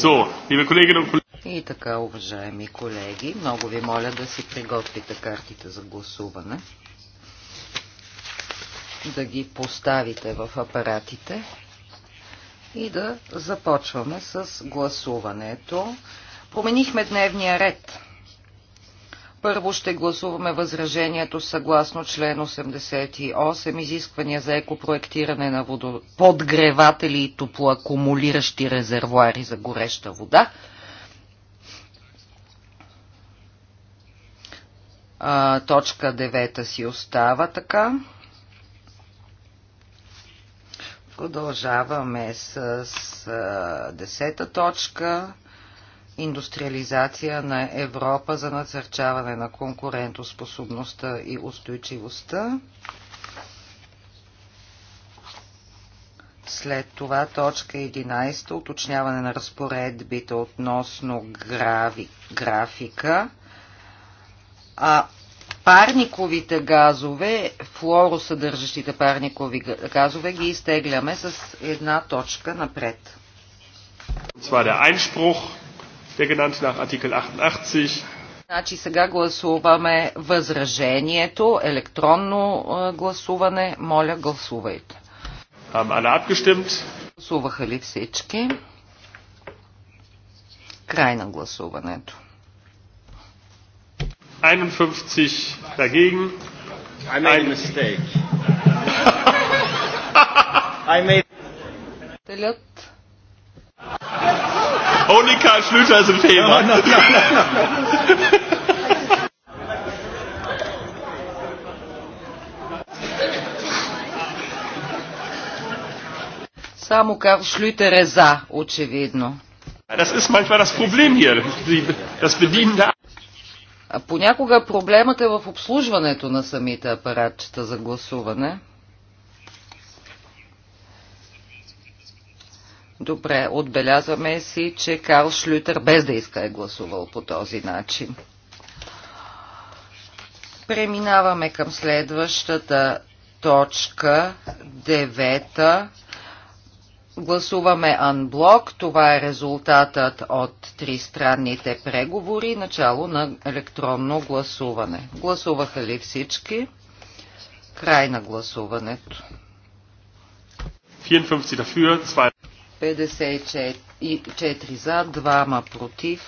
So, liebe Kolleginnen und Kollegen. И така, уважаеми колеги, много ви моля да си приготвите картите за гласуване, да ги поставите в апаратите и да започваме с гласуването. Променихме дневния ред. Първо ще гласуваме възражението съгласно член 88, изисквания за екопроектиране на водо... подгреватели и топлоакумулиращи резервуари за гореща вода. А, точка 9 си остава така. Продължаваме с, с 10 точка индустриализация на Европа за насърчаване на конкурентоспособността и устойчивостта. След това точка 11. Уточняване на разпоредбите относно грави, графика. А парниковите газове, флоросъдържащите парникови газове, ги изтегляме с една точка напред. Това е Einspruch der genannt nach Artikel 88. Значи сега гласуваме възражението, електронно гласуване. Моля, гласувайте. Haben alle abgestimmt? Гласуваха ли всички? Край на гласуването. 51 dagegen. I made a mistake. I made... Телят Only Karl Schlüter ist a Thema. No, no, no, no, no. Само Карл Шлютер е за, очевидно. Das ist manchmal das Problem hier. Das Bedienen der Понякога проблемът е в обслужването на самите апаратчета за гласуване. Добре, отбелязваме си, че Карл Шлютер без да иска е гласувал по този начин. Преминаваме към следващата точка, девета. Гласуваме анблок. Това е резултатът от тристранните преговори. Начало на електронно гласуване. Гласуваха ли всички? Край на гласуването. 54 за, 2 54 за, 2 против.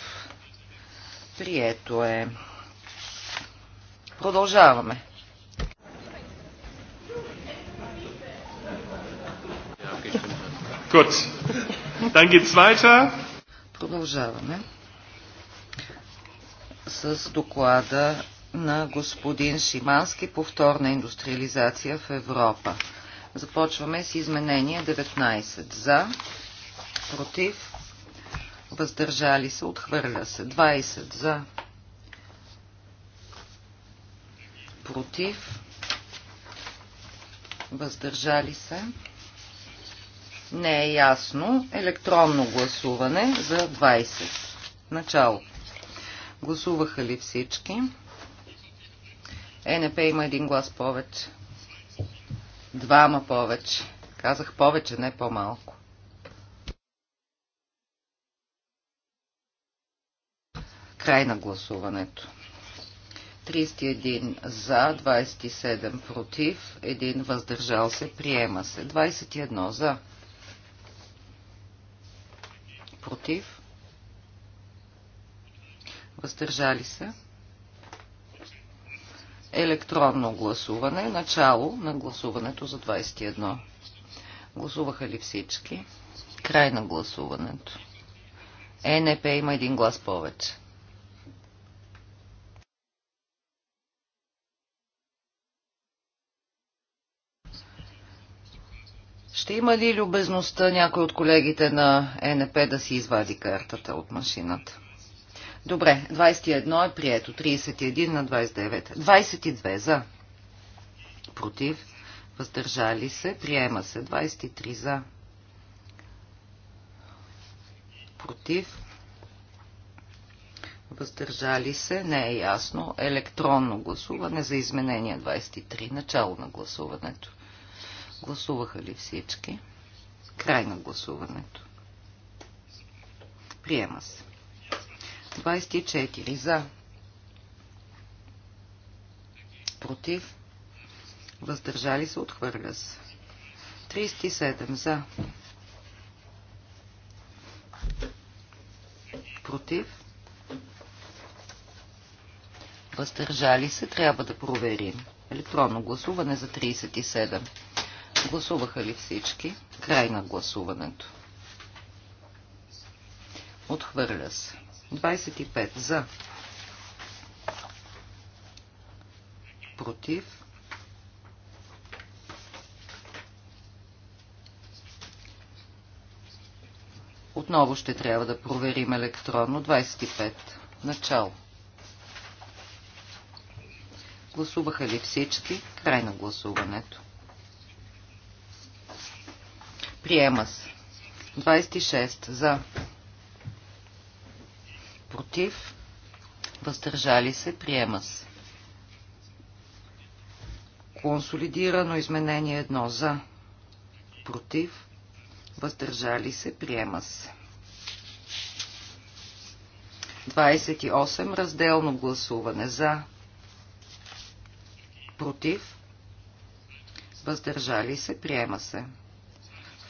Прието е. Продължаваме. Gut. Dann geht's weiter. Продължаваме с доклада на господин Шимански повторна индустриализация в Европа. Започваме с изменение 19. За, против, въздържали се, отхвърля се. 20 за, против, въздържали се. Не е ясно. Електронно гласуване за 20. Начало. Гласуваха ли всички? ЕНП има един глас повече. Двама повече. Казах повече, не по-малко. Край на гласуването. 31 за, 27 против, 1 въздържал се, приема се. 21 за. Против. Въздържали се електронно гласуване, начало на гласуването за 21. Гласуваха ли всички? Край на гласуването. ЕНП има един глас повече. Ще има ли любезността някой от колегите на ЕНП да си извади картата от машината? Добре, 21 е прието. 31 на 29. 22 за. Против. Въздържали се. Приема се. 23 за. Против. Въздържали се. Не е ясно. Електронно гласуване за изменение 23. Начало на гласуването. Гласуваха ли всички? Край на гласуването. Приема се. 24 за. Против. Въздържали се. Отхвърля се. 37 за. Против. Въздържали се. Трябва да проверим. Електронно гласуване за 37. Гласуваха ли всички? Край на гласуването. Отхвърля се. 25 за. Против. Отново ще трябва да проверим електронно. 25. Начало. Гласуваха ли всички? Край на гласуването. Приема се. 26. За против, въздържали се, приема се. Консолидирано изменение едно за, против, въздържали се, приема се. 28 разделно гласуване за, против, въздържали се, приема се.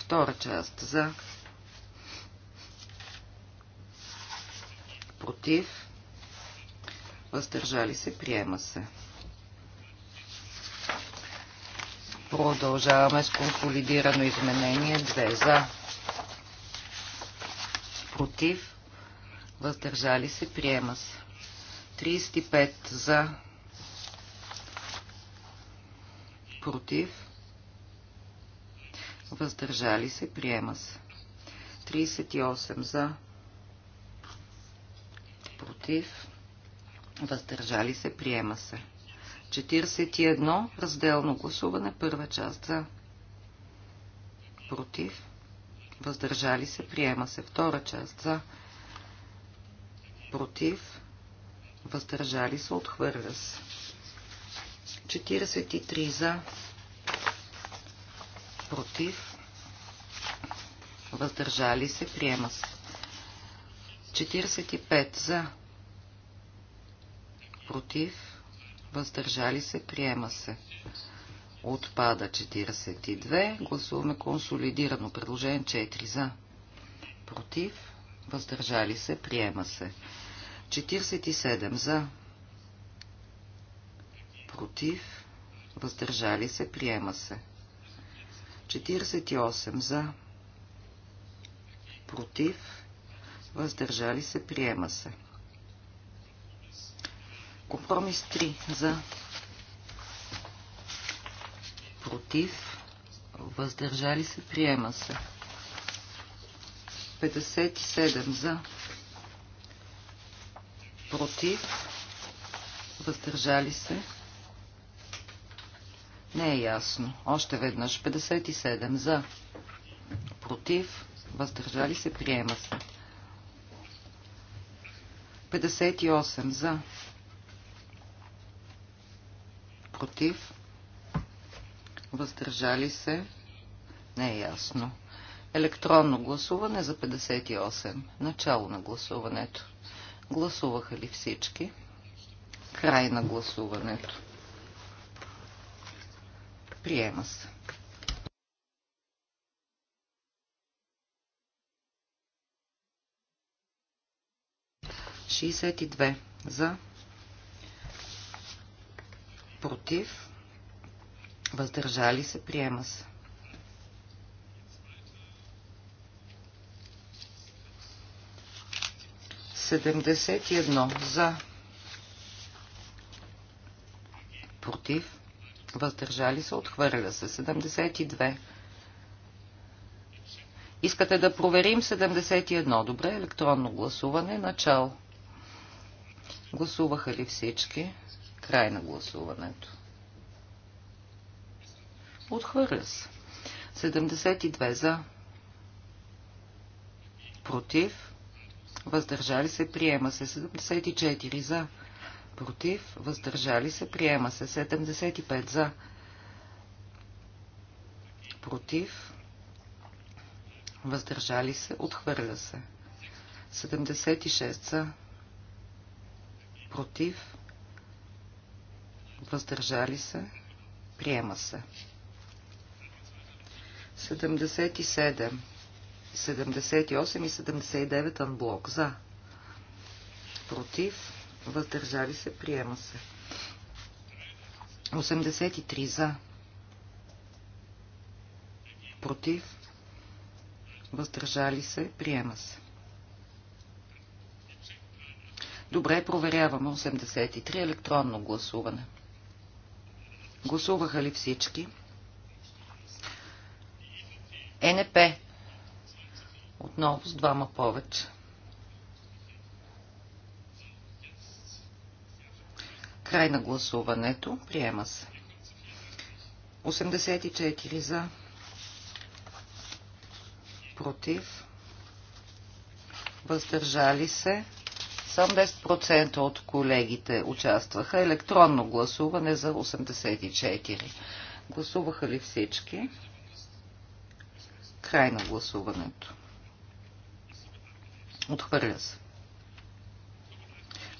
Втора част за, против, въздържали се, приема се. Продължаваме с консолидирано изменение 2 за, против, въздържали се, приема се. 35 за, против, въздържали се, приема се. 38 за, против, против, въздържали се, приема се. 41. Разделно гласуване. Първа част за. Против. Въздържали се. Приема се. Втора част за. Против. Въздържали се. Отхвърля се. 43 за. Против. Въздържали се. Приема се. 45 за против, въздържали се, приема се. Отпада 42. Гласуваме консолидирано предложение 4 за. Против, въздържали се, приема се. 47 за. Против, въздържали се, приема се. 48 за. Против, въздържали се, приема се. Компромис 3 за против, въздържали се, приема се. 57 за против, въздържали се. Не е ясно. Още веднъж 57 за против, въздържали се, приема се. 58 за против, въздържали се, не е ясно. Електронно гласуване за 58. Начало на гласуването. Гласуваха ли всички? Край на гласуването. Приема се. Шестдесет и две за против, въздържали се, приема се. Седемдесет и едно за, против, въздържали се, отхвърля се. 72. Искате да проверим 71. Добре, електронно гласуване, начало. Гласуваха ли всички? Край на гласуването. Отхвърля се. 72 за. Против. Въздържали се. Приема се. 74 за. Против. Въздържали се. Приема се. 75 за. Против. Въздържали се. Отхвърля се. 76 за. Против въздържали се, приема се. 77, 78 и 79 анблок за, против, въздържали се, приема се. 83 за, против, въздържали се, приема се. Добре, проверяваме 83 електронно гласуване. 83. Гласуваха ли всички? Е, НП. Отново с двама повече. Край на гласуването. Приема се. 84 за. Против. Въздържали се. Само 10% от колегите участваха. Електронно гласуване за 84. Гласуваха ли всички? Край на гласуването. Отхвърля се.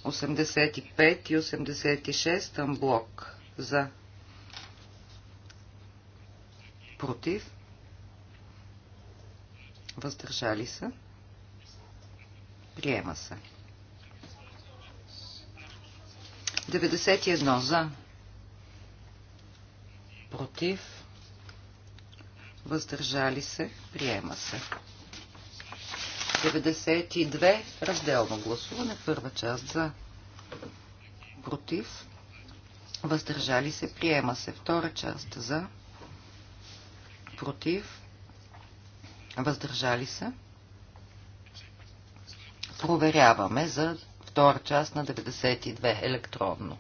85 и 86 амблок за против въздържали се приема се 91 за. Против. Въздържали се. Приема се. 92. Разделно гласуване. Първа част за. Против. Въздържали се. Приема се. Втора част за. Против. Въздържали се. Проверяваме за втора част на 92 електронно.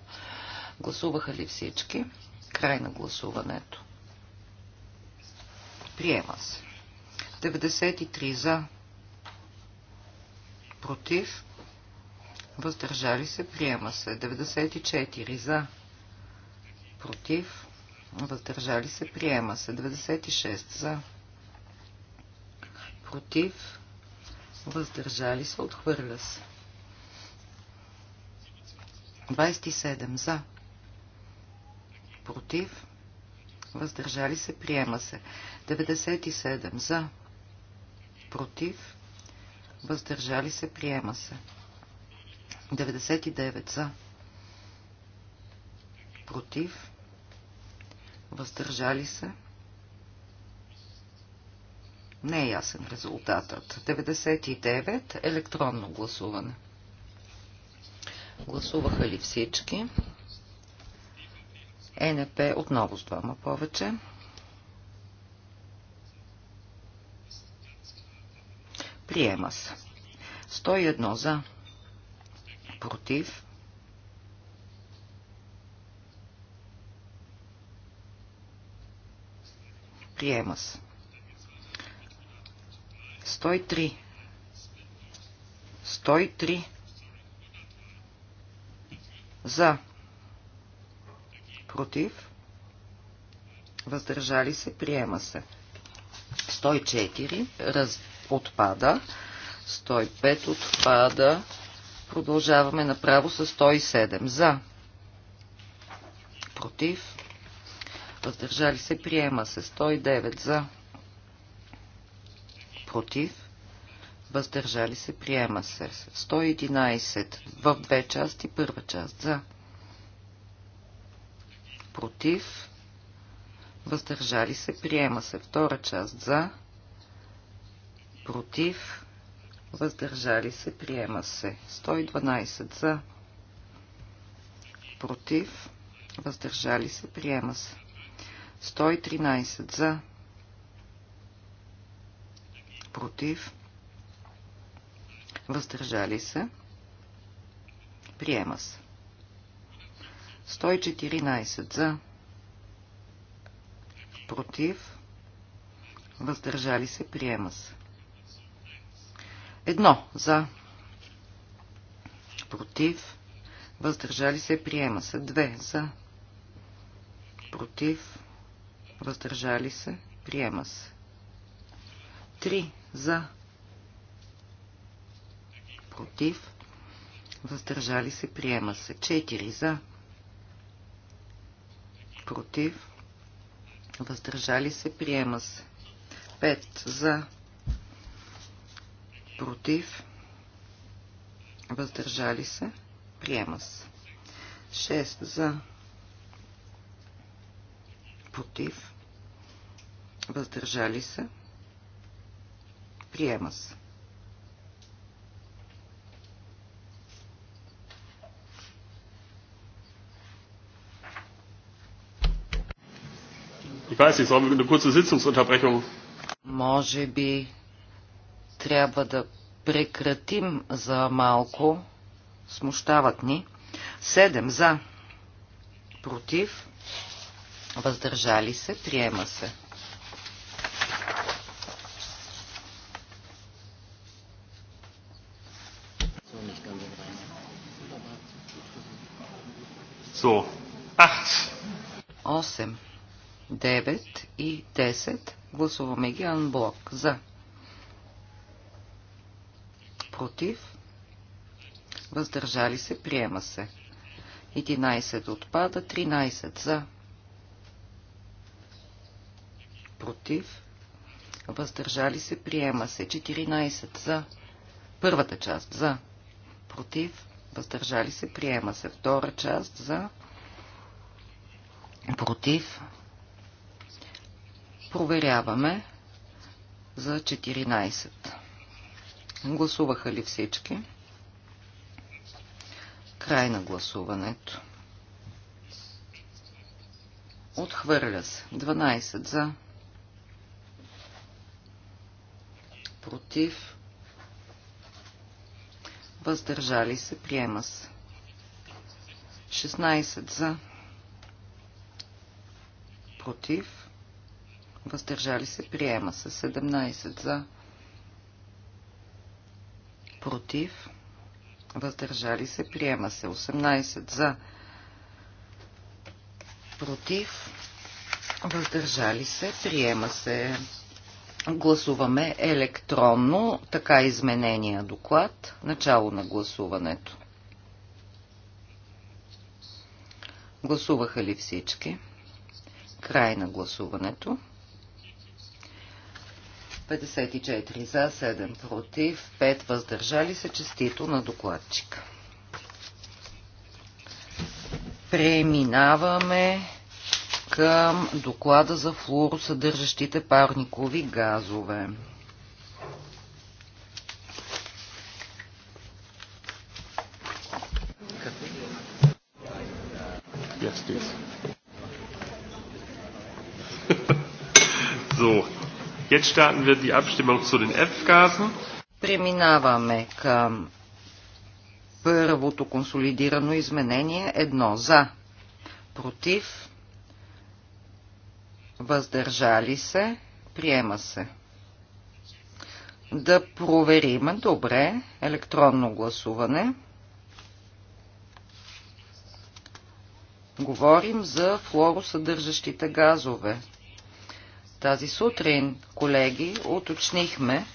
Гласуваха ли всички? Край на гласуването. Приема се. 93 за. Против. Въздържали се. Приема се. 94 за. Против. Въздържали се. Приема се. 96 за. Против. Въздържали се. Отхвърля се. 27 за. Против. Въздържали се. Приема се. 97 за. Против. Въздържали се. Приема се. 99 за. Против. Въздържали се. Не е ясен резултатът. 99 електронно гласуване. Гласуваха ли всички? ЕНП отново с двама повече. Приема се. 101 за. Против. Приема се. 103. 103. За. Против. Въздържали се. Приема се. 104. Раз... Отпада. 105 отпада. Продължаваме направо с 107. За. Против. Въздържали се. Приема се. 109. За. Против въздържали се, приема се. 111 в две части, първа част за, против, въздържали се, приема се. Втора част за, против, въздържали се, приема се. 112 за, против, въздържали се, приема се. 113 за, против, въздържали се, приема се. 114 за, против, въздържали се, приема се. Едно за, против, въздържали се, приема се. Две за, против, въздържали се, приема се. Три за, против, против, въздържали се, приема се. 4 за, против, въздържали се, приема се. 5 за, против, въздържали се, приема се. 6 за, против, въздържали се, приема се. weiß nicht, sollen wir eine kurze Sitzungsunterbrechung? Може би трябва да прекратим за малко. Смущават ни. Седем за. Против. Въздържали се. Приема се. 9 и 10. Гласуваме ги анблок. За. Против. Въздържали се. Приема се. 11 отпада. 13 за. Против. Въздържали се. Приема се. 14 за. Първата част за. Против. Въздържали се. Приема се. Втора част за. Против Проверяваме за 14. Гласуваха ли всички? Край на гласуването. Отхвърля се. 12 за. Против. Въздържали се. Приема се. 16 за. Против въздържали се, приема се. 17 за, против, въздържали се, приема се. 18 за, против, въздържали се, приема се. Гласуваме електронно, така изменения доклад, начало на гласуването. Гласуваха ли всички? Край на гласуването. 54 за, 7 против, 5 въздържали се. Честито на докладчика. Преминаваме към доклада за флуоросъдържащите парникови газове. Jetzt starten wir die Abstimmung zu den F-Gasen. Преминаваме към първото консолидирано изменение. Едно за, против, въздържали се, приема се. Да проверим, добре, електронно гласуване. Говорим за флоросъдържащите газове. Тази сутрин, колеги, уточнихме.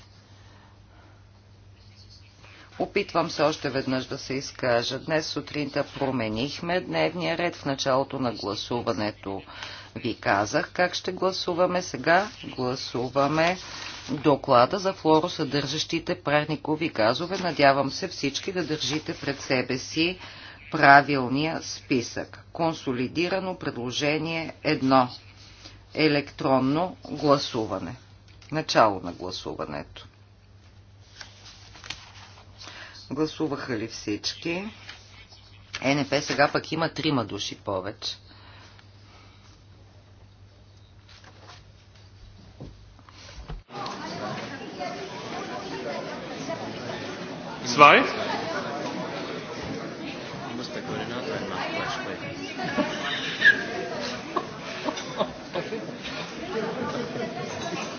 Опитвам се още веднъж да се изкажа. Днес сутринта променихме дневния ред в началото на гласуването. Ви казах как ще гласуваме. Сега гласуваме доклада за флоросъдържащите парникови газове. Надявам се всички да държите пред себе си правилния списък. Консолидирано предложение 1 електронно гласуване. Начало на гласуването. Гласуваха ли всички? ЕНП сега пък има трима души повече. Zwei?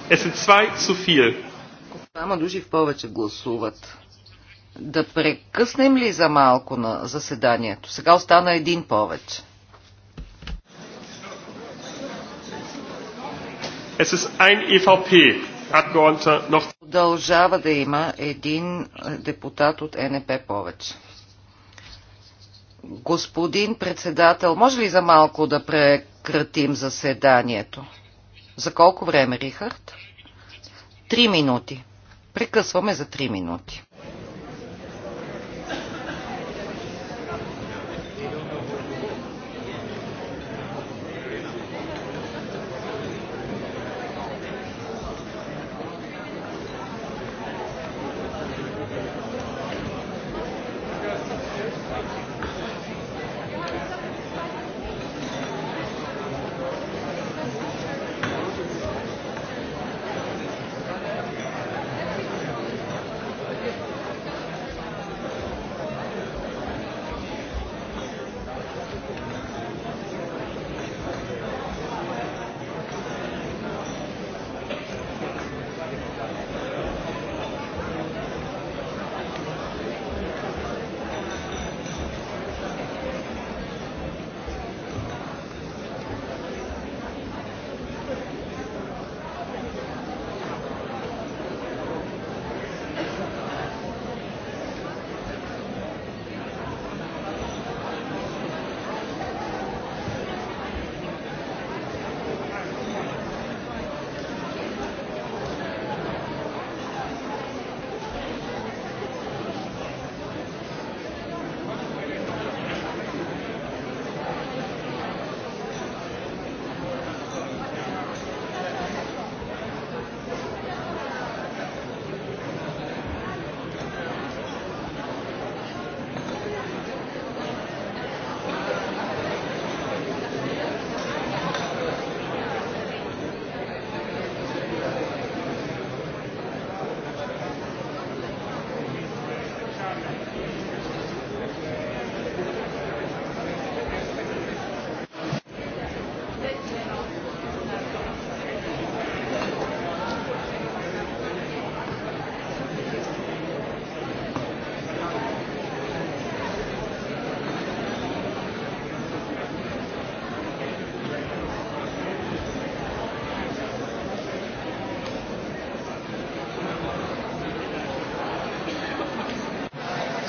Es sind zwei zu viel. Двама души в повече гласуват. Да прекъснем ли за малко на заседанието? Сега остана един повече. Es ist ein EVP. Noch... Продължава да има един депутат от НП повече. Господин председател, може ли за малко да прекратим заседанието? За колко време, Рихард? Три минути. Прекъсваме за три минути.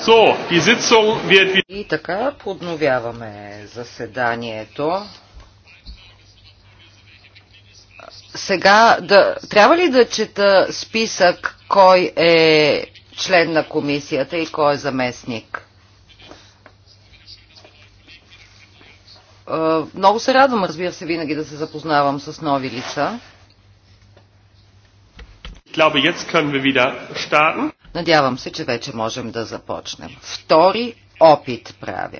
So, die Sitzung wird... И така подновяваме заседанието. Сега, да, трябва ли да чета списък кой е член на комисията и кой е заместник? Е, много се радвам, разбира се, винаги да се запознавам с нови лица. Ich glaube, jetzt können wir wieder starten. Надявам се, че вече можем да започнем. Втори опит правя.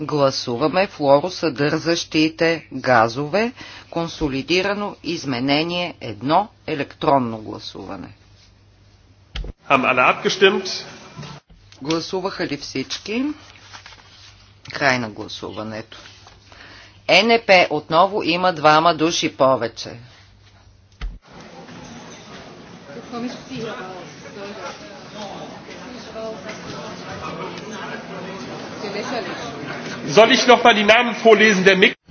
Гласуваме флоросъдържащите газове, консолидирано изменение едно електронно гласуване. Гласуваха ли всички? Край на гласуването. Е НП отново има двама души повече. Какво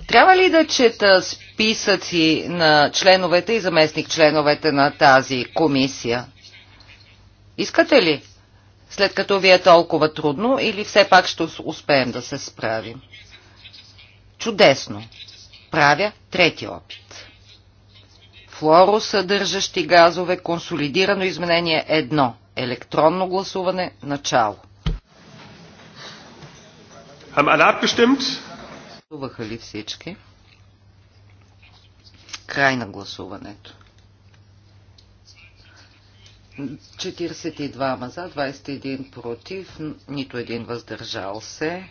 Трябва ли да чета списъци на членовете и заместник членовете на тази комисия? Искате ли? След като ви е толкова трудно или все пак ще успеем да се справим? Чудесно! Правя трети опит. Флоро съдържащи газове, консолидирано изменение 1. Електронно гласуване, начало. Haben alle abgestimmt? ли всички? Край на гласуването. 42 за, 21 против, нито един въздържал се.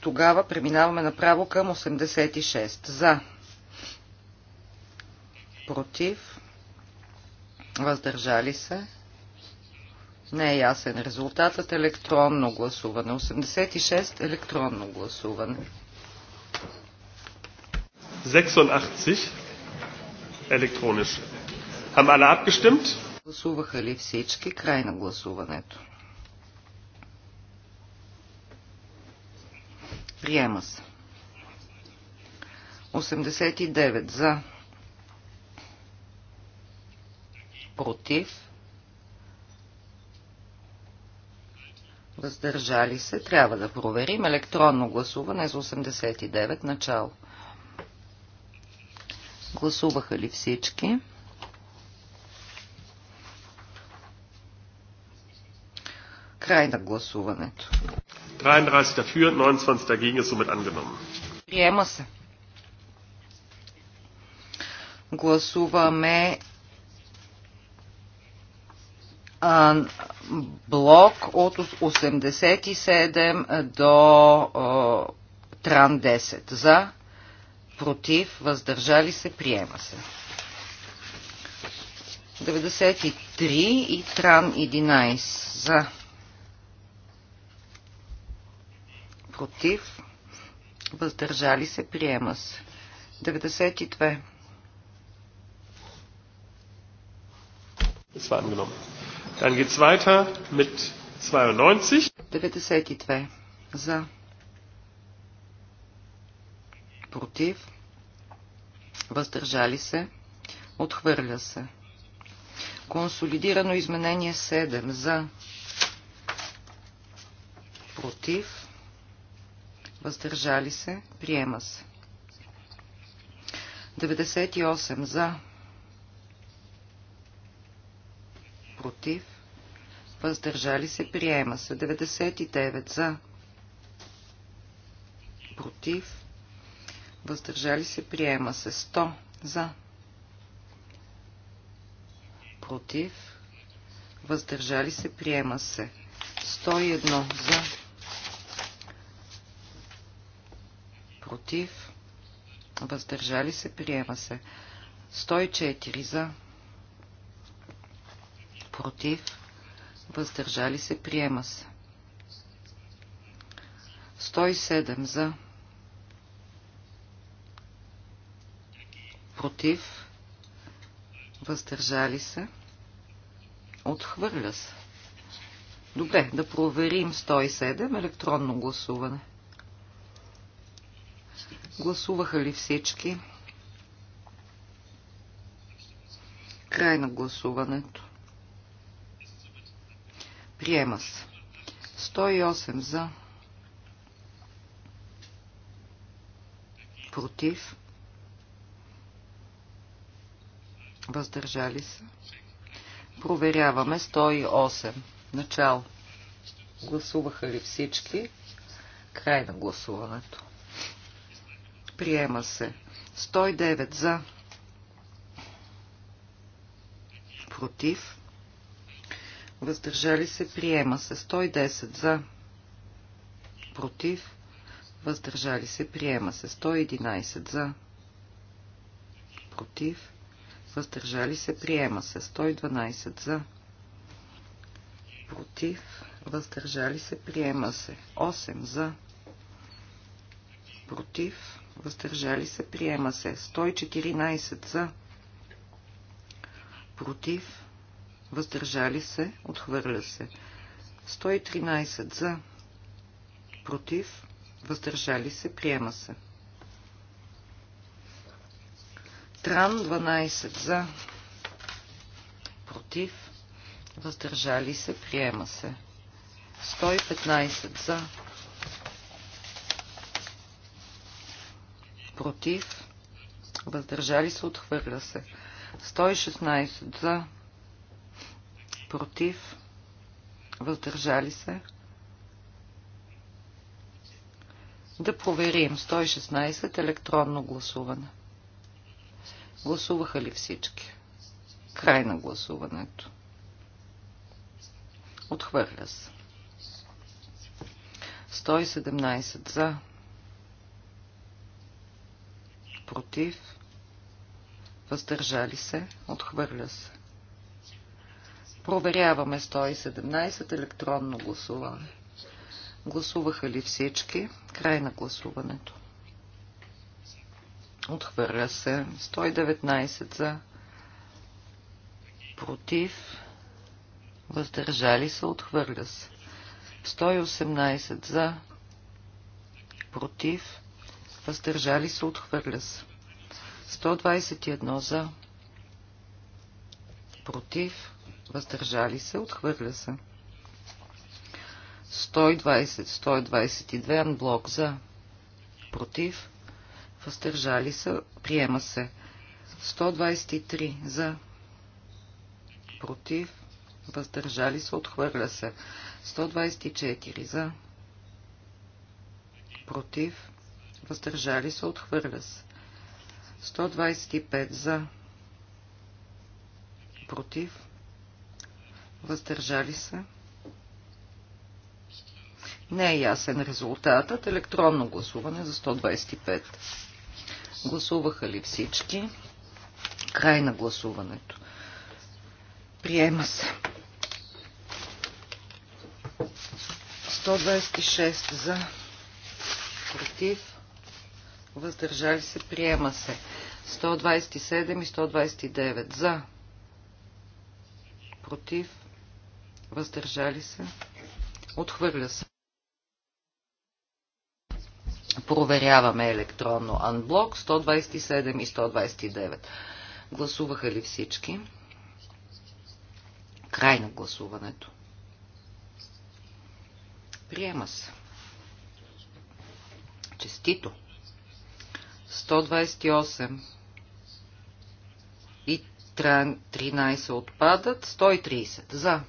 Тогава преминаваме направо към 86 за, против, въздържали се, не е ясен резултатът. Електронно гласуване. 86 електронно гласуване. 86 електрониш. Хам alle abgestimmt? Гласуваха ли всички? Край на гласуването. Приема се. 89 за. Против. въздържали се. Трябва да проверим електронно гласуване за 89 начало. Гласуваха ли всички? Край на гласуването. 33 dafür, 29 dagegen ist somit angenommen. Приема се. Гласуваме блок от 87 до Тран 10. За, против, въздържали се, приема се. 93 и Тран 11. За, против, въздържали се, приема се. 92. Es war angenommen. Dann geht's weiter mit 92. 92. За. Против. Въздържали се. Отхвърля се. Консолидирано изменение 7. За. Против. Въздържали се. Приема се. 98. За против, въздържали се, приема се. 99 за, против, въздържали се, приема се. 100 за, против, въздържали се, приема се. 101 за, против, въздържали се, приема се. 104 за, против, против, въздържали се, приема се. 107 за, против, въздържали се, отхвърля се. Добре, да проверим 107 електронно гласуване. Гласуваха ли всички? Край на гласуването. Приема се. 108 за. Против. Въздържали се. Проверяваме 108. Начало. Гласуваха ли всички? Край на гласуването. Приема се. 109 за. Против въздържали се, приема се. 110 за, против, въздържали се, приема се. 111 за, против, въздържали се, приема се. 112 за, против, въздържали се, приема се. 8 за, против, въздържали се, приема се. 114 за, против, въздържали се, отхвърля се. 113 за, против, въздържали се, приема се. Тран 12 за, против, въздържали се, приема се. 115 за, против, въздържали се, отхвърля се. 116 за, против, въздържали се. Да проверим 116 електронно гласуване. Гласуваха ли всички? Край на гласуването. Отхвърля се. 117 за. Против. Въздържали се. Отхвърля се. Проверяваме 117 електронно гласуване. Гласуваха ли всички? Край на гласуването. Отхвърля се. 119 за. Против. Въздържали се. Отхвърля се. 118 за. Против. Въздържали се. Отхвърля се. 121 за. Против въздържали се, отхвърля се. 120-122 анблок за, против, въздържали се, приема се. 123 за, против, въздържали се, отхвърля се. 124 за, против, въздържали се, отхвърля се. 125 за, против, Въздържали се. Не е ясен резултатът. Електронно гласуване за 125. Гласуваха ли всички? Край на гласуването. Приема се. 126 за. Против. Въздържали се. Приема се. 127 и 129 за. Против въздържали се, отхвърля се. Проверяваме електронно анблок 127 и 129. Гласуваха ли всички? Край на гласуването. Приема се. Честито. 128 и 13 отпадат. 130. За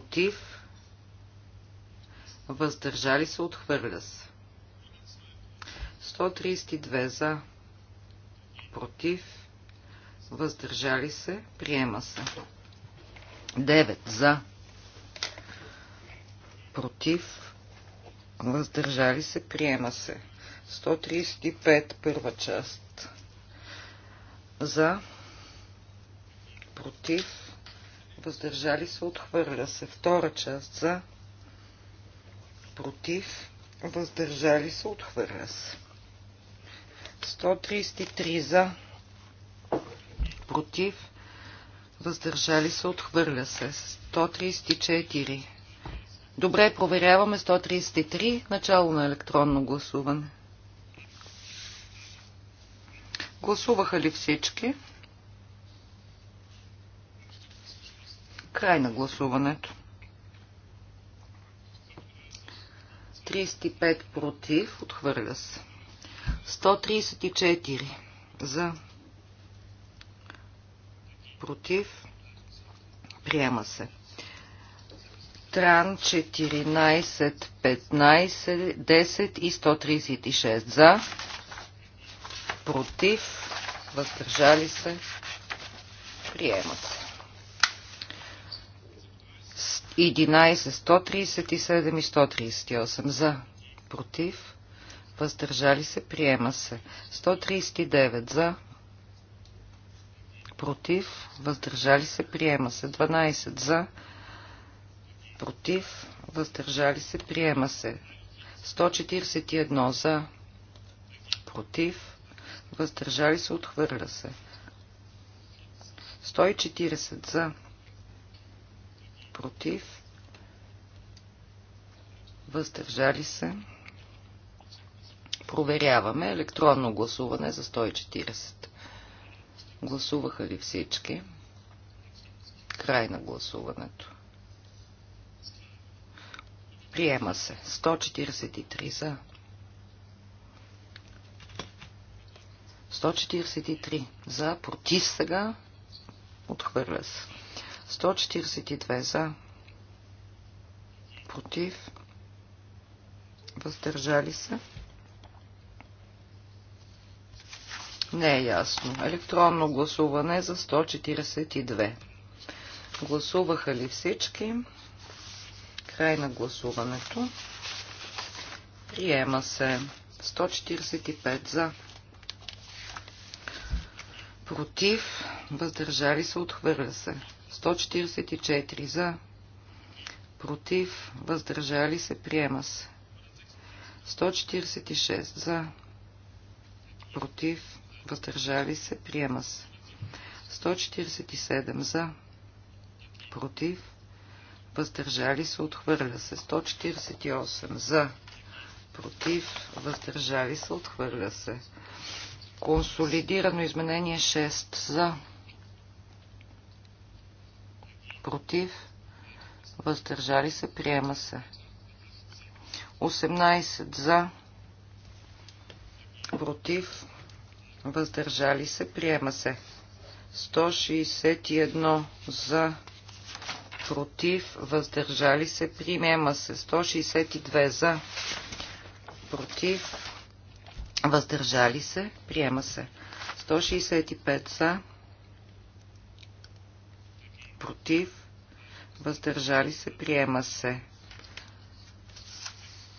против, въздържали се, отхвърля се. 132 за, против, въздържали се, приема се. 9 за, против, въздържали се, приема се. 135 първа част за, против, въздържали се, отхвърля се. Втора част за, против, въздържали се, отхвърля се. 133 за, против, въздържали се, отхвърля се. 134. Добре, проверяваме 133, начало на електронно гласуване. Гласуваха ли всички? Край на гласуването. 35 против. Отхвърля се. 134 за. Против. Приема се. Тран 14, 15, 10 и 136 за. Против. Въздържали се. приема се. 11, 137 и 138 за, против, въздържали се, приема се. 139 за, против, въздържали се, приема се. 12 за, против, въздържали се, приема се. 141 за, против, въздържали се, отхвърля се. 140 за, против, против, въздържали се. Проверяваме електронно гласуване за 140. Гласуваха ли всички? Край на гласуването. Приема се. 143 за. 143 за. Против сега. Отхвърля се. 142 за, против, въздържали се. Не е ясно. Електронно гласуване за 142. Гласуваха ли всички? Край на гласуването. Приема се 145 за. Против, въздържали се, отхвърля се. 144 за, против, въздържали се, приема се. 146 за, против, въздържали се, приема се. 147 за, против, въздържали се, отхвърля се. 148 за, против, въздържали се, отхвърля се. Консолидирано изменение 6 за, против, въздържали се, приема се. 18 за, против, въздържали се, приема се. 161 за, против, въздържали се, приема се. 162 за, против, въздържали се, приема се. 165 за, против, въздържали се, приема се.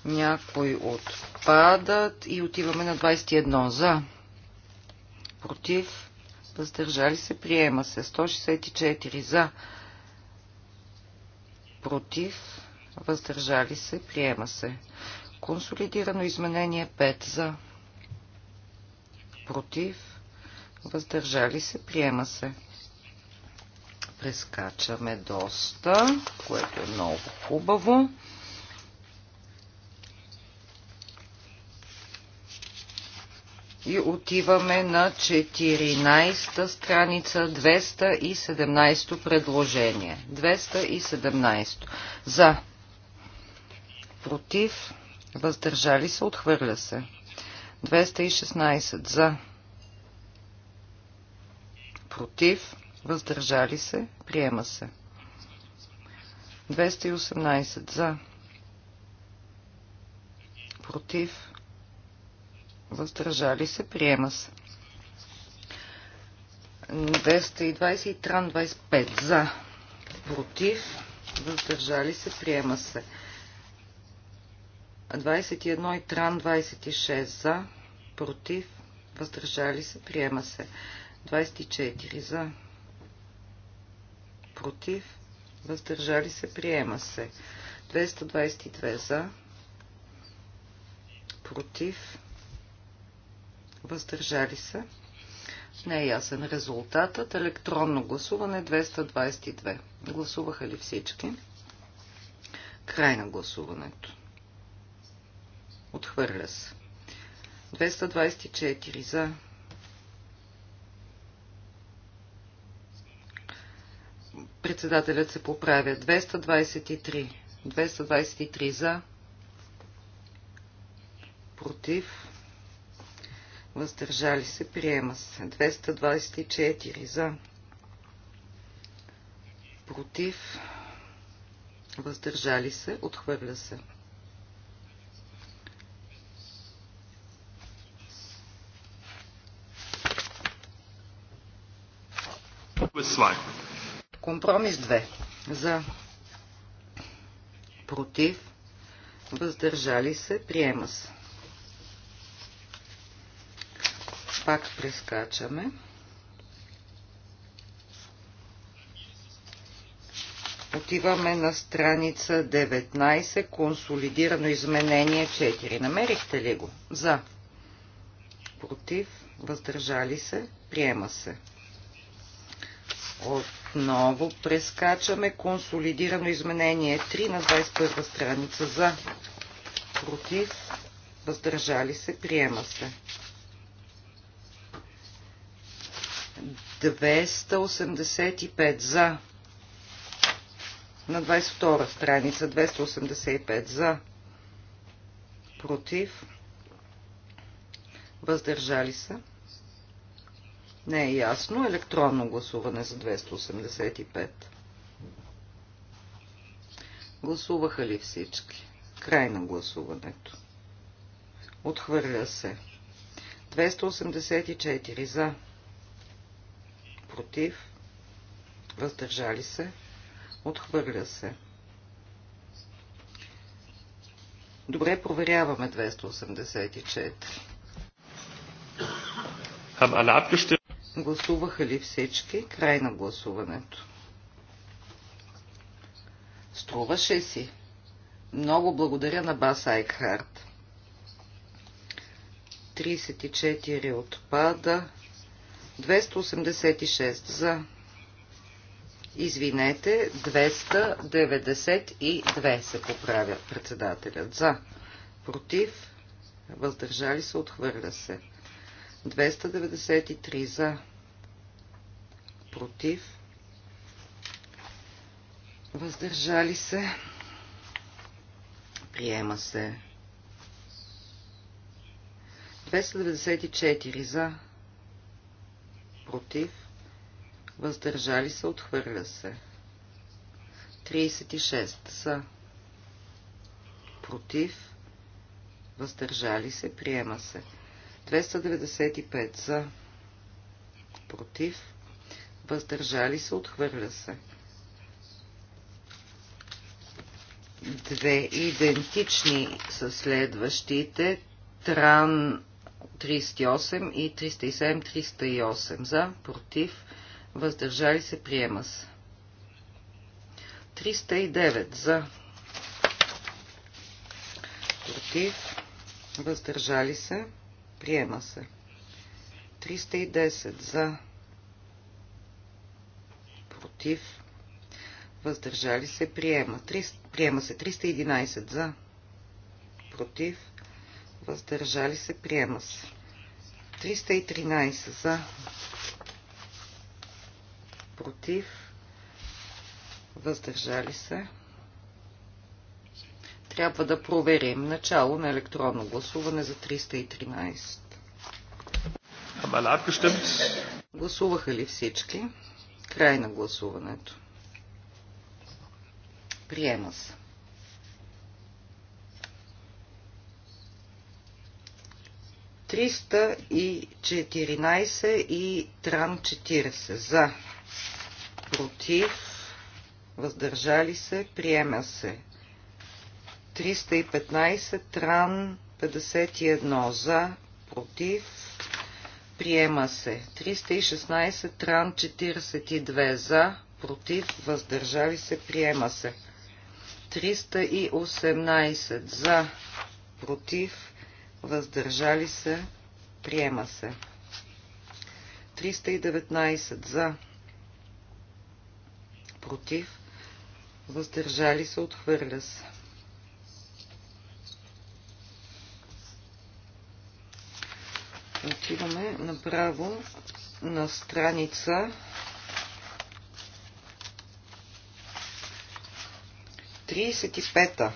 Някой отпадат и отиваме на 21 за, против, въздържали се, приема се. 164 за, против, въздържали се, приема се. Консолидирано изменение 5 за, против, въздържали се, приема се прескачаме доста, което е много хубаво. И отиваме на 14-та страница, 217-то предложение. 217-то. За. Против. Въздържали се. Отхвърля се. 216. За. Против въздържали се, приема се. 218 за, против, въздържали се, приема се. 220 и Тран 25 за, против, въздържали се, приема се. 21 и Тран 26 за, против, въздържали се, приема се. 24 за, против, въздържали се, приема се. 222 за, против, въздържали се. Не е ясен резултатът. Електронно гласуване 222. Гласуваха ли всички? Край на гласуването. Отхвърля се. 224 за, Председателят се поправя. 223. 223 за. Против. Въздържали се. Приема се. 224 за. Против. Въздържали се. Отхвърля се. with slide. Компромис 2. За. Против. Въздържали се. Приема се. Пак прескачаме. Отиваме на страница 19, консолидирано изменение 4. Намерихте ли го? За. Против. Въздържали се. Приема се. От отново прескачаме консолидирано изменение 3 на 21 страница за против, въздържали се, приема се. 285 за на 22 страница 285 за против въздържали се не е ясно. Електронно гласуване за 285. Гласуваха ли всички? Край на гласуването. Отхвърля се. 284 за. Против. Въздържали се. Отхвърля се. Добре, проверяваме 284. Haben Гласуваха ли всички? Край на гласуването. Струваше си. Много благодаря на Бас Айкхарт. 34 отпада. 286 за. Извинете, 292 се поправя председателят за. Против, въздържали се, отхвърля се. 293 за, против, въздържали се, приема се. 294 за, против, въздържали се, отхвърля се. 36 за, против, въздържали се, приема се. 295 за, против, въздържали се, отхвърля се. Две идентични са следващите. Тран 38 и 307-308 за, против, въздържали се, приема се. 309 за, против, въздържали се. Приема се. 310 за. Против. Въздържали се. Приема. приема се. 311 за. Против. Въздържали се. Приема се. 313 за. Против. Въздържали се. Трябва да проверим начало на електронно гласуване за 313. Гласуваха ли всички? Край на гласуването. Приема се. Триста и четиринайсе и Тран 40. За. Против. Въздържали се. Приема се. 315, Тран 51 за, против, приема се. 316, Тран 42 за, против, въздържали се, приема се. 318 за, против, въздържали се, приема се. 319 за, против, въздържали се, отхвърля се. Отиваме направо на страница 35-та.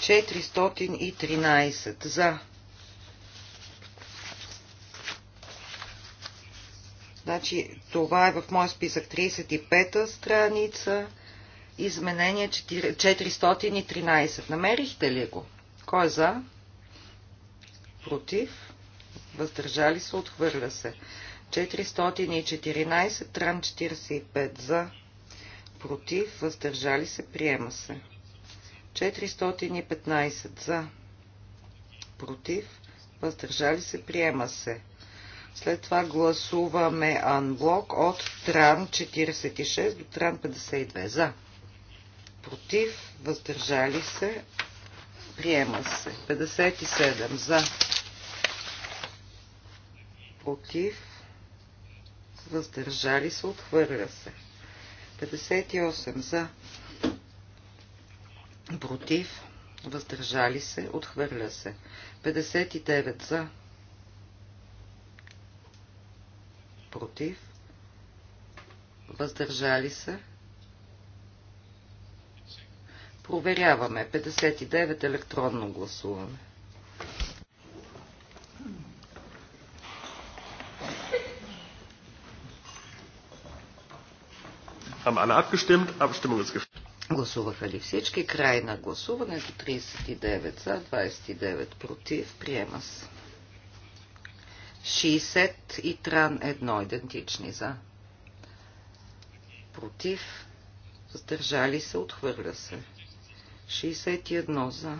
413 за. Значи това е в моя списък 35-та страница. Изменение 413. Намерихте ли го? Кой е за? против, въздържали се, отхвърля се. 414, тран 45 за, против, въздържали се, приема се. 415 за, против, въздържали се, приема се. След това гласуваме анблок от Тран 46 до Тран 52. За. Против. Въздържали се. Приема се. 57. За против, въздържали се, отхвърля се. 58 за, против, въздържали се, отхвърля се. 59 за, против, въздържали се. Проверяваме. 59 електронно гласуваме. Гласуваха ли всички? Край на гласуването. 39 за, 29 против. Приема се. 60 и Тран 1 идентични за. Против. Въздържали се. Отхвърля се. 61 за.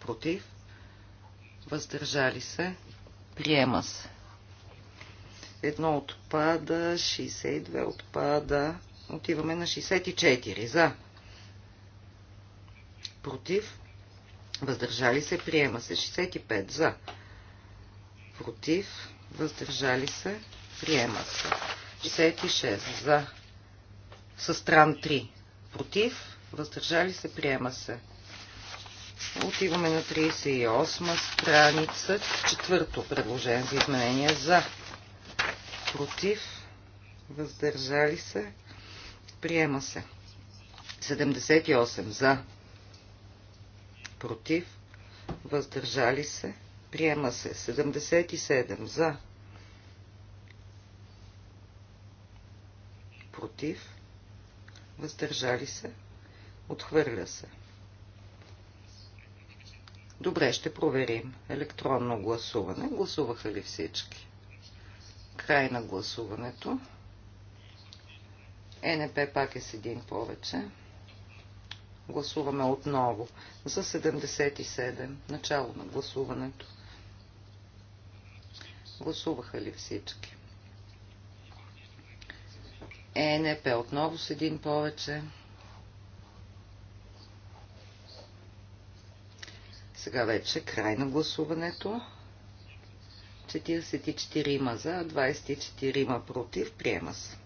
Против. Въздържали се. Приема се. Едно отпада, 62 отпада. Отиваме на 64. За. Против. Въздържали се. Приема се. 65. За. Против. Въздържали се. Приема се. 66. За. С стран 3. Против. Въздържали се. Приема се. Отиваме на 38 страница. Четвърто предложение за изменение. За против, въздържали се, приема се. 78 за, против, въздържали се, приема се. 77 за, против, въздържали се, отхвърля се. Добре, ще проверим. Електронно гласуване. Гласуваха ли всички? Край на гласуването. Е НП пак е с един повече. Гласуваме отново за 77. Начало на гласуването. Гласуваха ли всички? ЕНП отново с един повече. Сега вече край на гласуването. 44 за, 24 има против. Приема се.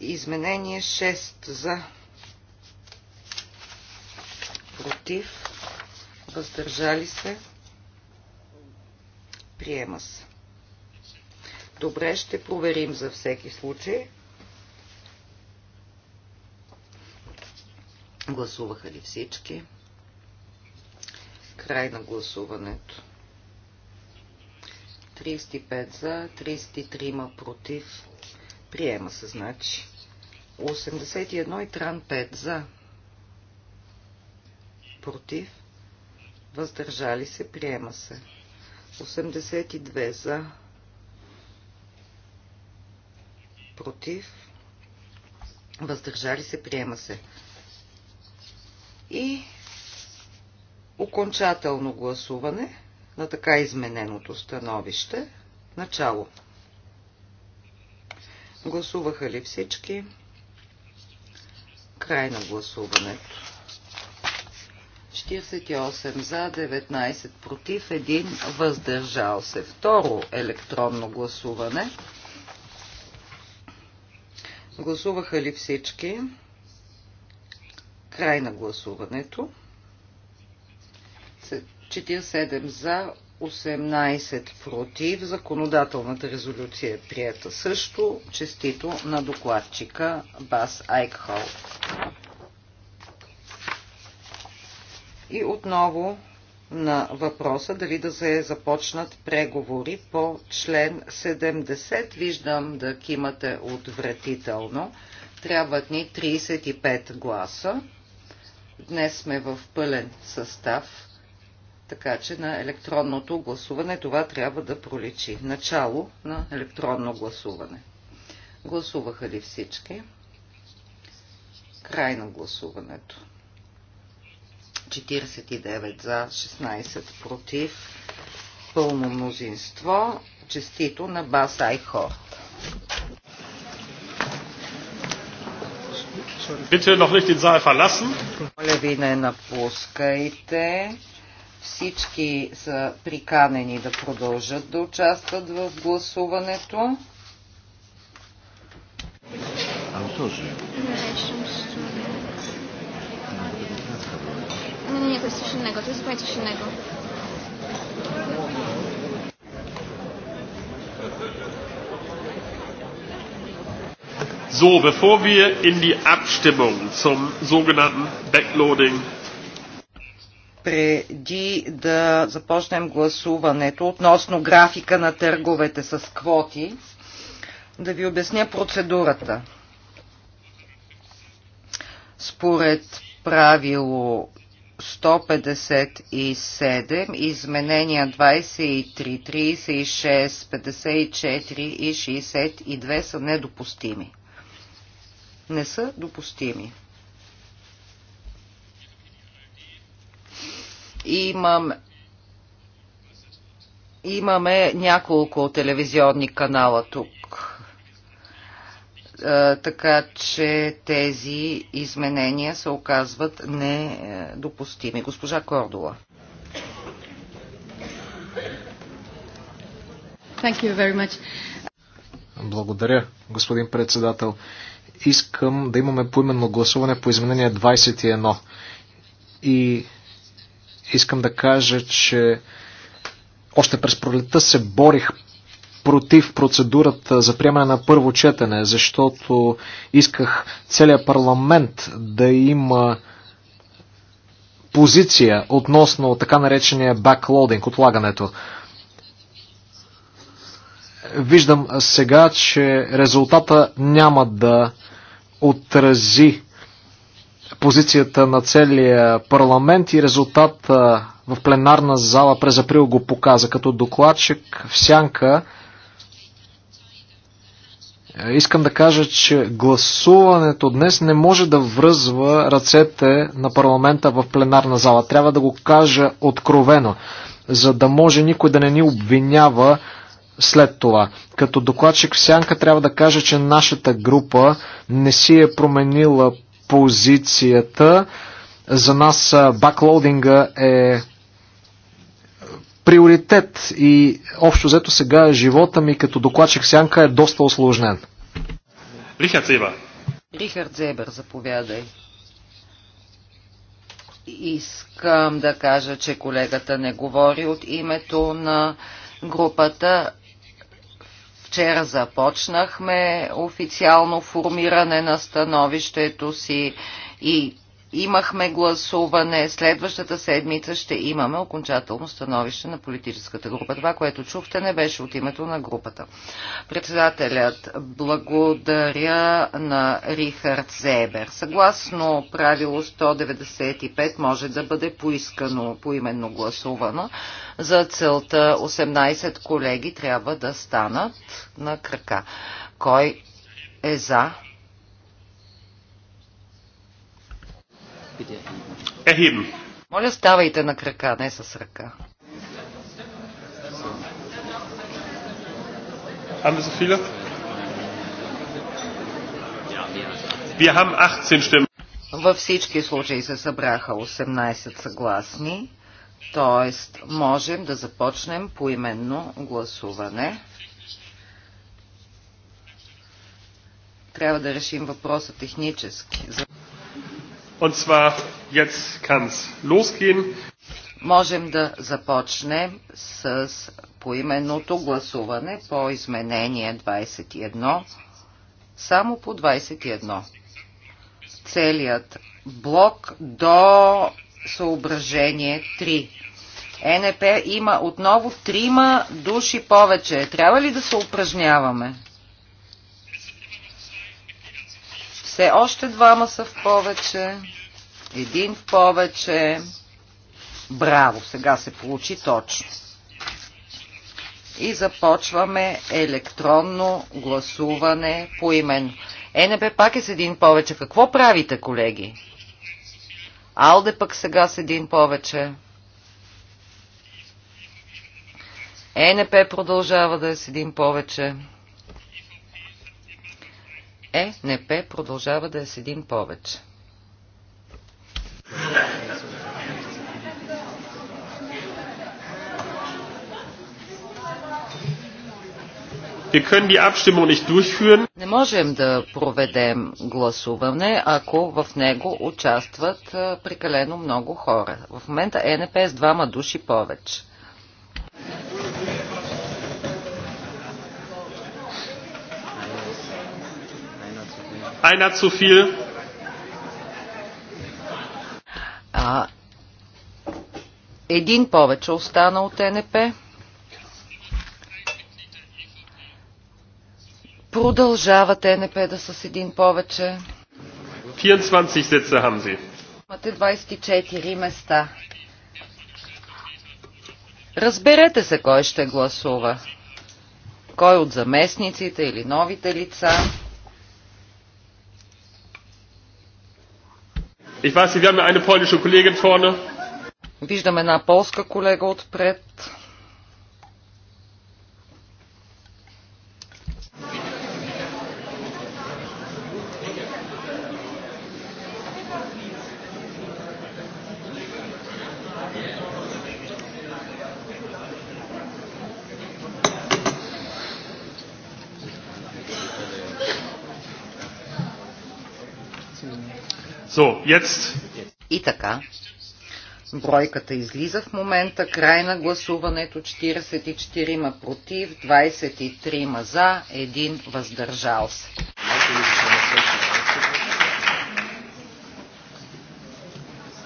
Изменение 6 за, против, въздържали се. Приема се. Добре, ще проверим за всеки случай. Гласуваха ли всички? Край на гласуването. 35 за, 33 против. Приема се, значи. 81 и Тран 5 за. Против. Въздържали се. Приема се. 82 за. Против. Въздържали се. Приема се. И окончателно гласуване на така измененото становище. Начало. Гласуваха ли всички? Край на гласуването. 48 за, 19 против, 1 въздържал се. Второ електронно гласуване. Гласуваха ли всички? Край на гласуването. 47 за, 18 против. Законодателната резолюция е прията също. Честито на докладчика Бас Айкхол. И отново на въпроса дали да се започнат преговори по член 70. Виждам да кимате отвратително. Трябват ни 35 гласа. Днес сме в пълен състав така че на електронното гласуване това трябва да проличи. Начало на електронно гласуване. Гласуваха ли всички? Край на гласуването. 49 за, 16 против, пълно мнозинство. Честито на Бас Айхор. Bitte noch nicht den Saal verlassen. Моля ви не напускайте. Всички са приканени да продължат да участват в гласуването. So, bevor wir in die Abstimmung zum sogenannten Backloading преди да започнем гласуването относно графика на търговете с квоти, да ви обясня процедурата. Според правило 157, изменения 23, 36, 54 и 62 са недопустими. Не са допустими. Имам, имаме няколко телевизионни канала тук е, така че тези изменения се оказват недопустими. Госпожа Кордова. Благодаря, господин председател. Искам да имаме поименно гласуване по изменение 21. И искам да кажа, че още през пролета се борих против процедурата за приемане на първо четене, защото исках целият парламент да има позиция относно така наречения баклодинг, отлагането. Виждам сега, че резултата няма да отрази позицията на целия парламент и резултат в пленарна зала през април го показа. Като докладчик в сянка е, искам да кажа, че гласуването днес не може да връзва ръцете на парламента в пленарна зала. Трябва да го кажа откровено, за да може никой да не ни обвинява след това. Като докладчик в сянка трябва да кажа, че нашата група не си е променила позицията. За нас баклоудинга е приоритет и общо взето сега живота ми като докладчик сянка е доста осложнен. Рихард Зебър. Рихард Зебър, заповядай. Искам да кажа, че колегата не говори от името на групата Вчера започнахме официално формиране на становището си и Имахме гласуване, следващата седмица ще имаме окончателно становище на политическата група. Това, което чухте, не беше от името на групата. Председателят благодаря на Рихард Зебер. Съгласно правило 195 може да бъде поискано, поименно гласувано. За целта 18 колеги трябва да станат на крака. Кой е за? Erheben. Моля, ставайте на крака, не с ръка. Haben so viele? Wir haben 18 Stimmen. Във всички случаи се събраха 18 съгласни, т.е. можем да започнем поименно гласуване. Трябва да решим въпроса технически. Und zwar jetzt kann's losgehen. Можем да започнем с поименното гласуване по изменение 21. Само по 21. Целият блок до съображение 3. Е ЕНП има отново трима души повече. Трябва ли да се упражняваме? Все още двама са в повече. Един в повече. Браво, сега се получи точно. И започваме електронно гласуване по именно. Е, НБ пак е с един повече. Какво правите, колеги? Алде пък сега с един повече. ЕНП продължава да е с един повече. Е, НП продължава да е с един повече. Не можем да проведем гласуване, ако в него участват прекалено много хора. В момента ЕНП е с двама души повече. Einer zu viel. А, един повече остана от НП. Продължават НП да са с един повече. 24 сеца хамзи. Имате 24 места. Разберете се кой ще гласува. Кой от заместниците или новите лица. Ich weiß, wir haben eine polnische Kollegin vorne. Виждам една полска колега отпред. So, jetzt. И така. Бройката излиза в момента. Край на гласуването 44 ма против, 23 ма за, 1 въздържал се.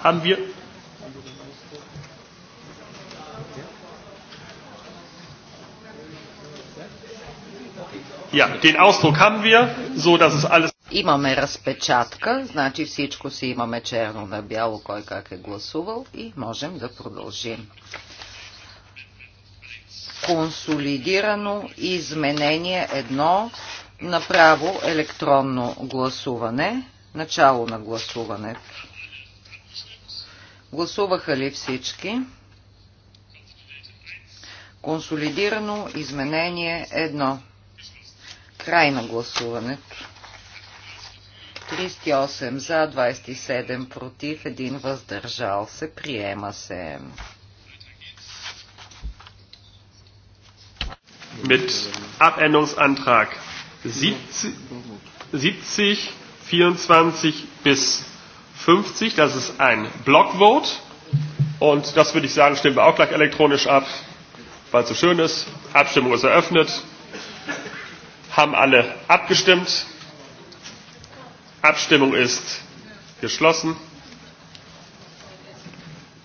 Haben wir Ja, den Ausdruck haben wir, so dass es alles Имаме разпечатка, значи всичко си имаме черно на бяло, кой как е гласувал и можем да продължим. Консолидирано изменение едно направо електронно гласуване. Начало на гласуването. Гласуваха ли всички? Консолидирано изменение едно. Край на гласуването. 38 за, 27 против, 1 въздържал се. Приема се. Мит Abänderungsantrag 70, 24 bis 50. Das ist ein Blockvote. Und das würde ich sagen, stimmen wir auch gleich elektronisch ab, weil es so schön ist. Abstimmung ist eröffnet. Haben alle abgestimmt. Abstimmung ist geschlossen.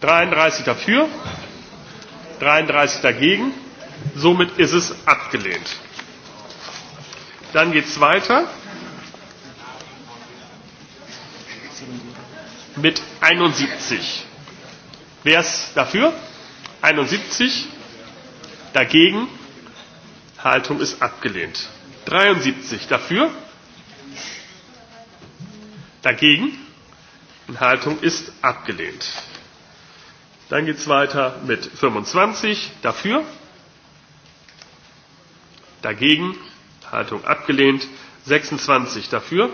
33 dafür, 33 dagegen. Somit ist es abgelehnt. Dann geht es weiter mit 71. Wer ist dafür? 71. Dagegen? Haltung ist abgelehnt. 73 dafür Dagegen? Enthaltung ist abgelehnt. Dann geht es weiter mit 25. Dafür? Dagegen? Enthaltung abgelehnt. 26 dafür.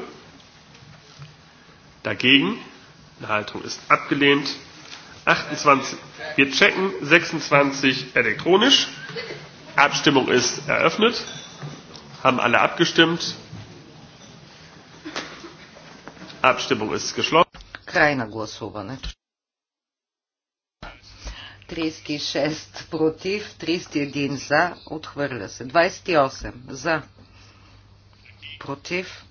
Dagegen? Enthaltung ist abgelehnt. 28. Wir checken 26 elektronisch. Abstimmung ist eröffnet. Haben alle abgestimmt. Край на гласуването. 36 против, 31 за, отхвърля се. 28 за, против,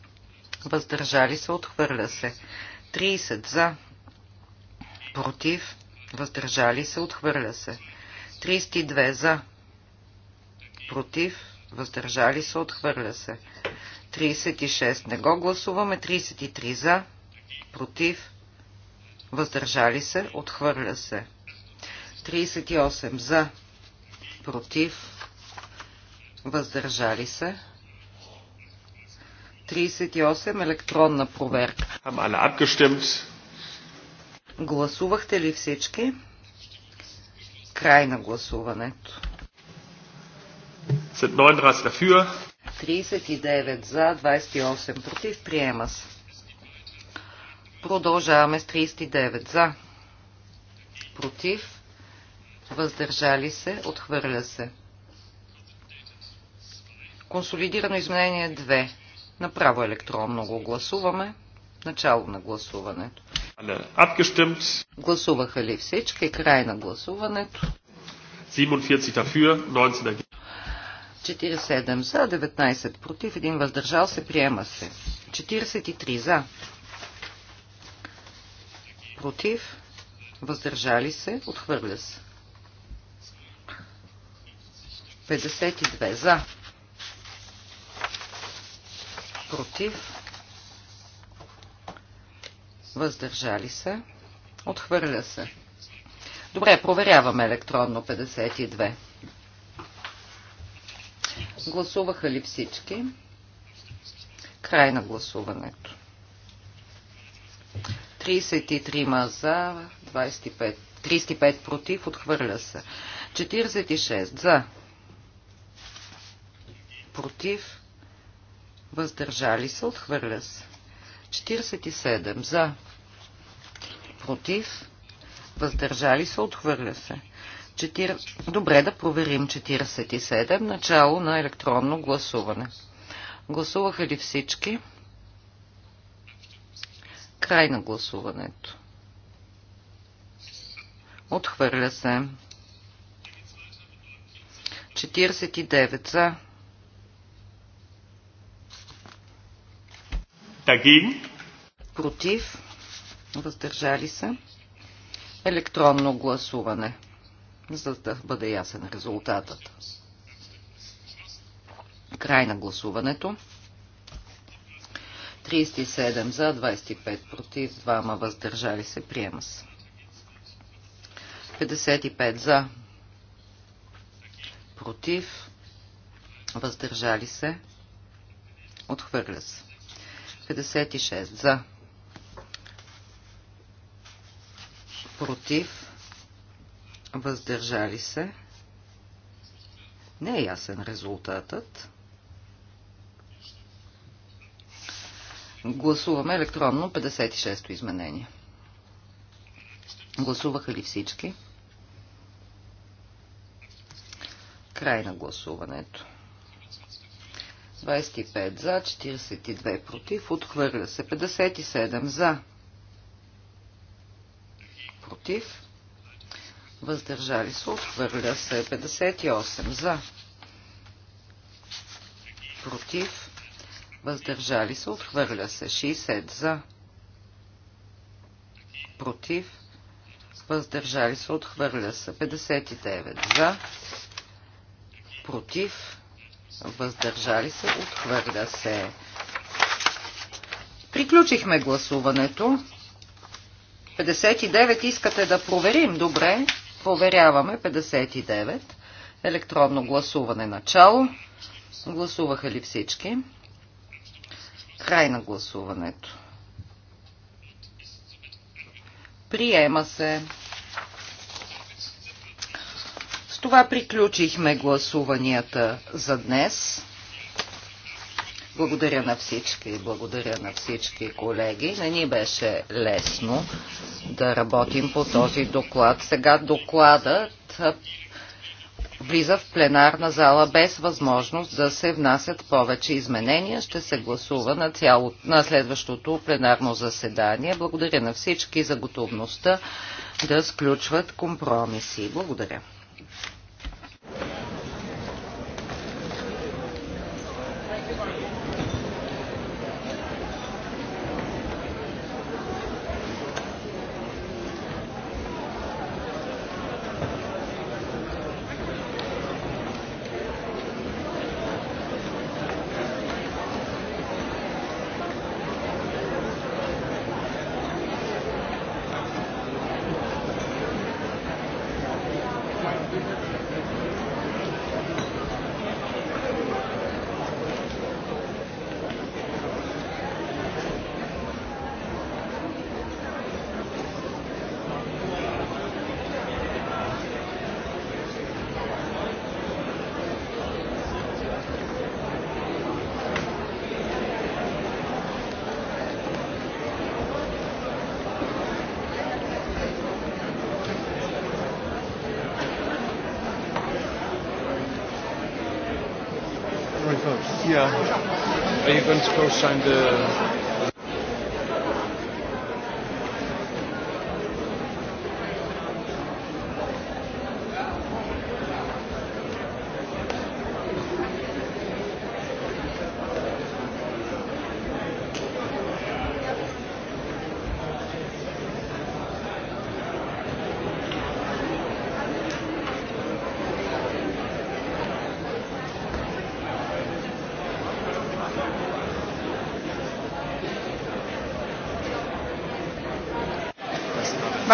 въздържали се, отхвърля се. 30 за, против, въздържали се, отхвърля се. 32 за, против, въздържали се, отхвърля се. 36 не го гласуваме. 33 за, против, въздържали се, отхвърля се. 38 за, против, въздържали се. 38 електронна проверка. Гласувахте ли всички? Край на гласуването. 39 за. 39 за, 28 против. Приема се. Продължаваме с 39 за. Против. Въздържали се. Отхвърля се. Консолидирано изменение 2. Направо електронно го гласуваме. Начало на гласуването. Гласуваха ли всички? Край на гласуването. 47 за, 19 47 за, 19 против, 1 въздържал се, приема се. 43 за, против, въздържали се, отхвърля се. 52 за, против, въздържали се, отхвърля се. Добре, проверяваме електронно 52. Гласуваха ли всички? Край на гласуването. 33 за, 25, 35 против, отхвърля се. 46 за, против, въздържали се, отхвърля се. 47 за, против, въздържали се, отхвърля се. 4... Добре, да проверим 47. Начало на електронно гласуване. Гласуваха ли всички? Край на гласуването. Отхвърля се. 49 за. Таги. Против. Въздържали се. Електронно гласуване за да бъде ясен резултатът. Край на гласуването. 37 за, 25 против, 2 въздържали се, приема се. 55 за, против, въздържали се, отхвърля се. 56 за, против, въздържали се. Не е ясен резултатът. Гласуваме електронно 56-то изменение. Гласуваха ли всички? Край на гласуването. 25 за, 42 против, отхвърля се. 57 за, против, въздържали се, отхвърля се 58 за, против, въздържали се, отхвърля се 60 за, против, въздържали се, отхвърля се 59 за, против, въздържали се, отхвърля се. Приключихме гласуването. 59 искате да проверим. Добре. Проверяваме 59. Електронно гласуване начало. Гласуваха ли всички? Край на гласуването. Приема се. С това приключихме гласуванията за днес. Благодаря на всички, благодаря на всички колеги. Не ни беше лесно да работим по този доклад. Сега докладът влиза в пленарна зала без възможност да се внасят повече изменения. Ще се гласува на, цяло, на следващото пленарно заседание. Благодаря на всички за готовността да сключват компромиси. Благодаря. scheint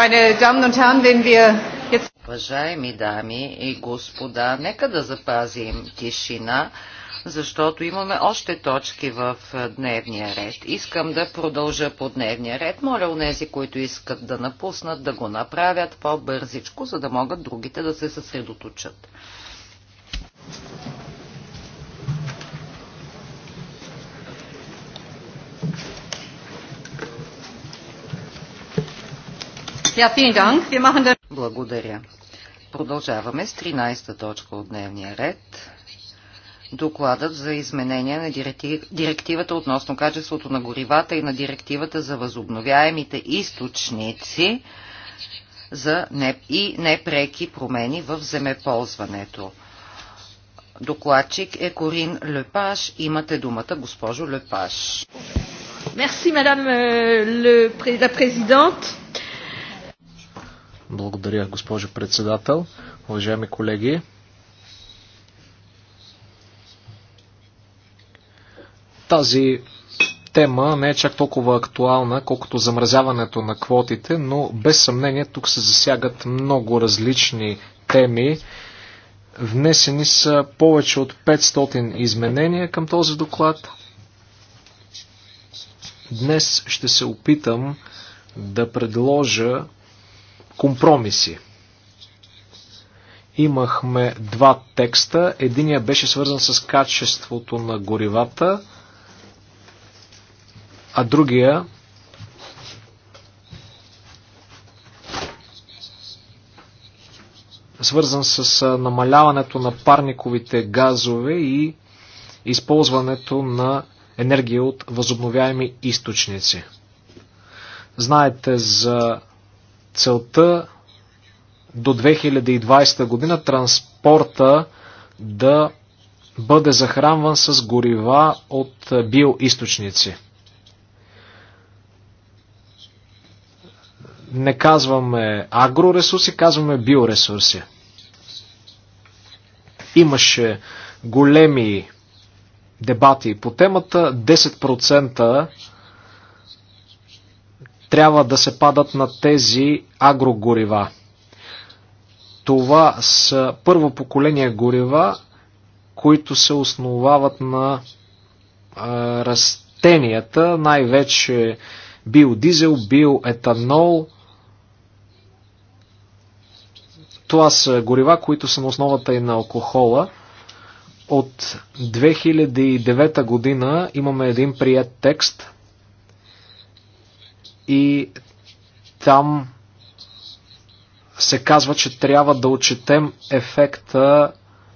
Meine Damen und Herren, wenn wir jetzt... Уважаеми дами и господа, нека да запазим тишина, защото имаме още точки в е, дневния ред. Искам да продължа по дневния ред. Моля у нези, които искат да напуснат, да го направят по-бързичко, за да могат другите да се съсредоточат. Благодаря. Продължаваме с 13-та точка от дневния ред. Докладът за изменение на директивата относно качеството на горивата и на директивата за възобновяемите източници за и непреки промени в земеползването. Докладчик е Корин Лепаш. Имате думата, госпожо Лепаш. Мерси, мадам ле, благодаря, госпожо председател. Уважаеми колеги, тази тема не е чак толкова актуална, колкото замразяването на квотите, но без съмнение тук се засягат много различни теми. Внесени са повече от 500 изменения към този доклад. Днес ще се опитам да предложа компромиси. Имахме два текста. Единия беше свързан с качеството на горивата, а другия свързан с намаляването на парниковите газове и използването на енергия от възобновяеми източници. Знаете за целта до 2020 година транспорта да бъде захранван с горива от биоисточници. Не казваме агроресурси, казваме биоресурси. Имаше големи дебати по темата. 10% трябва да се падат на тези агрогорива. Това са първо поколение горива, които се основават на а, растенията, най-вече биодизел, биоетанол. Това са горива, които са на основата и на алкохола. От 2009 година имаме един прият текст – и там се казва, че трябва да отчетем ефекта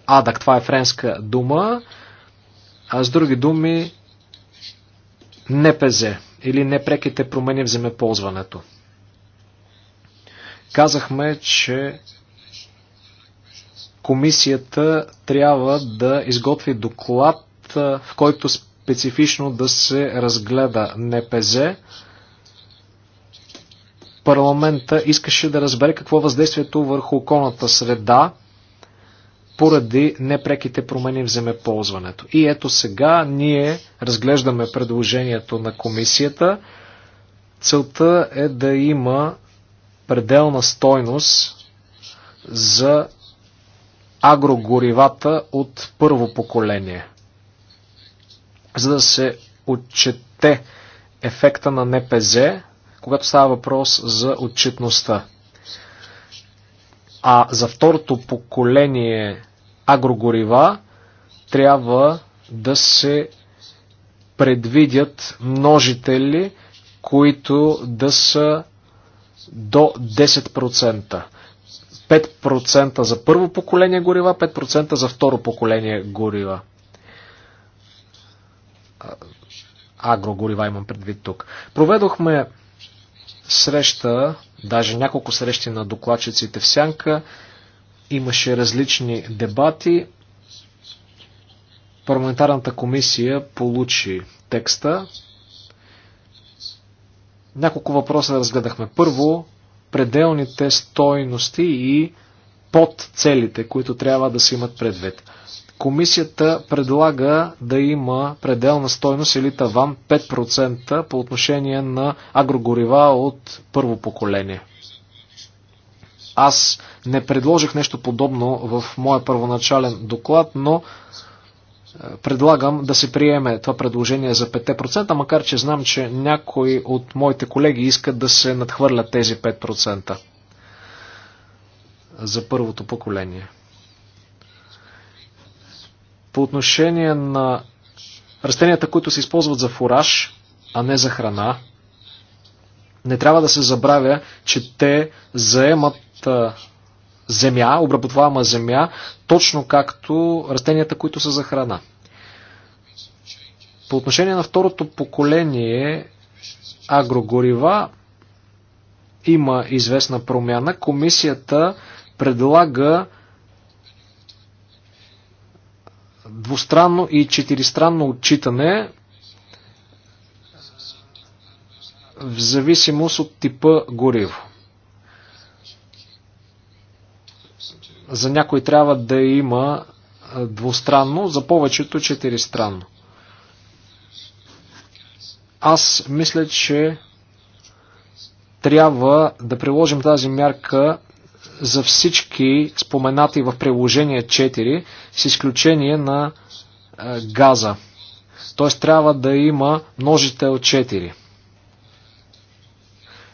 адък, Това е френска дума, а с други думи НПЗ или непреките промени в земеползването. Казахме, че комисията трябва да изготви доклад, в който специфично да се разгледа НПЗ парламента искаше да разбере какво е въздействието върху околната среда поради непреките промени в земеползването. И ето сега ние разглеждаме предложението на комисията. Целта е да има пределна стойност за агрогоривата от първо поколение, за да се отчете ефекта на НПЗ когато става въпрос за отчетността. А за второто поколение агрогорива трябва да се предвидят множители, които да са до 10%. 5% за първо поколение горива, 5% за второ поколение горива. Агрогорива имам предвид тук. Проведохме среща, даже няколко срещи на докладчиците в Сянка, имаше различни дебати. Парламентарната комисия получи текста. Няколко въпроса разгледахме. Първо, пределните стойности и под целите, които трябва да се имат предвид. Комисията предлага да има пределна стойност или таван 5% по отношение на агрогорива от първо поколение. Аз не предложих нещо подобно в моя първоначален доклад, но е, предлагам да се приеме това предложение за 5%, макар че знам, че някои от моите колеги искат да се надхвърлят тези 5% за първото поколение. По отношение на растенията, които се използват за фураж, а не за храна, не трябва да се забравя, че те заемат земя, обработваема земя, точно както растенията, които са за храна. По отношение на второто поколение агрогорива има известна промяна. Комисията предлага двустранно и четиристранно отчитане в зависимост от типа гориво. За някой трябва да има двустранно, за повечето четиристранно. Аз мисля, че трябва да приложим тази мярка за всички споменати в приложение 4, с изключение на е, газа. Т.е. трябва да има множител 4.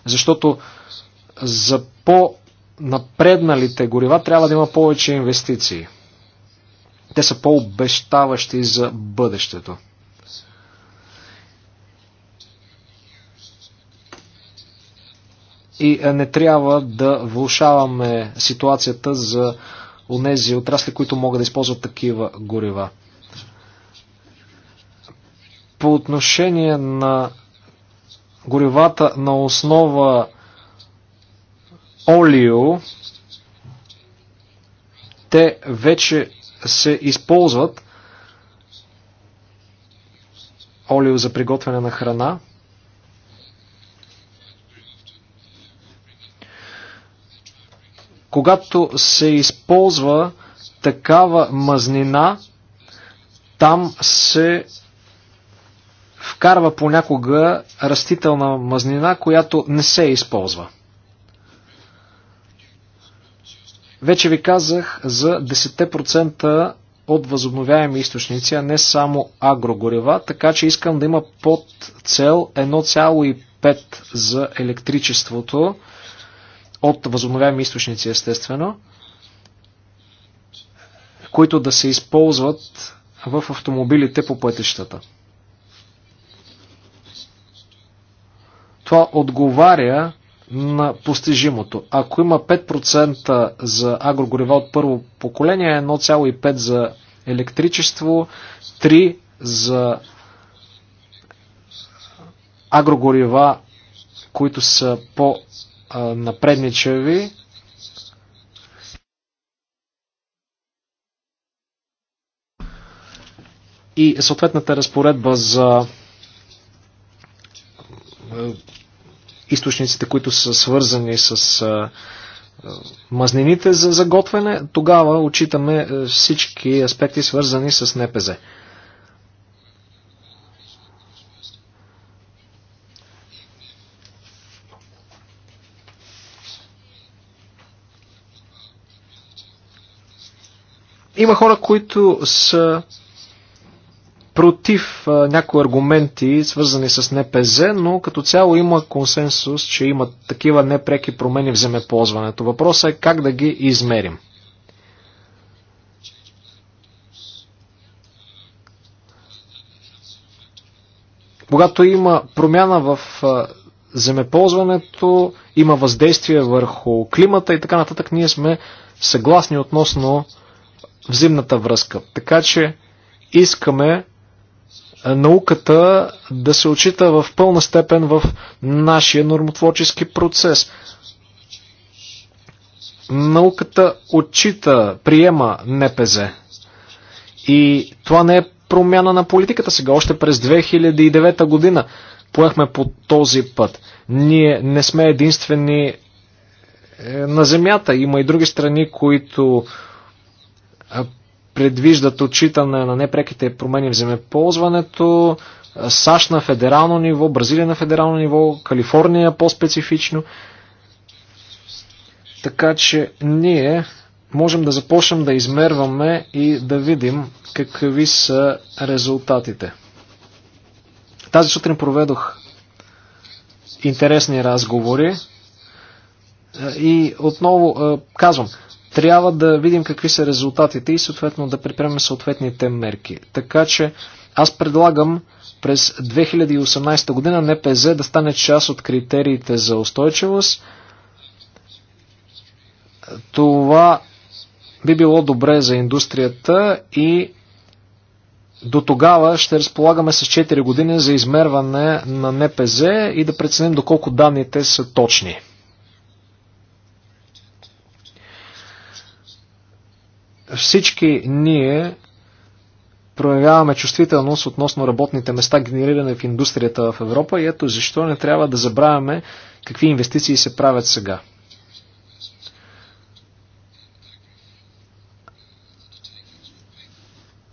Защото за по-напредналите горива трябва да има повече инвестиции. Те са по-обещаващи за бъдещето. и е, не трябва да влушаваме ситуацията за онези отрасли, които могат да използват такива горива. По отношение на горивата на основа олио, те вече се използват олио за приготвяне на храна – Когато се използва такава мазнина, там се вкарва понякога растителна мазнина, която не се използва. Вече ви казах за 10% от възобновяеми източници, а не само агрогорева, така че искам да има под цел 1,5 за електричеството от възобновяеми източници, естествено, които да се използват в автомобилите по пътищата. Това отговаря на постижимото. Ако има 5% за агрогорива от първо поколение, 1,5% за електричество, 3% за агрогорива, които са по напредничави. И съответната разпоредба за източниците, които са свързани с мазнините за заготвяне, тогава очитаме всички аспекти свързани с НПЗ. Има хора, които са против а, някои аргументи, свързани с НПЗ, но като цяло има консенсус, че има такива непреки промени в земеползването. Въпросът е как да ги измерим. Когато има промяна в а, земеползването, има въздействие върху климата и така нататък, ние сме съгласни относно взаимната връзка. Така че искаме науката да се очита в пълна степен в нашия нормотворчески процес. Науката отчита, приема НПЗ. И това не е промяна на политиката сега. Още през 2009 година поехме по този път. Ние не сме единствени е, на Земята. Има и други страни, които предвиждат отчитане на непреките промени в земеползването, САЩ на федерално ниво, Бразилия на федерално ниво, Калифорния по-специфично. Така че ние можем да започнем да измерваме и да видим какви са резултатите. Тази сутрин проведох интересни разговори и отново казвам, трябва да видим какви са резултатите и съответно да припремем съответните мерки. Така че аз предлагам през 2018 година НПЗ да стане част от критериите за устойчивост. Това би било добре за индустрията и до тогава ще разполагаме с 4 години за измерване на НПЗ и да преценим доколко данните са точни. Всички ние проявяваме чувствителност относно работните места, генериране в индустрията в Европа и ето защо не трябва да забравяме какви инвестиции се правят сега.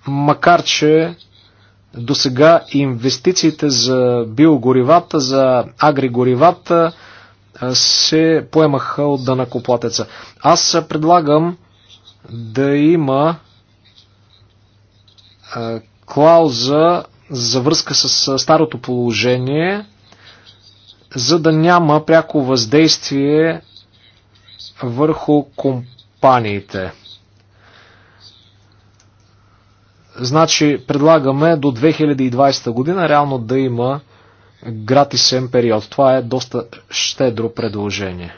Макар, че до сега инвестициите за биогоривата, за агригоривата се поемаха от данакоплатеца. Аз предлагам да има клауза за връзка с старото положение, за да няма пряко въздействие върху компаниите. Значи предлагаме до 2020 година реално да има гратисен период. Това е доста щедро предложение.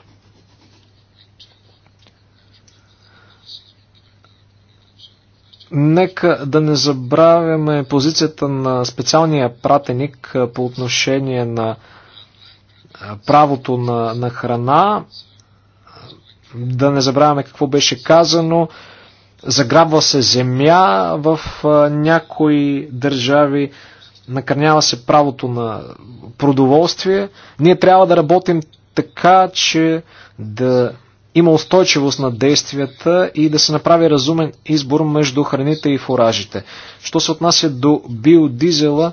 Нека да не забравяме позицията на специалния пратеник по отношение на правото на, на храна. Да не забравяме какво беше казано. Заграбва се земя в някои държави, накърнява се правото на продоволствие. Ние трябва да работим така, че да има устойчивост на действията и да се направи разумен избор между храните и фуражите. Що се отнася до биодизела,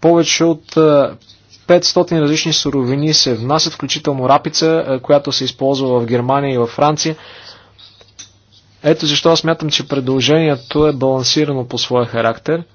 повече от 500 е, различни суровини се внасят, включително рапица, е, която се използва в Германия и във Франция. Ето защо аз мятам, че предложението е балансирано по своя характер –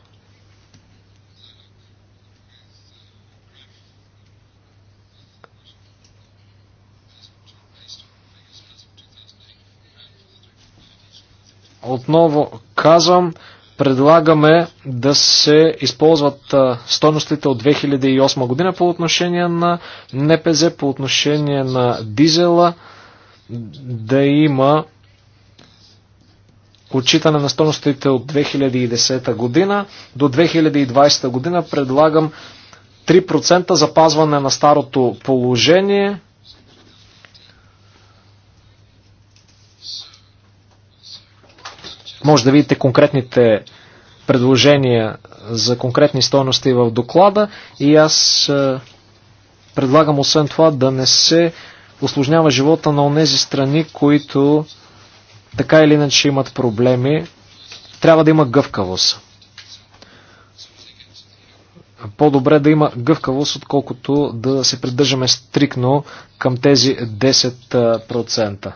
Отново казвам, предлагаме да се използват стойностите от 2008 година по отношение на НПЗ, по отношение на дизела, да има отчитане на стойностите от 2010 година. До 2020 година предлагам 3% запазване на старото положение – Може да видите конкретните предложения за конкретни стоености в доклада и аз е, предлагам освен това да не се осложнява живота на онези страни, които така или иначе имат проблеми. Трябва да има гъвкавост. По-добре да има гъвкавост, отколкото да се придържаме стрикно към тези 10%.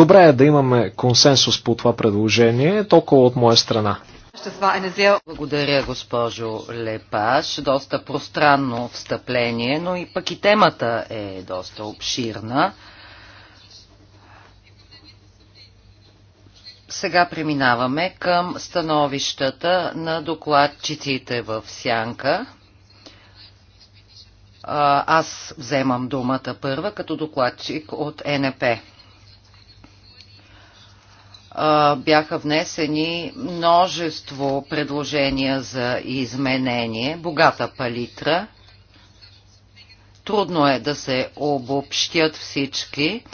Добре е да имаме консенсус по това предложение, толкова от моя страна. Благодаря, госпожо Лепаш. Доста пространно встъпление, но и пък и темата е доста обширна. Сега преминаваме към становищата на докладчиците в Сянка. Аз вземам думата първа като докладчик от НП бяха внесени множество предложения за изменение, богата палитра. Трудно е да се обобщят всички,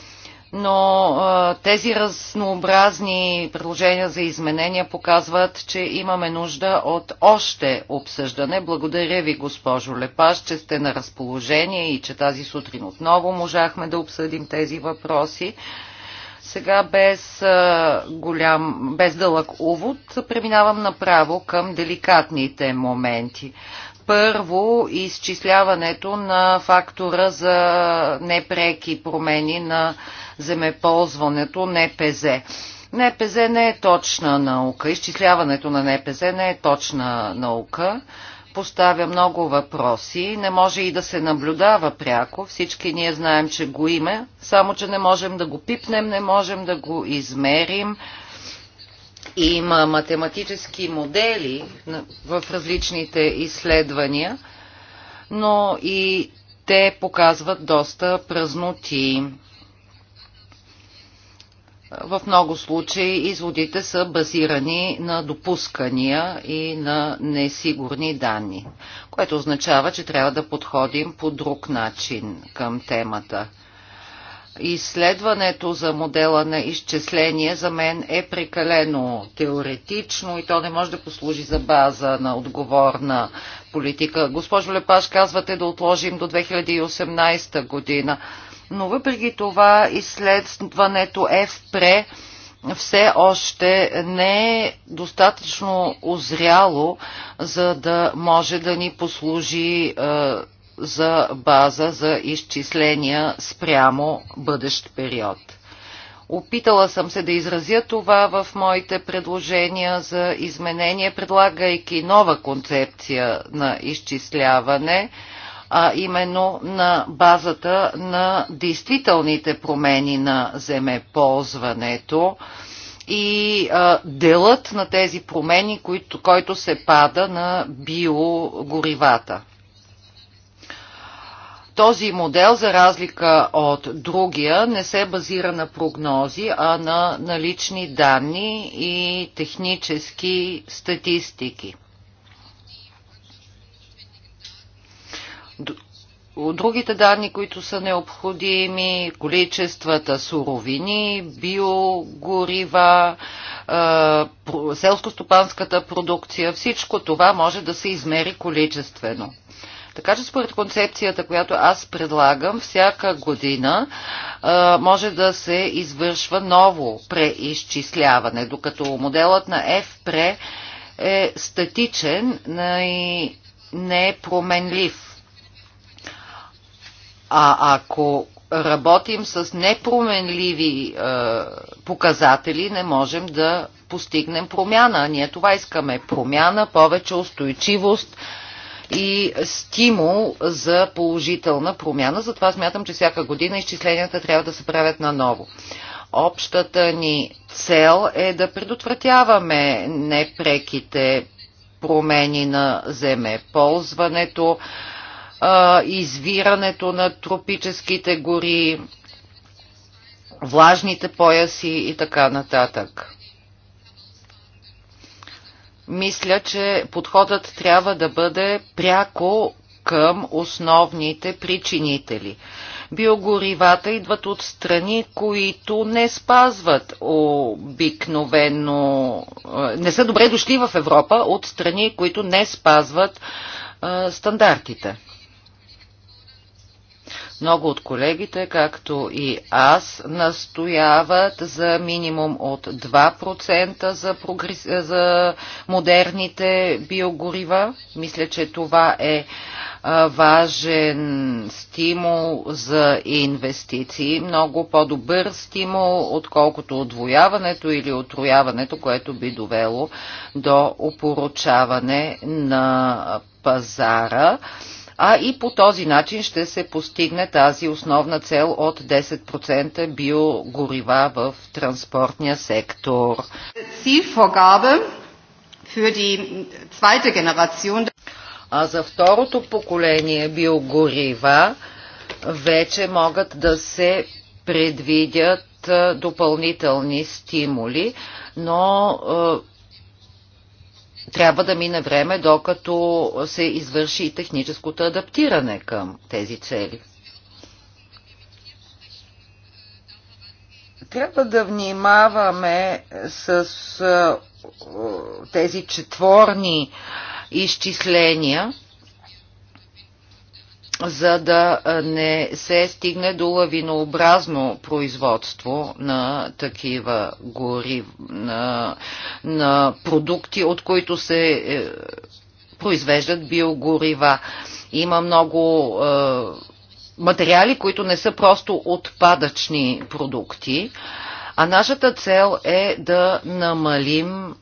но тези разнообразни предложения за изменения показват, че имаме нужда от още обсъждане. Благодаря ви, госпожо Лепаш, че сте на разположение и че тази сутрин отново можахме да обсъдим тези въпроси. Сега без, голям, без дълъг увод преминавам направо към деликатните моменти. Първо, изчисляването на фактора за непреки промени на земеползването НПЗ. НПЗ не е точна наука. Изчисляването на НПЗ не е точна наука поставя много въпроси, не може и да се наблюдава пряко. Всички ние знаем, че го има, само че не можем да го пипнем, не можем да го измерим. Има математически модели в различните изследвания, но и те показват доста празноти в много случаи изводите са базирани на допускания и на несигурни данни, което означава, че трябва да подходим по друг начин към темата. Изследването за модела на изчисление за мен е прекалено теоретично и то не може да послужи за база на отговорна политика. Госпожо Лепаш, казвате да отложим до 2018 година но въпреки това изследването ЕФПРЕ все още не е достатъчно озряло, за да може да ни послужи е, за база за изчисления спрямо бъдещ период. Опитала съм се да изразя това в моите предложения за изменение, предлагайки нова концепция на изчисляване – а именно на базата на действителните промени на земеползването и а, делът на тези промени, които, който се пада на биогоривата. Този модел, за разлика от другия, не се базира на прогнози, а на налични данни и технически статистики. Другите данни, които са необходими, количествата суровини, биогорива, селско-стопанската продукция, всичко това може да се измери количествено. Така че според концепцията, която аз предлагам, всяка година а, може да се извършва ново преизчисляване, докато моделът на FPRE е статичен и не е променлив. А ако работим с непроменливи е, показатели, не можем да постигнем промяна. Ние това искаме. Промяна, повече устойчивост и стимул за положителна промяна. Затова смятам, че всяка година изчисленията трябва да се правят наново. Общата ни цел е да предотвратяваме непреките промени на земеползването, ползването а, извирането на тропическите гори, влажните пояси и така нататък. Мисля, че подходът трябва да бъде пряко към основните причинители. Биогоривата идват от страни, които не спазват обикновено, не са добре дошли в Европа от страни, които не спазват стандартите. Много от колегите, както и аз, настояват за минимум от 2% за, прогрес... за модерните биогорива. Мисля, че това е важен стимул за инвестиции, много по-добър стимул, отколкото отвояването или отрояването, което би довело до опоручаване на пазара а и по този начин ще се постигне тази основна цел от 10% биогорива в транспортния сектор. А за второто поколение биогорива вече могат да се предвидят допълнителни стимули, но трябва да мине време, докато се извърши и техническото адаптиране към тези цели. Трябва да внимаваме с тези четворни изчисления, за да не се стигне до лавинообразно производство на такива гори, на, на продукти, от които се е, произвеждат биогорива. Има много е, материали, които не са просто отпадъчни продукти, а нашата цел е да намалим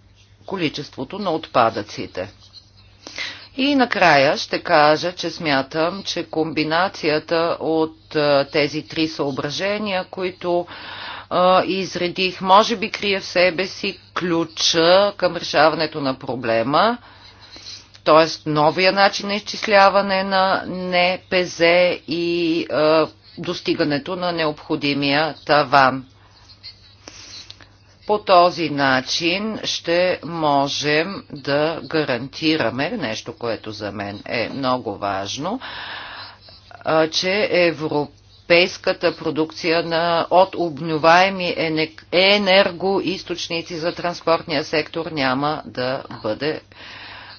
количеството на отпадъците. И накрая ще кажа, че смятам, че комбинацията от тези три съображения, които изредих, може би крие в себе си ключа към решаването на проблема, т.е. новия начин на изчисляване на НПЗ и достигането на необходимия таван. По този начин ще можем да гарантираме нещо, което за мен е много важно, че европейската продукция на, от обновяеми енергоисточници за транспортния сектор няма да бъде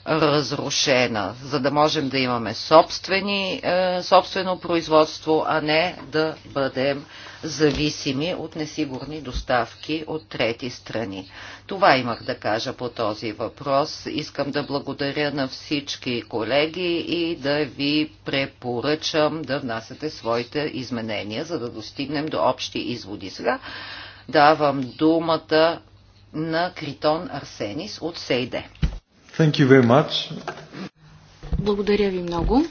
разрушена, за да можем да имаме собствени, е, собствено производство, а не да бъдем зависими от несигурни доставки от трети страни. Това имах да кажа по този въпрос. Искам да благодаря на всички колеги и да ви препоръчам да внасяте своите изменения, за да достигнем до общи изводи. Сега давам думата на Критон Арсенис от Сейде. Thank you very much. Благодаря ви много.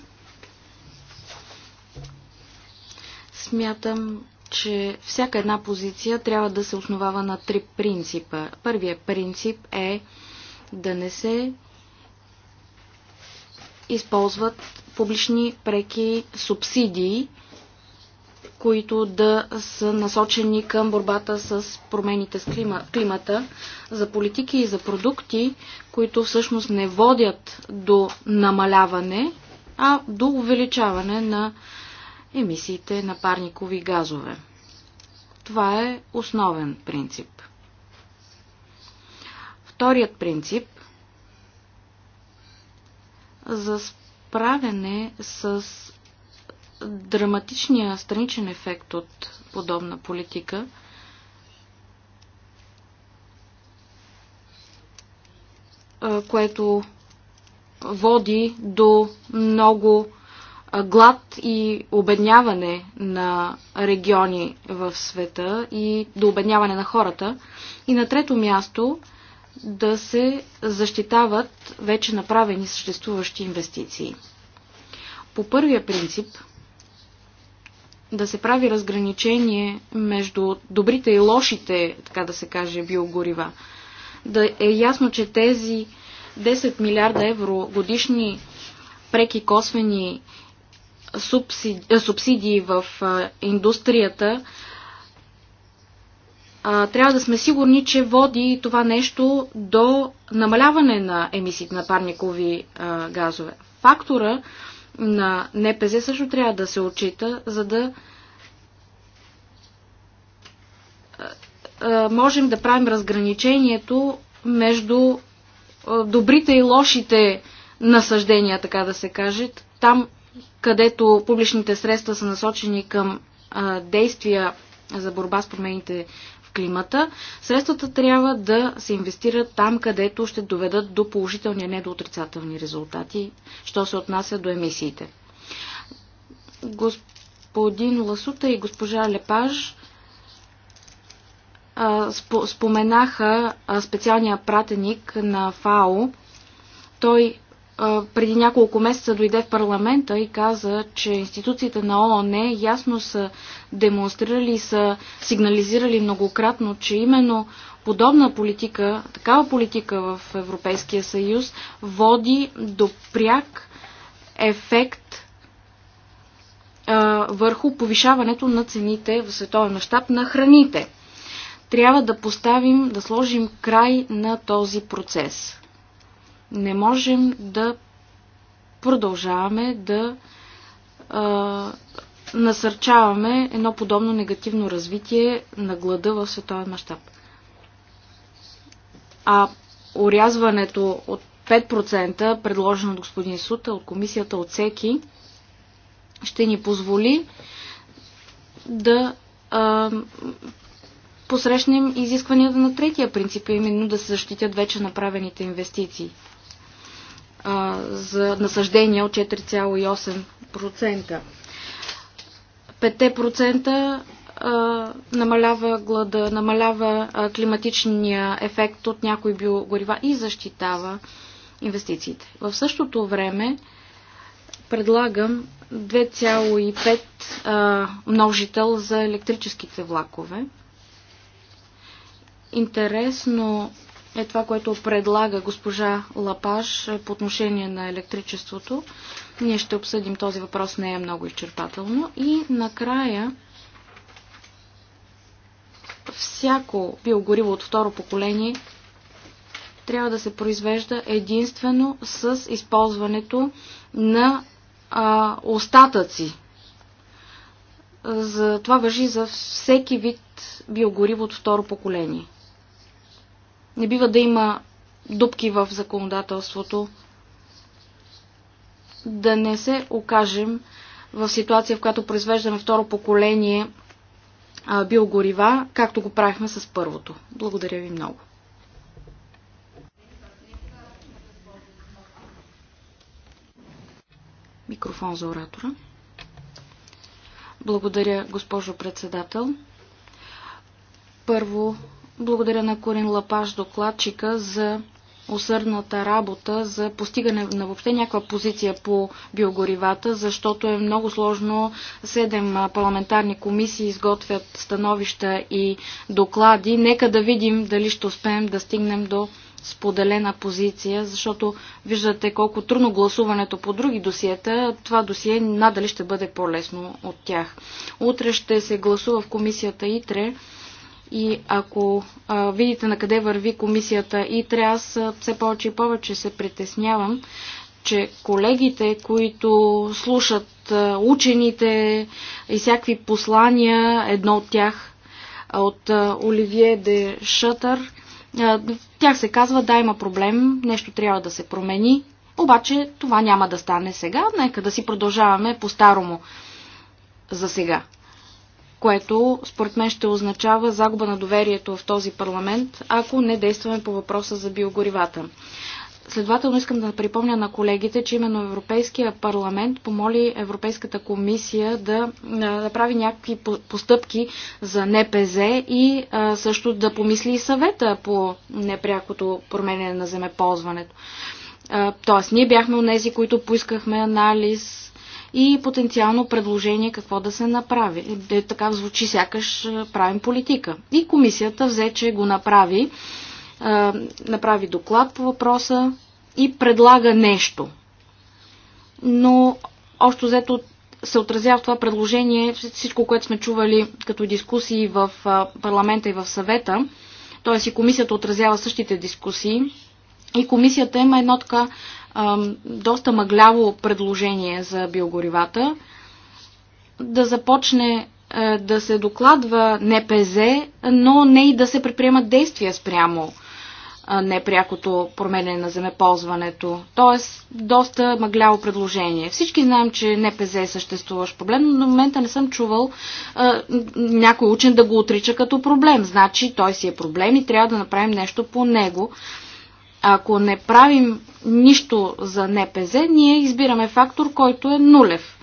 Смятам, че всяка една позиция трябва да се основава на три принципа. Първият принцип е да не се използват публични преки субсидии които да са насочени към борбата с промените с клима, климата, за политики и за продукти, които всъщност не водят до намаляване, а до увеличаване на емисиите на парникови газове. Това е основен принцип. Вторият принцип за справяне с драматичния страничен ефект от подобна политика. което води до много глад и обедняване на региони в света и до обедняване на хората. И на трето място да се защитават вече направени съществуващи инвестиции. По първия принцип – да се прави разграничение между добрите и лошите, така да се каже, биогорива. Да е ясно, че тези 10 милиарда евро годишни преки косвени субсидии, субсидии в индустрията трябва да сме сигурни, че води това нещо до намаляване на емисиите на парникови газове. Фактора на НПЗ също трябва да се отчита, за да можем да правим разграничението между добрите и лошите насъждения, така да се каже. Там, където публичните средства са насочени към действия за борба с промените климата, средствата трябва да се инвестират там, където ще доведат до положителни, а не до отрицателни резултати, що се отнася до емисиите. Господин Ласута и госпожа Лепаж споменаха специалния пратеник на ФАО. Той преди няколко месеца дойде в парламента и каза, че институциите на ООН ясно са демонстрирали и са сигнализирали многократно, че именно подобна политика, такава политика в Европейския съюз води до пряк ефект а, върху повишаването на цените в световен мащаб на храните. Трябва да поставим, да сложим край на този процес. Не можем да продължаваме да а, насърчаваме едно подобно негативно развитие на глада в световен мащаб. А урязването от 5%, предложено от господин Сута, от комисията, от всеки, ще ни позволи да а, посрещнем изискванията на третия принцип, именно да се защитят вече направените инвестиции а, за насъждения от 4,8%. 5% намалява глада, намалява климатичния ефект от някои биогорива и защитава инвестициите. В същото време предлагам 2,5 множител за електрическите влакове. Интересно е това, което предлага госпожа Лапаш е, по отношение на електричеството. Ние ще обсъдим този въпрос, не е много изчерпателно. И накрая всяко биогориво от второ поколение трябва да се произвежда единствено с използването на а, остатъци. За това въжи за всеки вид биогориво от второ поколение. Не бива да има дупки в законодателството, да не се окажем в ситуация, в която произвеждаме второ поколение биогорива, както го правихме с първото. Благодаря ви много. Микрофон за оратора. Благодаря, госпожо председател. Първо благодаря на Корин Лапаш, докладчика, за усърдната работа за постигане на въобще някаква позиция по биогоривата, защото е много сложно. Седем парламентарни комисии изготвят становища и доклади. Нека да видим дали ще успеем да стигнем до споделена позиция, защото виждате колко трудно гласуването по други досиета, това досие надали ще бъде по-лесно от тях. Утре ще се гласува в комисията ИТРЕ и ако а, видите на къде върви комисията и трябва, все повече и повече се притеснявам, че колегите, които слушат а, учените и всякакви послания, едно от тях от а, Оливие де Шътър, а, тях се казва да има проблем, нещо трябва да се промени, обаче това няма да стане сега, нека да си продължаваме по-старому за сега което според мен ще означава загуба на доверието в този парламент, ако не действаме по въпроса за биогоривата. Следователно искам да припомня на колегите, че именно Европейския парламент помоли Европейската комисия да направи някакви постъпки за НПЗ и също да помисли и съвета по непрякото променене на земеползването. Тоест, ние бяхме от тези, които поискахме анализ и потенциално предложение какво да се направи. Де, така звучи сякаш е, правим политика. И комисията взе, че го направи, е, направи доклад по въпроса и предлага нещо. Но още взето се отразява в това предложение всичко, което сме чували като дискусии в е, парламента и в съвета. Т.е. и комисията отразява същите дискусии. И комисията има едно така доста мъгляво предложение за биогоривата. Да започне е, да се докладва НПЗ, но не и да се предприемат действия спрямо е, непрякото промене на земеползването. Тоест, доста мъгляво предложение. Всички знаем, че НПЗ е съществуващ проблем, но до момента не съм чувал а, е, някой учен да го отрича като проблем. Значи, той си е проблем и трябва да направим нещо по него. Ако не правим нищо за НПЗ, ние избираме фактор, който е нулев.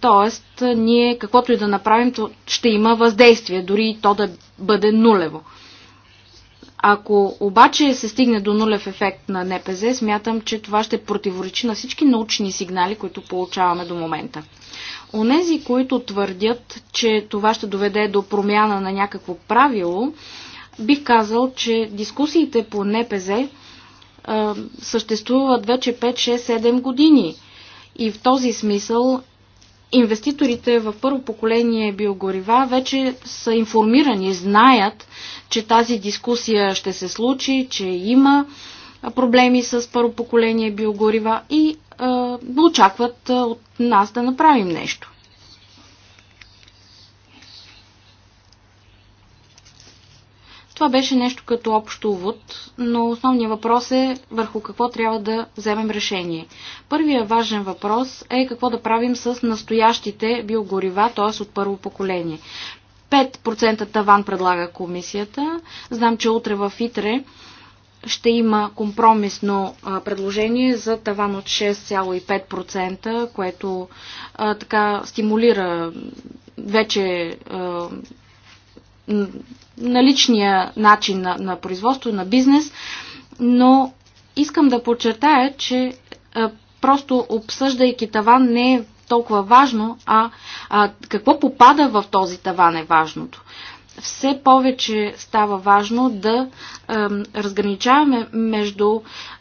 Тоест, ние каквото и да направим, ще има въздействие, дори и то да бъде нулево. Ако обаче се стигне до нулев ефект на НПЗ, смятам, че това ще противоречи на всички научни сигнали, които получаваме до момента. Онези, които твърдят, че това ще доведе до промяна на някакво правило, бих казал, че дискусиите по НПЗ а, съществуват вече 5, 6, 7 години. И в този смисъл инвеститорите в първо поколение биогорива вече са информирани, знаят, че тази дискусия ще се случи, че има проблеми с първо поколение биогорива и а, очакват от нас да направим нещо. Това беше нещо като общо увод, но основният въпрос е върху какво трябва да вземем решение. Първият важен въпрос е какво да правим с настоящите биогорива, т.е. от първо поколение. 5% таван предлага комисията. Знам, че утре в ИТРЕ ще има компромисно предложение за таван от 6,5%, което а, така стимулира вече а, наличния начин на, на производство, на бизнес, но искам да подчертая, че а, е, просто обсъждайки таван не е толкова важно, а, а какво попада в този таван е важното. Все повече става важно да а, разграничаваме между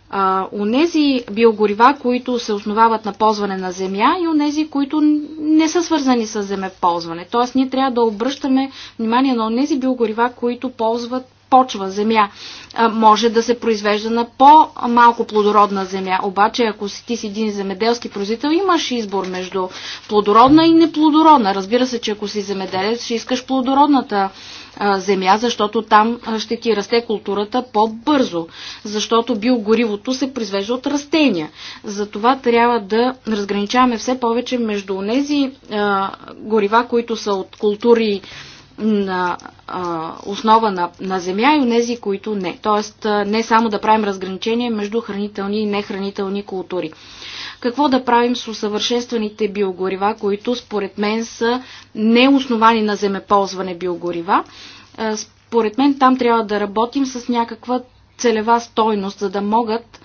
а, унези биогорива, които се основават на ползване на земя и унези, които не са свързани с земеползване. Тоест ние трябва да обръщаме внимание на унези биогорива, които ползват почва, земя. А, може да се произвежда на по-малко плодородна земя. Обаче, ако си ти си един земеделски производител, имаш избор между плодородна и неплодородна. Разбира се, че ако си земеделец, ще искаш плодородната земя, защото там ще ти расте културата по-бързо, защото биогоривото се произвежда от растения. Затова трябва да разграничаваме все повече между тези горива, които са от култури на а, основа на, на земя и онези, които не. Тоест, не само да правим разграничение между хранителни и нехранителни култури какво да правим с усъвършенстваните биогорива, които според мен са неосновани на земеползване биогорива. Е, според мен там трябва да работим с някаква целева стойност, за да могат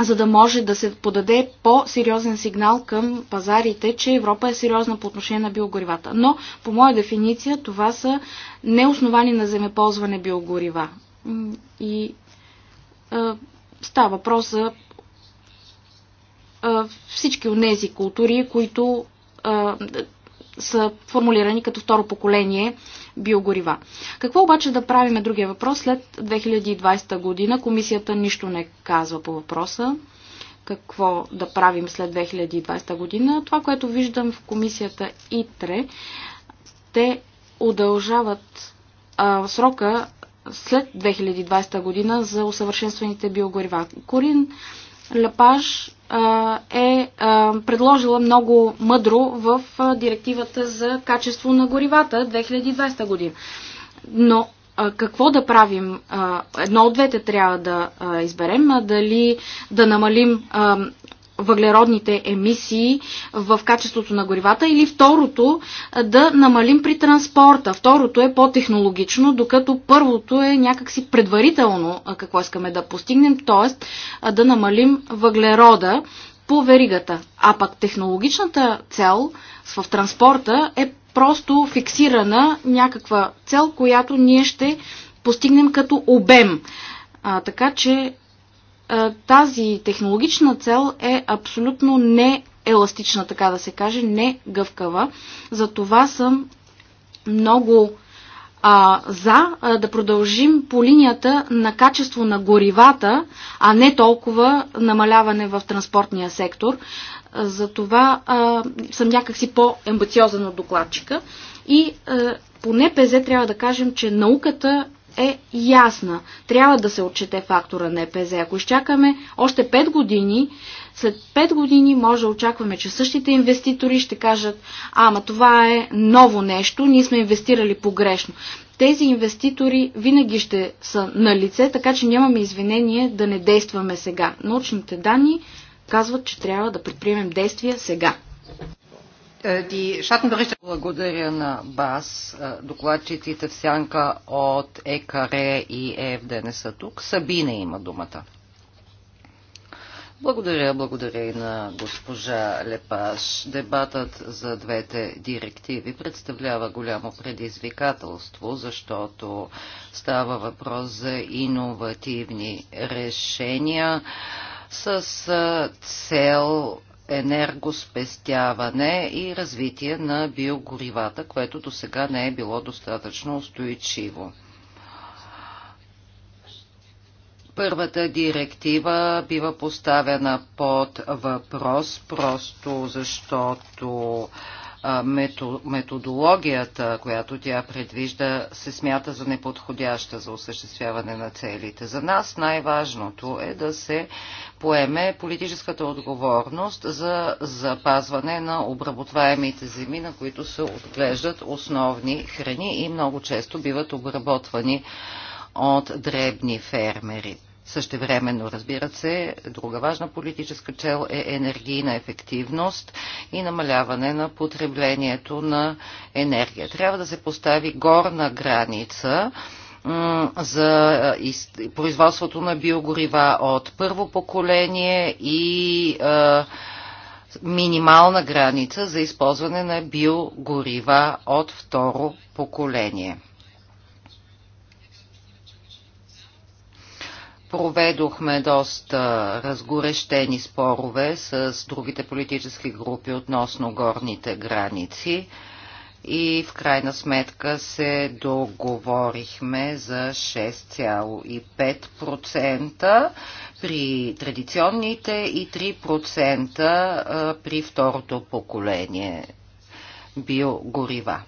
за да може да се подаде по-сериозен сигнал към пазарите, че Европа е сериозна по отношение на биогоривата. Но, по моя дефиниция, това са неосновани на земеползване биогорива. И е, става въпрос за всички от тези култури, които са формулирани като второ поколение биогорива. Какво обаче да е другия въпрос след 2020 година? Комисията нищо не казва по въпроса. Какво да правим след 2020 година? Това, което виждам в комисията ИТРЕ, те удължават а, срока след 2020 година за усъвършенстваните биогорива. Корин Лапаж е предложила много мъдро в директивата за качество на горивата 2020 година. Но какво да правим? Едно от двете трябва да изберем. Дали да намалим въглеродните емисии в качеството на горивата или второто да намалим при транспорта. Второто е по-технологично, докато първото е някакси предварително какво искаме да постигнем, т.е. да намалим въглерода по веригата. А пък технологичната цел в транспорта е просто фиксирана някаква цел, която ние ще постигнем като обем. А, така че е, тази технологична цел е абсолютно не еластична, така да се каже, не гъвкава. За това съм много а, за а, да продължим по линията на качество на горивата, а не толкова намаляване в транспортния сектор. За това а, съм някакси по-ембациозен от докладчика. И а, по НПЗ трябва да кажем, че науката е ясна. Трябва да се отчете фактора на ЕПЗ. Ако изчакаме още 5 години, след 5 години може да очакваме, че същите инвеститори ще кажат, ама това е ново нещо, ние сме инвестирали погрешно. Тези инвеститори винаги ще са на лице, така че нямаме извинение да не действаме сега. Научните данни казват, че трябва да предприемем действия сега. Е, благодаря на БАС. Е, докладчиците в сянка от ЕКР и ЕФД не са тук. Сабина има думата. Благодаря, благодаря и на госпожа Лепаш. Дебатът за двете директиви представлява голямо предизвикателство, защото става въпрос за иновативни решения с е, цел енергоспестяване и развитие на биогоривата, което до сега не е било достатъчно устойчиво. Първата директива бива поставена под въпрос, просто защото методологията, която тя предвижда, се смята за неподходяща за осъществяване на целите. За нас най-важното е да се поеме политическата отговорност за запазване на обработваемите земи, на които се отглеждат основни храни и много често биват обработвани от дребни фермери. Същевременно, разбира се, друга важна политическа цел е енергийна ефективност и намаляване на потреблението на енергия. Трябва да се постави горна граница за производството на биогорива от първо поколение и минимална граница за използване на биогорива от второ поколение. Проведохме доста разгорещени спорове с другите политически групи относно горните граници и в крайна сметка се договорихме за 6,5% при традиционните и 3% при второто поколение биогорива.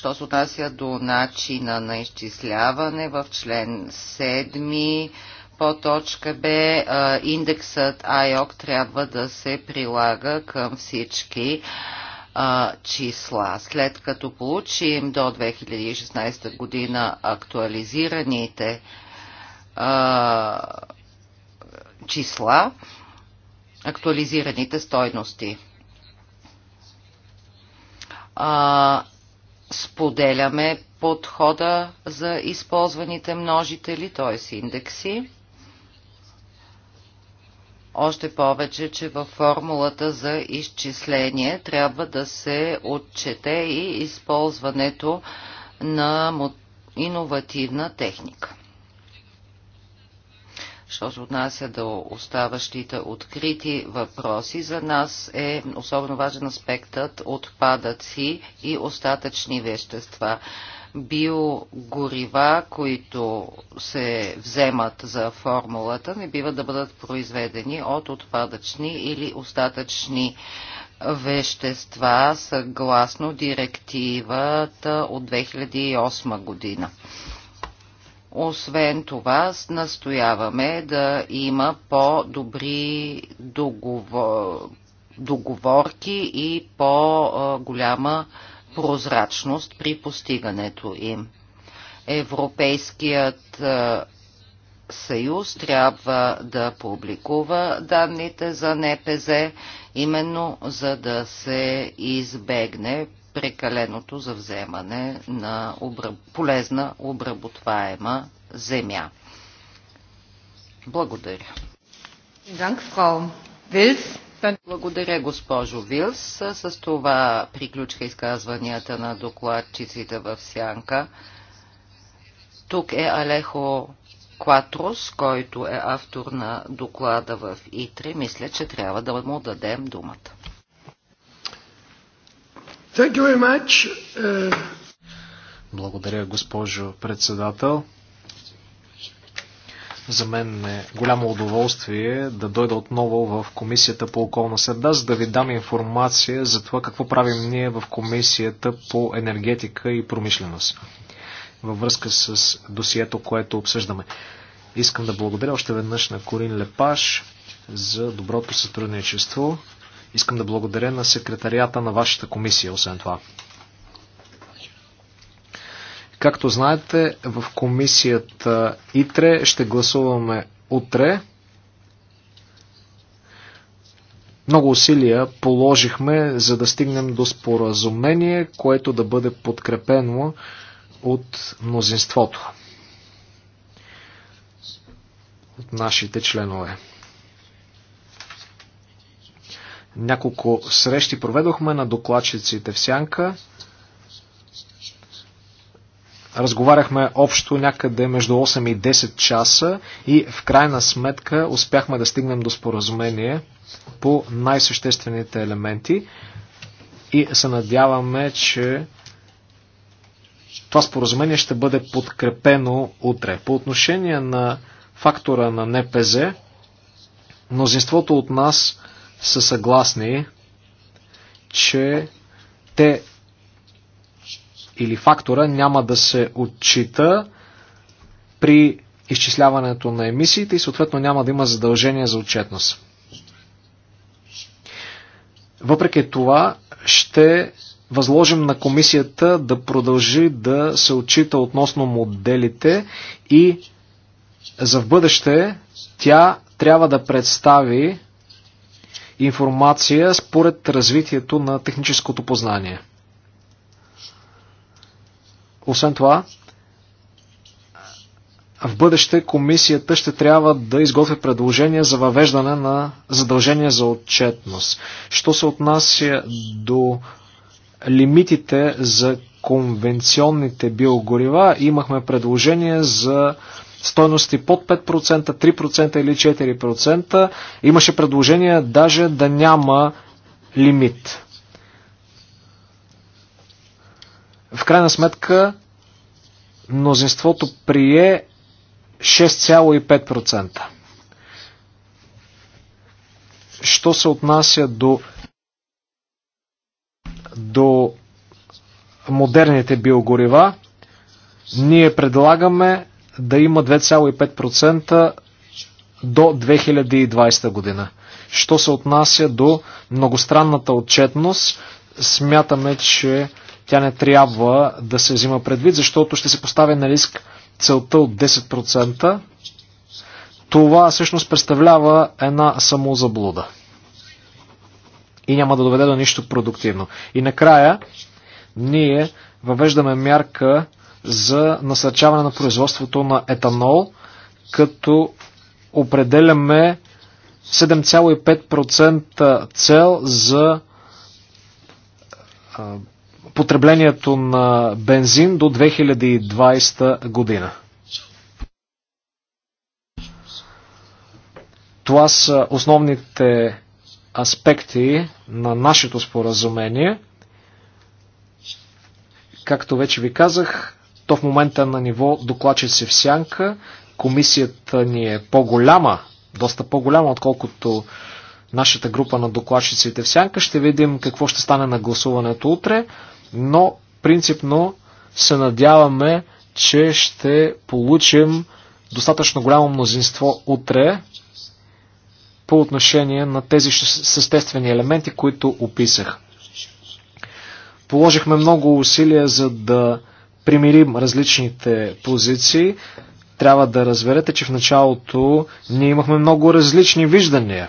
Що се отнася до начина на изчисляване в член 7 по точка Б, индексът IOC трябва да се прилага към всички числа. След като получим до 2016 година актуализираните числа, актуализираните стойности споделяме подхода за използваните множители, т.е. индекси. Още повече, че във формулата за изчисление трябва да се отчете и използването на иновативна техника. Що се отнася до оставащите открити въпроси, за нас е особено важен аспектът отпадъци и остатъчни вещества биогорива, които се вземат за формулата, не бива да бъдат произведени от отпадъчни или остатъчни вещества, съгласно директивата от 2008 година. Освен това, настояваме да има по-добри договор... договорки и по-голяма прозрачност при постигането им. Европейският е, съюз трябва да публикува данните за НПЗ, именно за да се избегне прекаленото за вземане на обраб... полезна обработваема земя. Благодаря. Благодаря, госпожо Вилс. С това приключиха изказванията на докладчиците в Сянка. Тук е Алехо Кватрос, който е автор на доклада в ИТРИ. Мисля, че трябва да му дадем думата. Thank you very much. Uh... Благодаря, госпожо председател. За мен е голямо удоволствие да дойда отново в Комисията по околна среда, за да ви дам информация за това какво правим ние в Комисията по енергетика и промишленост във връзка с досието, което обсъждаме. Искам да благодаря още веднъж на Корин Лепаш за доброто сътрудничество. Искам да благодаря на секретарията на вашата комисия, освен това. Както знаете, в комисията ИТРЕ ще гласуваме утре. Много усилия положихме, за да стигнем до споразумение, което да бъде подкрепено от мнозинството, от нашите членове. Няколко срещи проведохме на докладчиците в Сянка. Разговаряхме общо някъде между 8 и 10 часа и в крайна сметка успяхме да стигнем до споразумение по най-съществените елементи и се надяваме, че това споразумение ще бъде подкрепено утре. По отношение на фактора на НПЗ, мнозинството от нас са съгласни, че те или фактора няма да се отчита при изчисляването на емисиите и съответно няма да има задължение за отчетност. Въпреки това ще възложим на комисията да продължи да се отчита относно моделите и за в бъдеще тя трябва да представи информация според развитието на техническото познание. Освен това, в бъдеще комисията ще трябва да изготви предложение за въвеждане на задължение за отчетност. Що се отнася до лимитите за конвенционните биогорива, имахме предложение за стойности под 5%, 3% или 4%. Имаше предложение даже да няма лимит. В крайна сметка, мнозинството прие 6,5%. Що се отнася до, до модерните биогорива, ние предлагаме да има 2,5% до 2020 година. Що се отнася до многостранната отчетност, смятаме, че тя не трябва да се взима предвид, защото ще се поставя на риск целта от 10%. Това всъщност представлява една самозаблуда. И няма да доведе до нищо продуктивно. И накрая, ние въвеждаме мярка за насърчаване на производството на етанол, като определяме 7,5% цел за потреблението на бензин до 2020 година. Това са основните аспекти на нашето споразумение. Както вече ви казах, то в момента на ниво докладчици в сянка. Комисията ни е по-голяма, доста по-голяма, отколкото нашата група на докладчиците в сянка. Ще видим какво ще стане на гласуването утре, но принципно се надяваме, че ще получим достатъчно голямо мнозинство утре по отношение на тези съществени елементи, които описах. Положихме много усилия за да примирим различните позиции, трябва да разберете, че в началото ние имахме много различни виждания.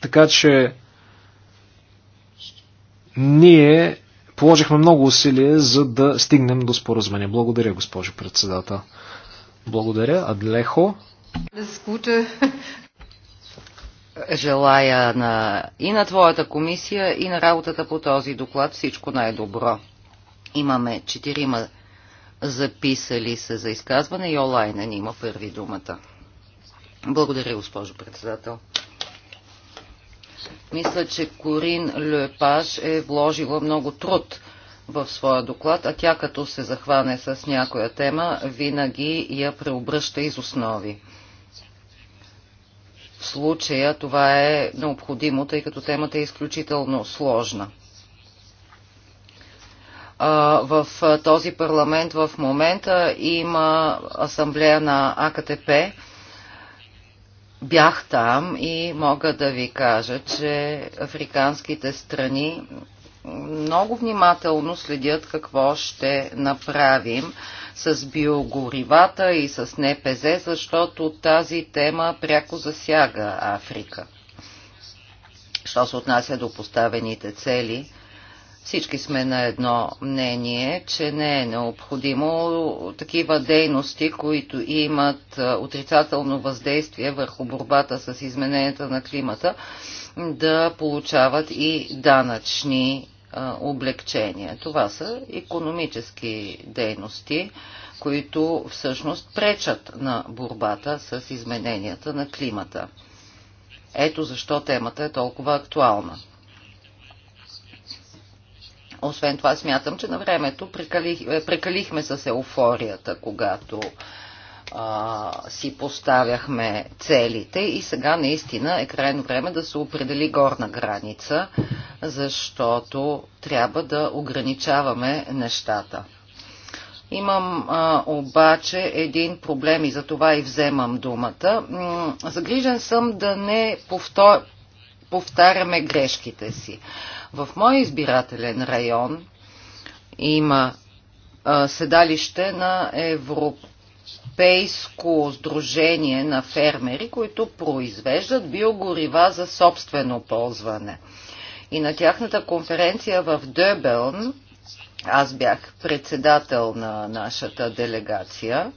Така че ние положихме много усилия, за да стигнем до споразумение. Благодаря, госпожо председател. Благодаря. Адлехо. Желая на, и на твоята комисия, и на работата по този доклад всичко най-добро. Имаме четирима записали се за изказване и ни има първи думата. Благодаря, госпожо председател. Мисля, че Корин Лепаш е вложила много труд в своя доклад, а тя като се захване с някоя тема, винаги я преобръща из основи случая това е необходимо, тъй като темата е изключително сложна. В този парламент в момента има асамблея на АКТП. Бях там и мога да ви кажа, че африканските страни много внимателно следят какво ще направим с биогоривата и с НПЗ, защото тази тема пряко засяга Африка. Що се отнася до поставените цели, всички сме на едно мнение, че не е необходимо такива дейности, които имат отрицателно въздействие върху борбата с измененията на климата, да получават и данъчни облегчения. Това са економически дейности, които всъщност пречат на борбата с измененията на климата. Ето защо темата е толкова актуална. Освен това смятам, че на времето прекалих, прекалихме с еуфорията, когато а, си поставяхме целите и сега наистина е крайно време да се определи горна граница, защото трябва да ограничаваме нещата. Имам а, обаче един проблем и за това и вземам думата. М- загрижен съм да не повтор... повтаряме грешките си. В моя избирателен район има а, седалище на Европа европейско сдружение на фермери, които произвеждат биогорива за собствено ползване. И на тяхната конференция в Дъбелн, аз бях председател на нашата делегация,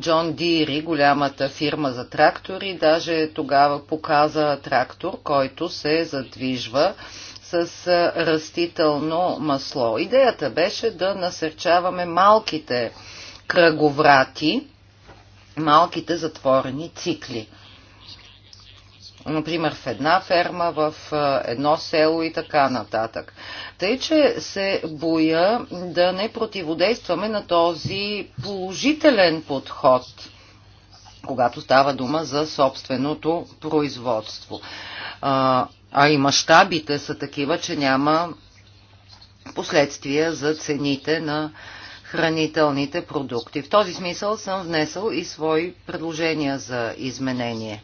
Джон Дири, голямата фирма за трактори, даже тогава показа трактор, който се задвижва с растително масло. Идеята беше да насърчаваме малките кръговрати, малките затворени цикли. Например, в една ферма, в едно село и така нататък. Тъй, че се боя да не противодействаме на този положителен подход – когато става дума за собственото производство. А, а и мащабите са такива, че няма последствия за цените на хранителните продукти. В този смисъл съм внесъл и свои предложения за изменение.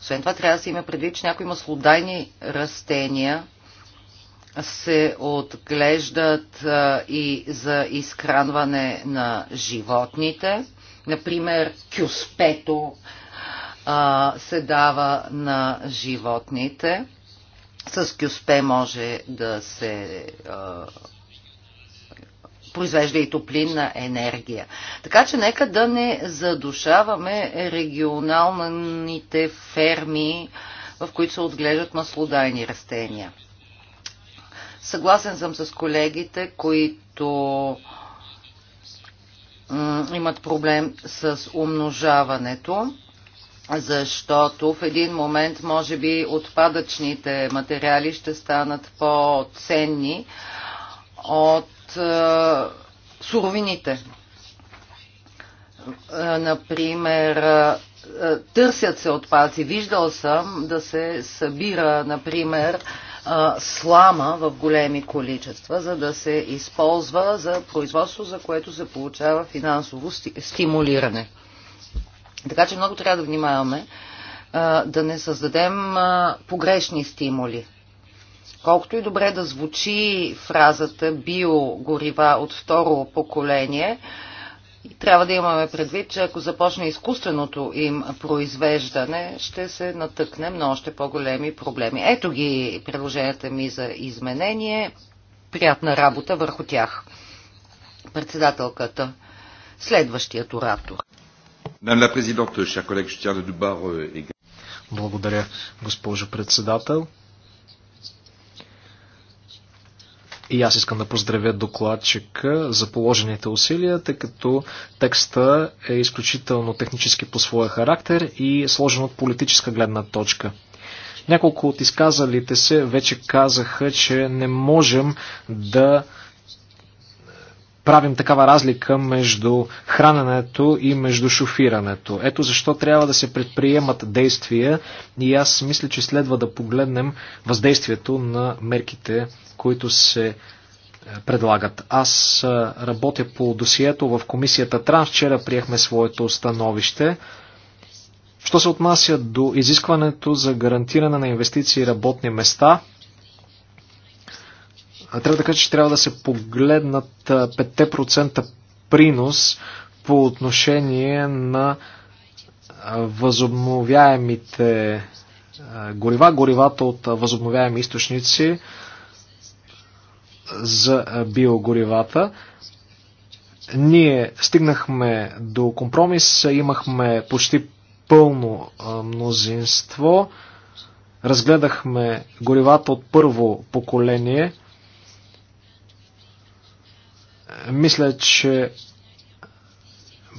Освен това трябва да се има предвид, че някои маслодайни растения се отглеждат и за изхранване на животните. Например, кюспето се дава на животните. С кюспе може да се произвежда и топлинна енергия. Така че нека да не задушаваме регионалните ферми, в които се отглеждат маслодайни растения. Съгласен съм с колегите, които имат проблем с умножаването, защото в един момент може би отпадъчните материали ще станат по-ценни от от е, а, суровините. А, е, например, а, е, търсят се отпаци. Виждал съм да се събира, например, а, слама в големи количества, за да се използва за производство, за което се получава финансово стимулиране. Така че много трябва да внимаваме а, да не създадем а, погрешни стимули. Колкото и добре да звучи фразата биогорива от второ поколение, трябва да имаме предвид, че ако започне изкуственото им произвеждане, ще се натъкнем на още по-големи проблеми. Ето ги предложенията ми за изменение. Приятна работа върху тях. Председателката. Следващият оратор. Euh, Благодаря, госпожо председател. И аз искам да поздравя докладчика за положените усилия, тъй като текста е изключително технически по своя характер и е сложен от политическа гледна точка. Няколко от изказалите се вече казаха, че не можем да правим такава разлика между храненето и между шофирането. Ето защо трябва да се предприемат действия и аз мисля, че следва да погледнем въздействието на мерките, които се е, предлагат. Аз е, работя по досието в комисията Транс. Вчера приехме своето становище. Що се отнася до изискването за гарантиране на инвестиции и работни места – трябва да кажа, че трябва да се погледнат 5% принос по отношение на възобновяемите горива, горивата от възобновяеми източници за биогоривата. Ние стигнахме до компромис, имахме почти пълно мнозинство, разгледахме горивата от първо поколение – мисля, че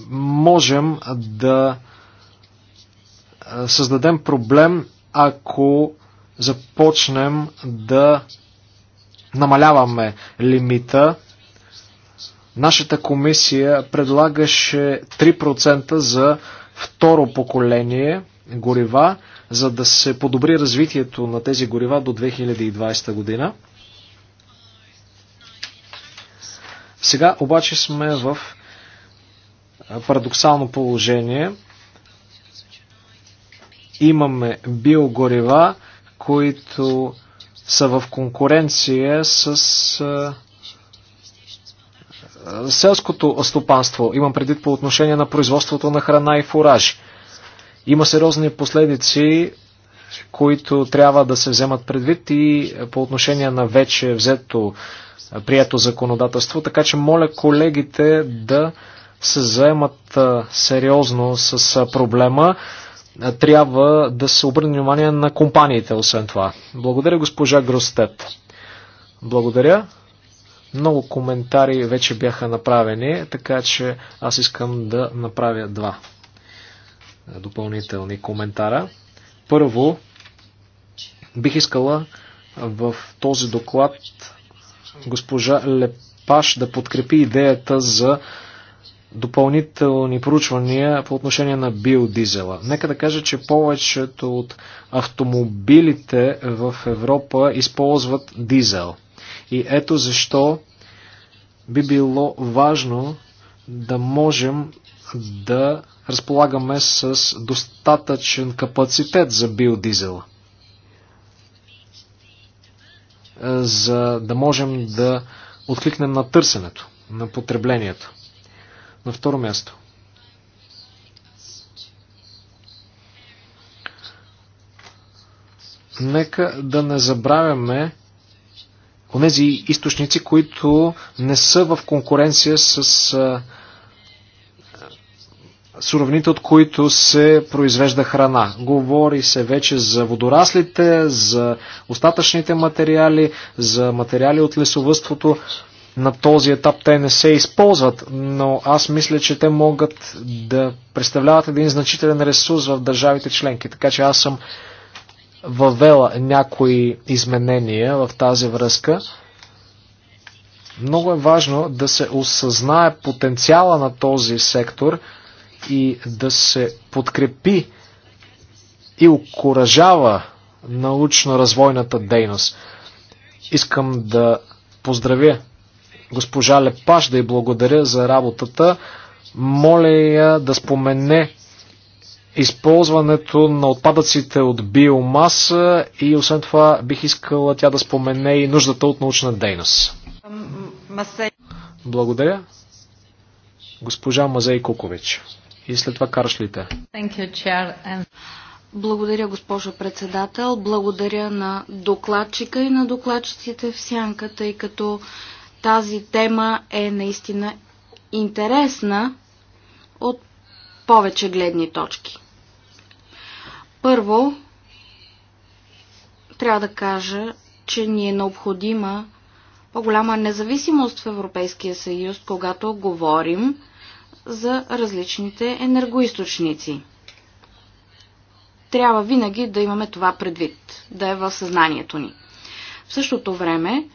можем да създадем проблем, ако започнем да намаляваме лимита. Нашата комисия предлагаше 3% за второ поколение горива, за да се подобри развитието на тези горива до 2020 година. Сега обаче сме в парадоксално положение. Имаме биогорива, които са в конкуренция с селското стопанство. Имам предвид по отношение на производството на храна и фуражи. Има сериозни последици, които трябва да се вземат предвид и по отношение на вече взето прието законодателство, така че моля колегите да се заемат сериозно с проблема. Трябва да се обърне внимание на компаниите, освен това. Благодаря, госпожа Гростет. Благодаря. Много коментари вече бяха направени, така че аз искам да направя два допълнителни коментара. Първо, бих искала в този доклад госпожа Лепаш да подкрепи идеята за допълнителни проучвания по отношение на биодизела. Нека да кажа, че повечето от автомобилите в Европа използват дизел. И ето защо би било важно да можем да разполагаме с достатъчен капацитет за биодизела. Е, за да можем да откликнем на търсенето, на потреблението. На второ място. Нека да не забравяме онези източници, които не са в конкуренция с е, суровините, от които се произвежда храна. Говори се вече за водораслите, за остатъчните материали, за материали от лесовътството. На този етап те не се използват, но аз мисля, че те могат да представляват един значителен ресурс в държавите членки. Така че аз съм въвела някои изменения в тази връзка. Много е важно да се осъзнае потенциала на този сектор – и да се подкрепи и окоръжава научно-развойната дейност. Искам да поздравя госпожа Лепаш, да й благодаря за работата. Моля я да спомене използването на отпадъците от биомаса и освен това бих искала тя да спомене и нуждата от научна дейност. Благодаря. Госпожа Мазей Кукович и след това каршлите. Благодаря, госпожо председател. Благодаря на докладчика и на докладчиците в сянка, тъй като тази тема е наистина интересна от повече гледни точки. Първо, трябва да кажа, че ни е необходима по-голяма независимост в Европейския съюз, когато говорим за различните енергоисточници. Трябва винаги да имаме това предвид, да е в съзнанието ни. В същото време,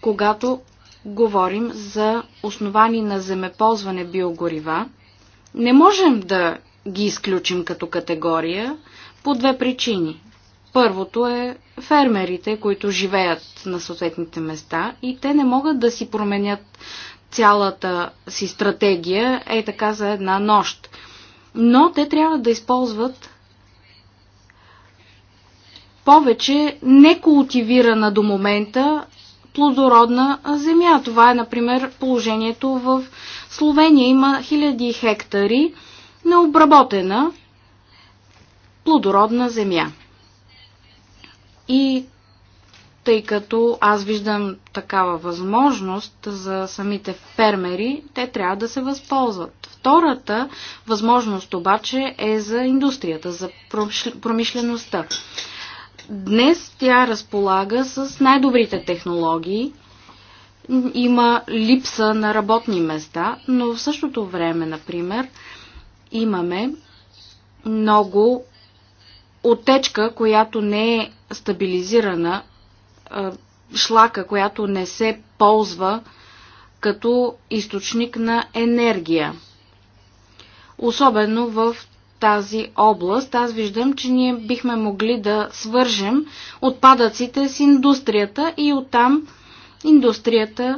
когато говорим за основани на земеползване биогорива, не можем да ги изключим като категория по две причини. Първото е фермерите, които живеят на съответните места и те не могат да си променят цялата си стратегия е така за една нощ. Но те трябва да използват повече некултивирана до момента плодородна земя. Това е, например, положението в Словения. Има хиляди хектари на обработена плодородна земя. И тъй като аз виждам такава възможност за самите фермери, те трябва да се възползват. Втората възможност обаче е за индустрията, за промишлеността. Днес тя разполага с най-добрите технологии, има липса на работни места, но в същото време, например, имаме много отечка, която не е стабилизирана шлака, която не се ползва като източник на енергия. Особено в тази област, аз виждам, че ние бихме могли да свържем отпадъците с индустрията и оттам индустрията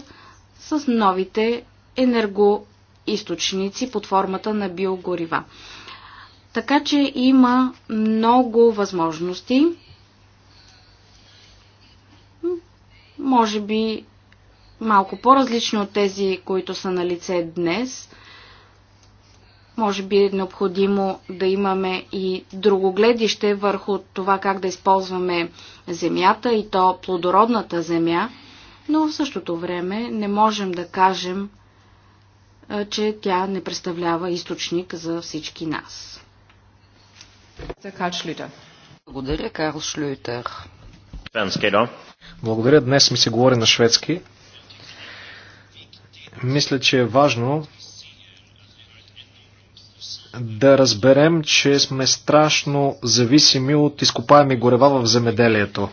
с новите енергоисточници под формата на биогорива. Така че има много възможности може би малко по-различни от тези, които са на лице днес. Може би е необходимо да имаме и друго гледище върху това как да използваме земята и то плодородната земя, но в същото време не можем да кажем, че тя не представлява източник за всички нас. Благодаря, Карл Шлютер. Svenska idag. Благодаря. Днес ми се говори на шведски. Мисля, че е важно да разберем, че сме страшно зависими от изкопаеми горева в земеделието.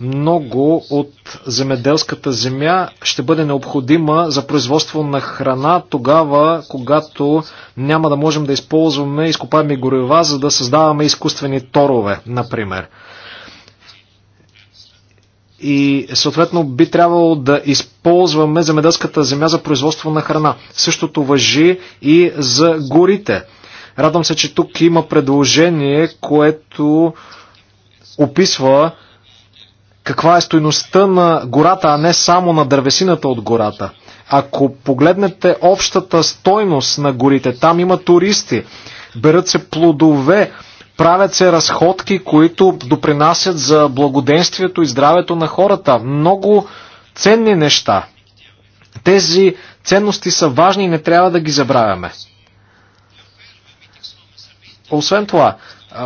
Много от земеделската земя ще бъде необходима за производство на храна тогава, когато няма да можем да използваме изкопаеми горева, за да създаваме изкуствени торове, например и съответно би трябвало да използваме земеделската земя за производство на храна. Същото въжи и за горите. Радвам се, че тук има предложение, което описва каква е стойността на гората, а не само на дървесината от гората. Ако погледнете общата стойност на горите, там има туристи, берат се плодове, Правят се разходки, които допринасят за благоденствието и здравето на хората. Много ценни неща. Тези ценности са важни и не трябва да ги забравяме. Освен това,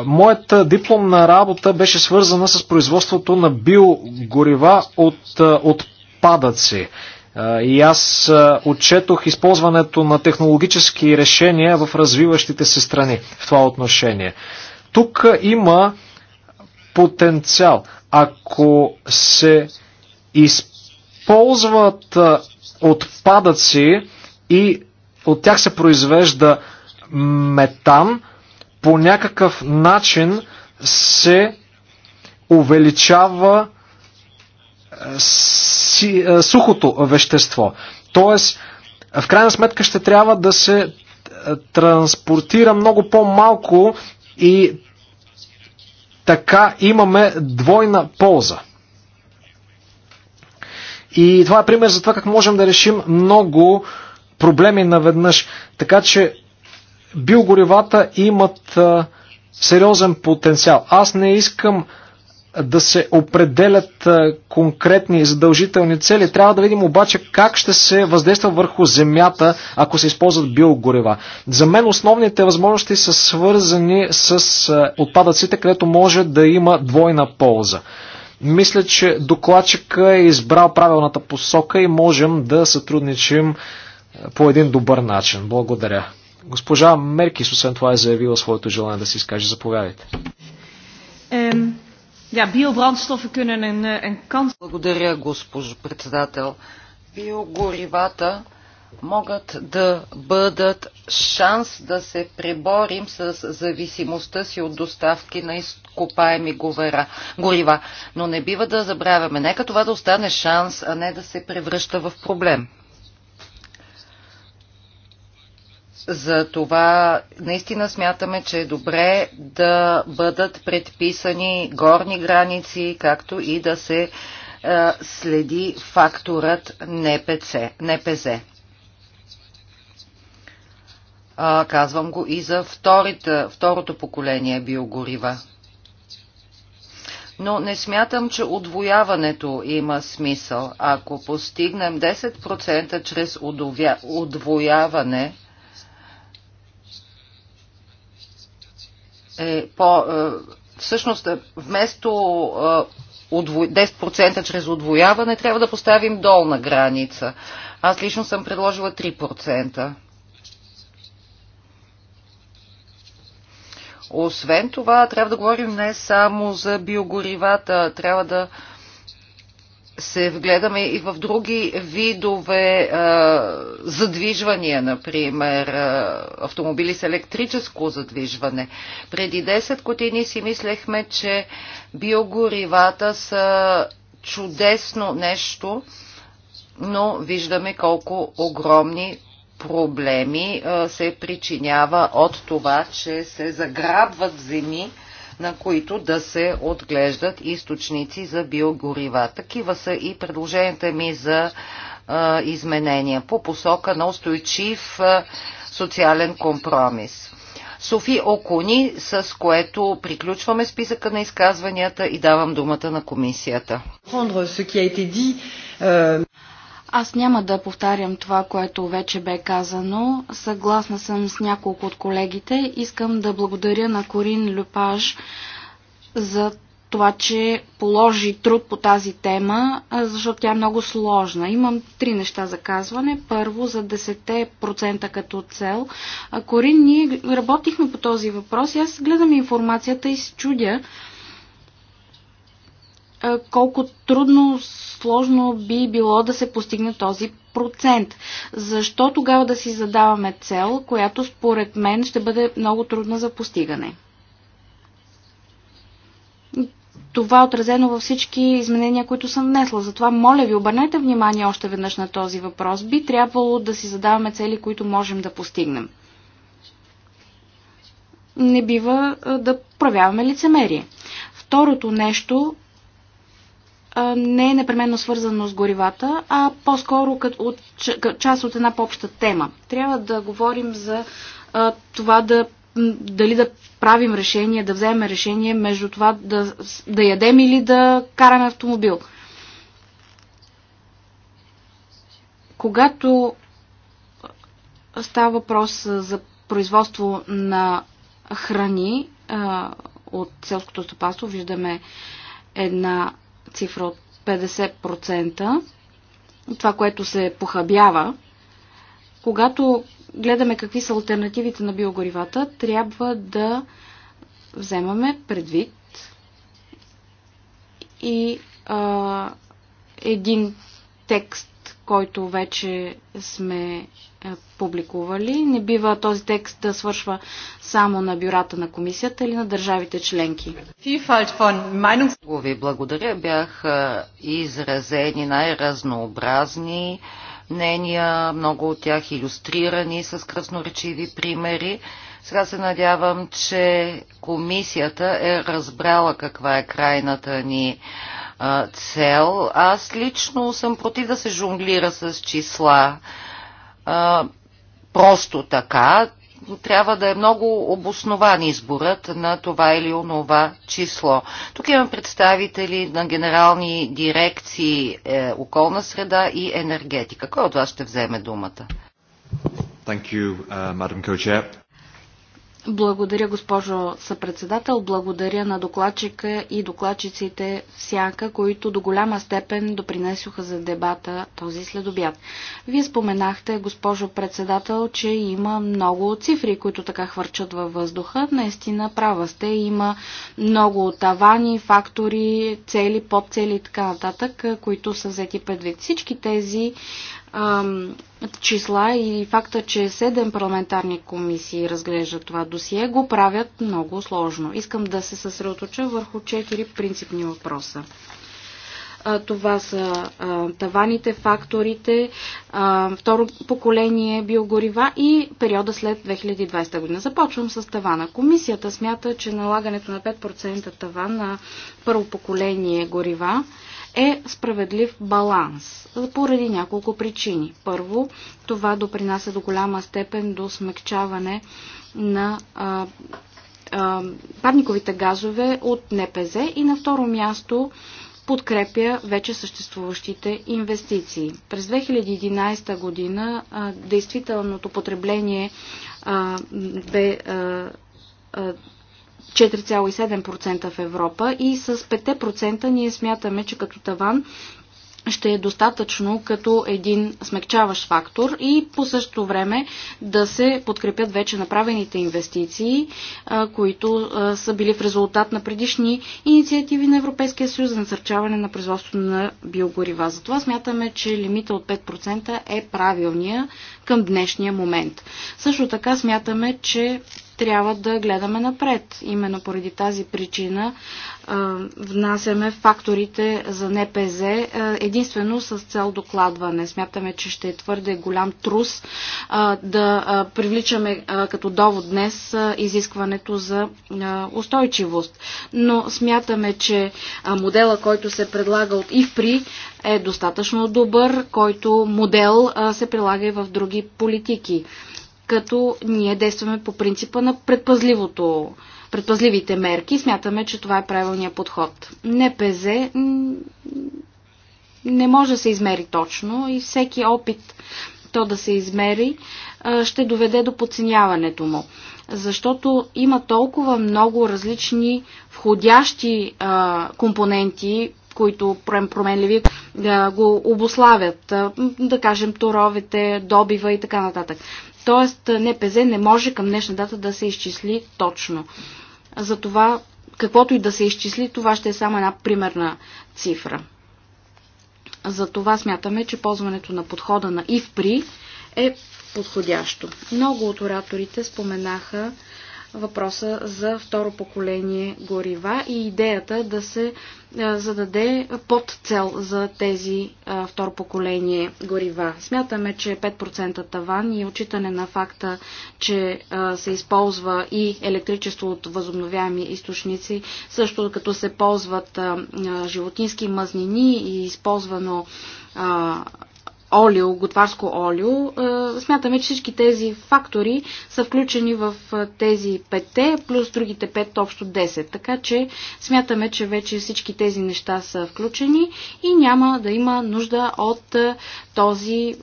моята дипломна работа беше свързана с производството на биогорива от отпадъци. И аз отчетох използването на технологически решения в развиващите се страни в това отношение. Тук има потенциал. Ако се използват отпадъци и от тях се произвежда метан, по някакъв начин се увеличава сухото вещество. Тоест, в крайна сметка ще трябва да се транспортира много по-малко и така имаме двойна полза. И това е пример за това как можем да решим много проблеми наведнъж. Така че биогоривата имат а, сериозен потенциал. Аз не искам да се определят конкретни задължителни цели. Трябва да видим обаче как ще се въздейства върху земята, ако се използват биогорева. За мен основните възможности са свързани с отпадъците, където може да има двойна полза. Мисля, че докладчика е избрал правилната посока и можем да сътрудничим по един добър начин. Благодаря. Госпожа Меркис, освен това, е заявила своето желание да се изкаже. Заповядайте. Um... Ja, biobrandstoffen kunnen een, eh, een kans... Благодаря, госпожо председател. Биогоривата могат да бъдат шанс да се преборим с зависимостта си от доставки на изкопаеми говера, горива. Но не бива да забравяме. Нека това да остане шанс, а не да се превръща в проблем. За това наистина смятаме, че е добре да бъдат предписани горни граници, както и да се е, следи факторът НПЦ, НПЗ. А, казвам го и за вторите, второто поколение биогорива. Но не смятам, че отвояването има смисъл. Ако постигнем 10% чрез удвояване, е по... Е, всъщност, е, вместо 10% е, чрез отвояване, трябва да поставим долна граница. Аз лично съм предложила 3%. Освен това, трябва да говорим не само за биогоривата, трябва да се вгледаме и в други видове а, задвижвания, например а, автомобили с електрическо задвижване. Преди 10 години си мислехме, че биогоривата са чудесно нещо, но виждаме колко огромни проблеми а, се причинява от това, че се заграбват земи, на които да се отглеждат източници за биогорива. Такива са и предложенията ми за а, изменения по посока на устойчив а, социален компромис. Софи Окуни, с което приключваме списъка на изказванията и давам думата на комисията. Аз няма да повтарям това, което вече бе казано. Съгласна съм с няколко от колегите. Искам да благодаря на Корин Люпаж за това, че положи труд по тази тема, защото тя е много сложна. Имам три неща за казване. Първо, за 10% като цел. Корин, ние работихме по този въпрос и аз гледам информацията и се чудя колко трудно, сложно би било да се постигне този процент. Защо тогава да си задаваме цел, която според мен ще бъде много трудна за постигане? Това е отразено във всички изменения, които съм внесла. Затова, моля ви, обърнете внимание още веднъж на този въпрос. Би трябвало да си задаваме цели, които можем да постигнем. Не бива да проявяваме лицемерие. Второто нещо не е непременно свързано с горивата, а по-скоро като част от една по-обща тема. Трябва да говорим за това да дали да правим решение, да вземем решение между това да, да ядем или да караме автомобил. Когато става въпрос за производство на храни а, от селското стопанство, виждаме една цифра от 50% от това, което се похабява, когато гледаме какви са альтернативите на биогоривата, трябва да вземаме предвид и а, един текст който вече сме е, публикували. Не бива този текст да свършва само на бюрата на комисията или на държавите членки. Ви благодаря. Бях изразени най-разнообразни мнения, много от тях иллюстрирани с красноречиви примери. Сега се надявам, че комисията е разбрала каква е крайната ни а, цел. Аз лично съм против да се жонглира с числа а, просто така. Трябва да е много обоснован изборът на това или онова число. Тук имам представители на генерални дирекции е, околна среда и енергетика. Кой от вас ще вземе думата? Thank you, uh, Madam Co-Chair. Благодаря, госпожо съпредседател. Благодаря на докладчика и докладчиците всяка, които до голяма степен допринесоха за дебата този следобят. Вие споменахте, госпожо председател, че има много цифри, които така хвърчат във въздуха. Наистина права сте. Има много тавани, фактори, цели, подцели и така нататък, които са взети предвид. Всички тези числа и факта, че седем парламентарни комисии разглеждат това досие, го правят много сложно. Искам да се съсредоточа върху четири принципни въпроса. Това са таваните, факторите, второ поколение биогорива и периода след 2020 година. Започвам с тавана. Комисията смята, че налагането на 5% таван на първо поколение горива е справедлив баланс поради няколко причини. Първо, това допринася до голяма степен до смягчаване на а, а, парниковите газове от НПЗ и на второ място подкрепя вече съществуващите инвестиции. През 2011 година а, действителното потребление а, бе а, 4,7% в Европа и с 5% ние смятаме, че като таван ще е достатъчно като един смягчаващ фактор и по същото време да се подкрепят вече направените инвестиции, които са били в резултат на предишни инициативи на Европейския съюз за насърчаване на производството на биогорива. Затова смятаме, че лимита от 5% е правилния към днешния момент. Също така смятаме, че трябва да гледаме напред. Именно поради тази причина е, внасяме факторите за НПЗ е, единствено с цел докладване. Смятаме, че ще е твърде голям трус е, да привличаме като довод днес изискването за устойчивост. Но смятаме, че модела, който се предлага от ИФПРИ е достатъчно добър, който модел се прилага и в други политики като ние действаме по принципа на предпазливото, предпазливите мерки. Смятаме, че това е правилният подход. НПЗ не може да се измери точно и всеки опит то да се измери ще доведе до подценяването му. Защото има толкова много различни входящи компоненти, които променливи да го обославят, да кажем торовете, добива и така нататък. Тоест НПЗ не може към днешна дата да се изчисли точно. Затова каквото и да се изчисли, това ще е само една примерна цифра. Затова смятаме, че ползването на подхода на ИВПРИ е подходящо. Много от ораторите споменаха въпроса за второ поколение горива и идеята да се зададе под цел за тези второ поколение горива. Смятаме, че 5% таван и отчитане на факта, че се използва и електричество от възобновяеми източници, също като се ползват животински мазнини и използвано олио, готварско олио. Е, смятаме, че всички тези фактори са включени в е, тези петте, плюс другите пет, общо 10. Така че смятаме, че вече всички тези неща са включени и няма да има нужда от е, този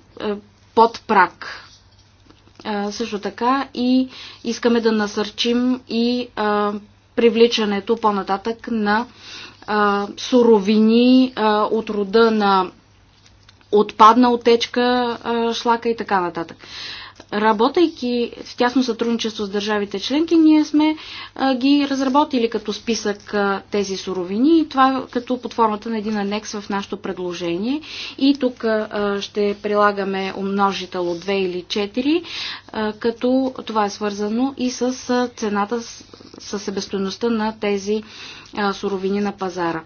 подпрак. Също така и искаме да насърчим и привличането по-нататък на суровини от рода на отпадна отечка, шлака и така нататък. Работейки в тясно сътрудничество с държавите членки, ние сме ги разработили като списък тези суровини и това като под формата на един анекс в нашето предложение. И тук ще прилагаме умножител от 2 или 4, като това е свързано и с цената, с себестоеността на тези суровини на пазара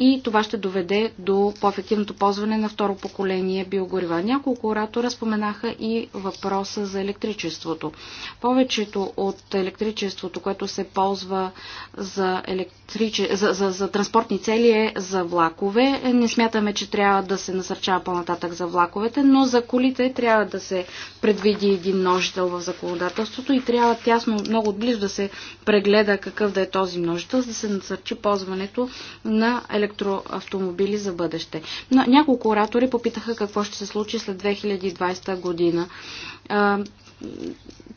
и това ще доведе до по-ефективното ползване на второ поколение биогорива. Няколко оратора споменаха и въпроса за електричеството. Повечето от електричеството, което се ползва за, електриче... за, за, за транспортни цели е за влакове. Не смятаме, че трябва да се насърчава по-нататък за влаковете, но за колите трябва да се предвиди един множител в законодателството и трябва тясно, много отблизо да се прегледа какъв да е този множител, за да се насърчи ползването на електричеството електроавтомобили за бъдеще. Но няколко оратори попитаха какво ще се случи след 2020 година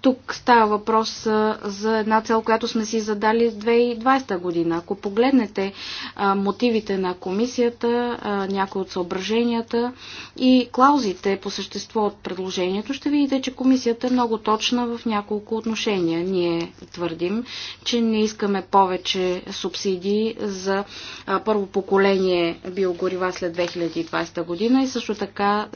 тук става въпрос за една цел, която сме си задали с 2020 година. Ако погледнете мотивите на комисията, някои от съображенията и клаузите по същество от предложението, ще видите, че комисията е много точна в няколко отношения. Ние твърдим, че не искаме повече субсидии за първо поколение биогорива след 2020 година и също така,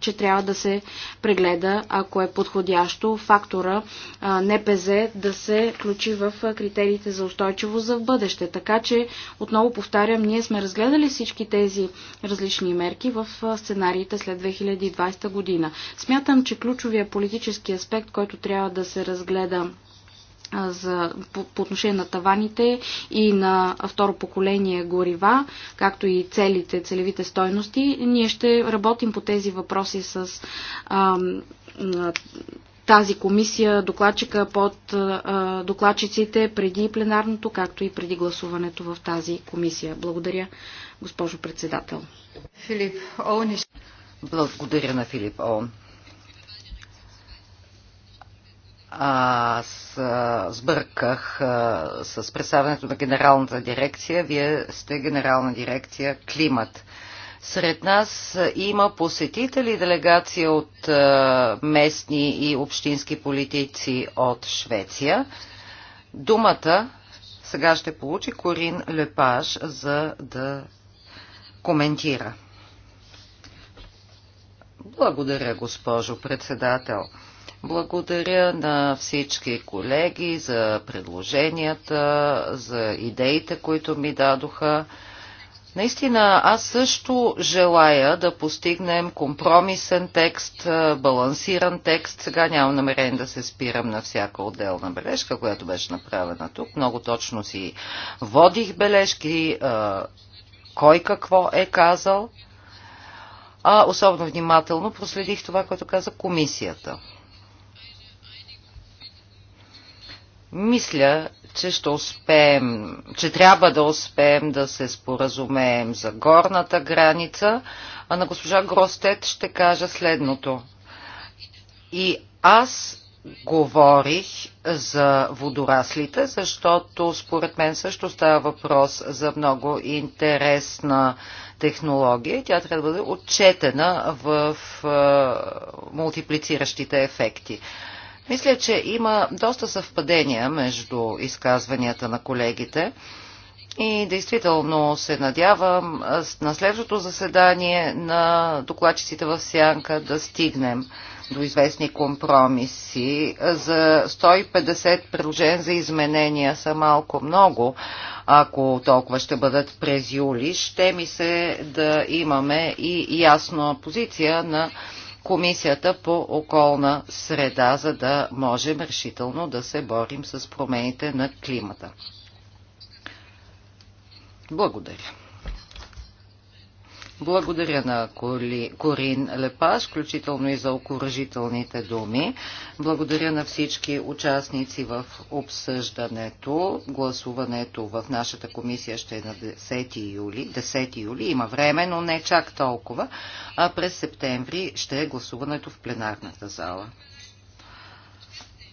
че трябва да се прегледа, ако е подходящо, фактора НПЗ да се включи в критериите за устойчивост за в бъдеще. Така че, отново повтарям, ние сме разгледали всички тези различни мерки в сценариите след 2020 година. Смятам, че ключовия политически аспект, който трябва да се разгледа за, по, по отношение на таваните и на второ поколение горива, както и целите, целевите стойности. Ние ще работим по тези въпроси с ам, тази комисия, докладчика под докладчиците преди пленарното, както и преди гласуването в тази комисия. Благодаря, госпожо председател. Филип Оун. Благодаря на Филип Оун. Аз сбърках с представянето на генералната дирекция. Вие сте генерална дирекция Климат. Сред нас е, има посетители делегация от е, местни и общински политици от Швеция. Думата сега ще получи Корин Лепаш, за да коментира. Благодаря, госпожо председател. Благодаря на всички колеги за предложенията, за идеите, които ми дадоха. Наистина, аз също желая да постигнем компромисен текст, балансиран текст. Сега нямам намерение да се спирам на всяка отделна бележка, която беше направена тук. Много точно си водих бележки, кой какво е казал. А особено внимателно проследих това, което каза комисията. Мисля, че ще успеем, че трябва да успеем да се споразумеем за горната граница, а на госпожа Гростет ще кажа следното. И аз говорих за водораслите, защото според мен също става въпрос за много интересна технология. Тя трябва да бъде отчетена в е, мултиплициращите ефекти. Мисля, че има доста съвпадения между изказванията на колегите. И действително се надявам на следващото заседание на докладчиците в Сянка да стигнем до известни компромиси. За 150 предложения за изменения са малко много, ако толкова ще бъдат през юли. Ще ми се да имаме и ясна позиция на Комисията по околна среда, за да можем решително да се борим с промените на климата. Благодаря. Благодаря на Корин Лепаш, включително и за окоръжителните думи. Благодаря на всички участници в обсъждането. Гласуването в нашата комисия ще е на 10 юли. 10 юли има време, но не чак толкова. А през септември ще е гласуването в пленарната зала.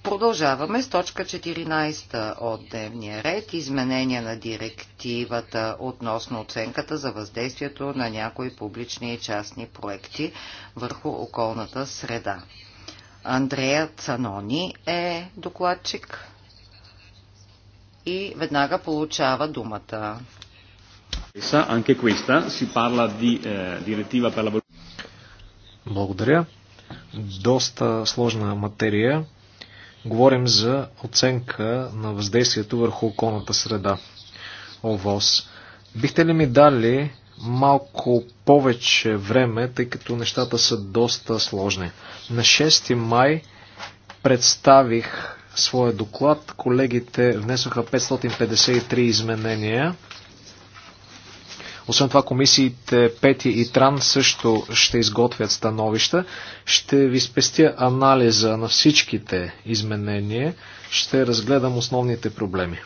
Продължаваме с точка 14 от дневния ред, изменение на директивата относно оценката за въздействието на някои публични и частни проекти върху околната среда. Андрея Цанони е докладчик и веднага получава думата. Е, Благодаря. Доста сложна материя Говорим за оценка на въздействието върху околната среда. ОВОС. Бихте ли ми дали малко повече време, тъй като нещата са доста сложни. На 6 май представих своя доклад. Колегите внесоха 553 изменения. Освен това, комисиите Пети и Тран също ще изготвят становища. Ще ви спестя анализа на всичките изменения. Ще разгледам основните проблеми.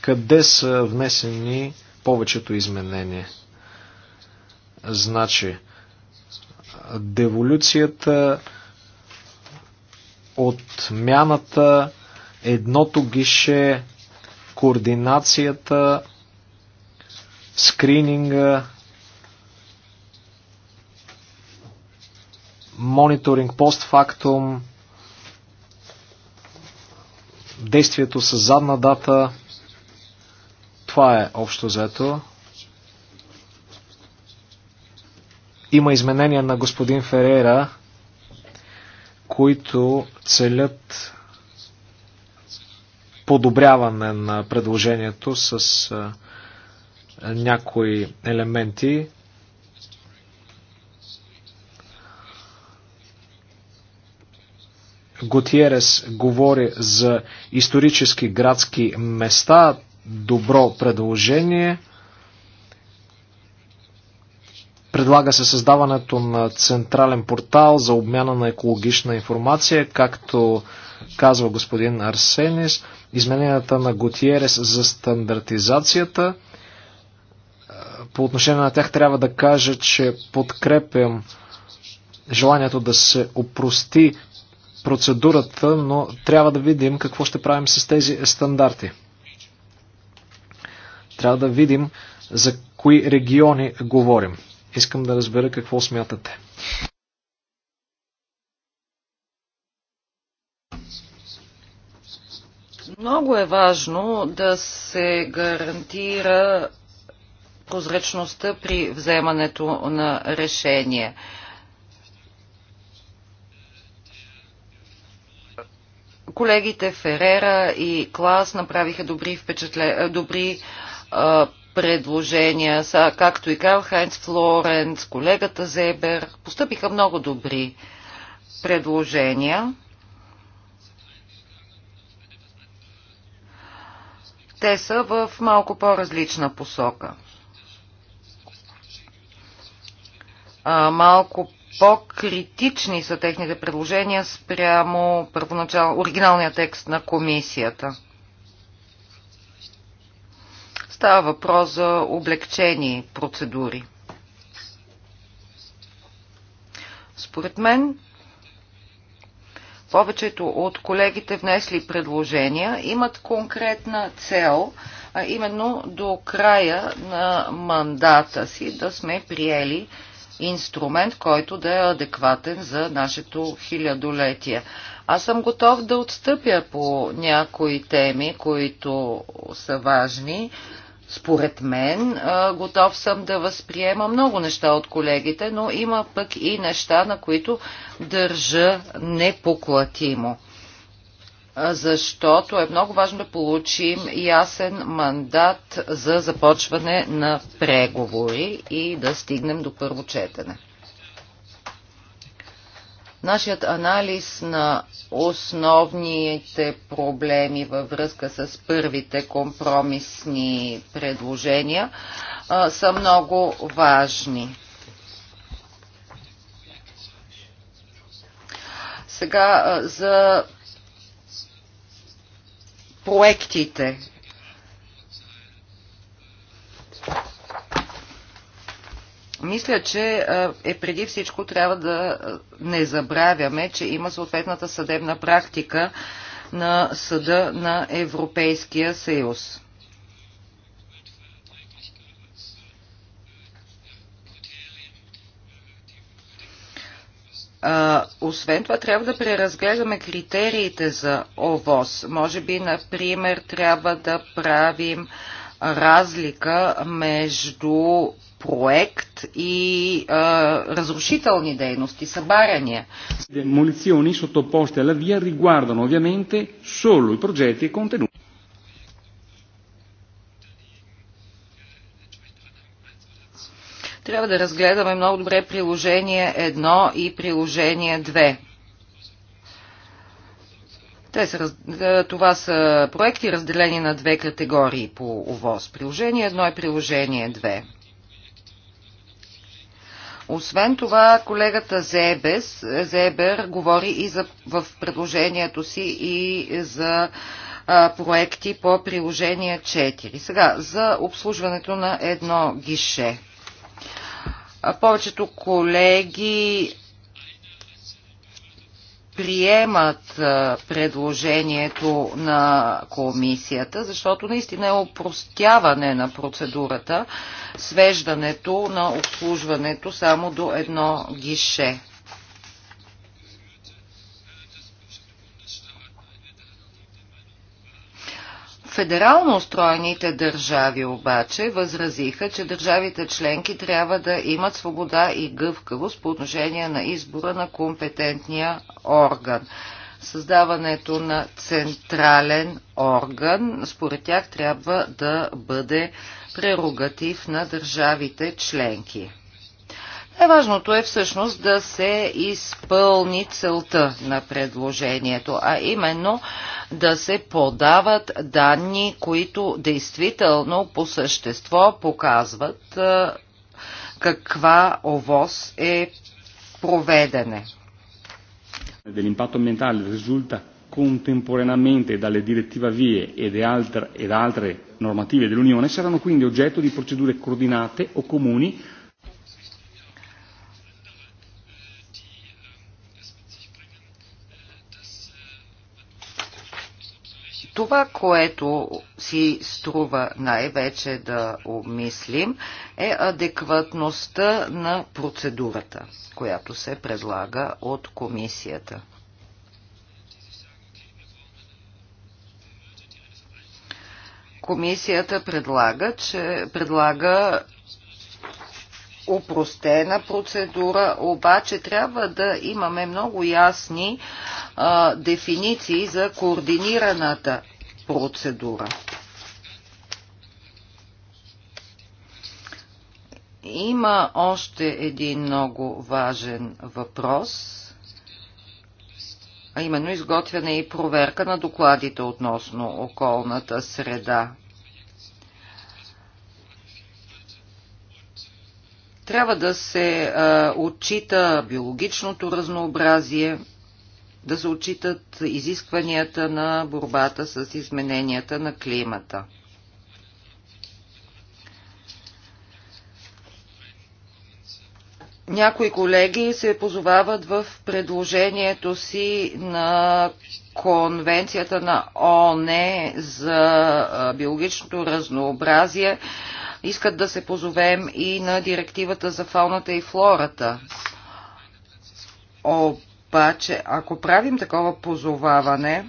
Къде са внесени повечето изменения? Значи, деволюцията, отмяната, едното гише, координацията, скрининга, мониторинг постфактум, действието с задна дата. Това е общо взето. Има изменения на господин Ферера, които целят подобряване на предложението с някои елементи. Готиерес говори за исторически градски места. Добро предложение – Предлага се създаването на централен портал за обмяна на екологична информация, както казва господин Арсенис, измененията на Готиерес за стандартизацията. Е, по отношение на тях трябва да кажа, че подкрепям желанието да се опрости процедурата, но трябва да видим какво ще правим с тези стандарти. Трябва да видим за кои региони говорим. Искам да разбера какво смятате. Много е важно да се гарантира прозрачността при вземането на решение. Колегите Ферера и Клас направиха добри, впечатле... добри а, предложения, са, както и Карл Хайнц Флоренц, колегата Зебер, поступиха много добри предложения. Те са в малко по-различна посока. А, малко по-критични са техните предложения спрямо първоначал, оригиналния текст на комисията. Става въпрос за облегчени процедури. Според мен, повечето от колегите внесли предложения имат конкретна цел, а именно до края на мандата си да сме приели инструмент, който да е адекватен за нашето хилядолетие. Аз съм готов да отстъпя по някои теми, които са важни, според мен, готов съм да възприема много неща от колегите, но има пък и неща, на които държа непоклатимо. Защото е много важно да получим ясен мандат за започване на преговори и да стигнем до първо четене. Нашият анализ на основните проблеми във връзка с първите компромисни предложения а, са много важни. Сега а, за проектите мисля, че е, е преди всичко трябва да е, не забравяме, че има съответната съдебна практика на Съда на Европейския съюз. освен това, трябва да преразгледаме критериите за ОВОС. Може би, например, трябва да правим разлика между проект и а, разрушителни дейности, събаряния. Le munizioni sottoposte alla via riguardano ovviamente solo i progetti e contenuti. Трябва да разгледаме много добре приложение 1 и приложение 2. Те са, това са проекти, разделени на две категории по ОВОЗ. Приложение 1 и приложение освен това, колегата Зебес, Зебер говори и за, в предложението си и за а, проекти по приложение 4. Сега, за обслужването на едно гише. А, повечето колеги приемат предложението на комисията, защото наистина е опростяване на процедурата, свеждането на обслужването само до едно гише. Федерално устроените държави обаче възразиха, че държавите членки трябва да имат свобода и гъвкавост по отношение на избора на компетентния орган. Създаването на централен орган, според тях, трябва да бъде прерогатив на държавите членки. Е, важното е всъщност да се изпълни целта на предложението, а именно да се подават данни, които действително по същество показват е, каква овоз е проведене. contemporaneamente dalle direttive vie e ed altre, altre normative dell'Unione saranno quindi oggetto di procedure coordinate o comuni Това, което си струва най-вече да обмислим, е адекватността на процедурата, която се предлага от комисията. Комисията предлага, че предлага упростена процедура, обаче трябва да имаме много ясни а, дефиниции за координираната процедура. Има още един много важен въпрос, а именно изготвяне и проверка на докладите относно околната среда. Трябва да се отчита биологичното разнообразие, да се отчитат изискванията на борбата с измененията на климата. Някои колеги се позовават в предложението си на Конвенцията на ОНЕ за биологичното разнообразие искат да се позовем и на директивата за фауната и флората. Обаче, ако правим такова позоваване,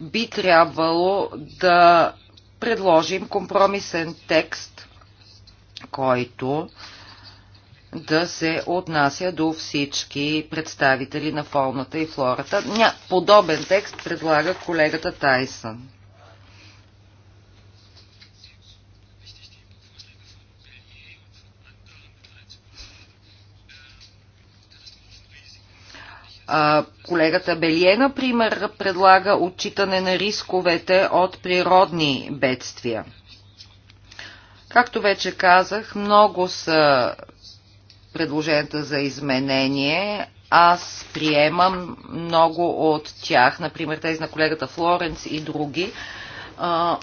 би трябвало да предложим компромисен текст, който да се отнася до всички представители на фауната и флората. Ня, подобен текст предлага колегата Тайсън. колегата Белие, например, предлага отчитане на рисковете от природни бедствия. Както вече казах, много са предложенията за изменение. Аз приемам много от тях, например тези на колегата Флоренц и други,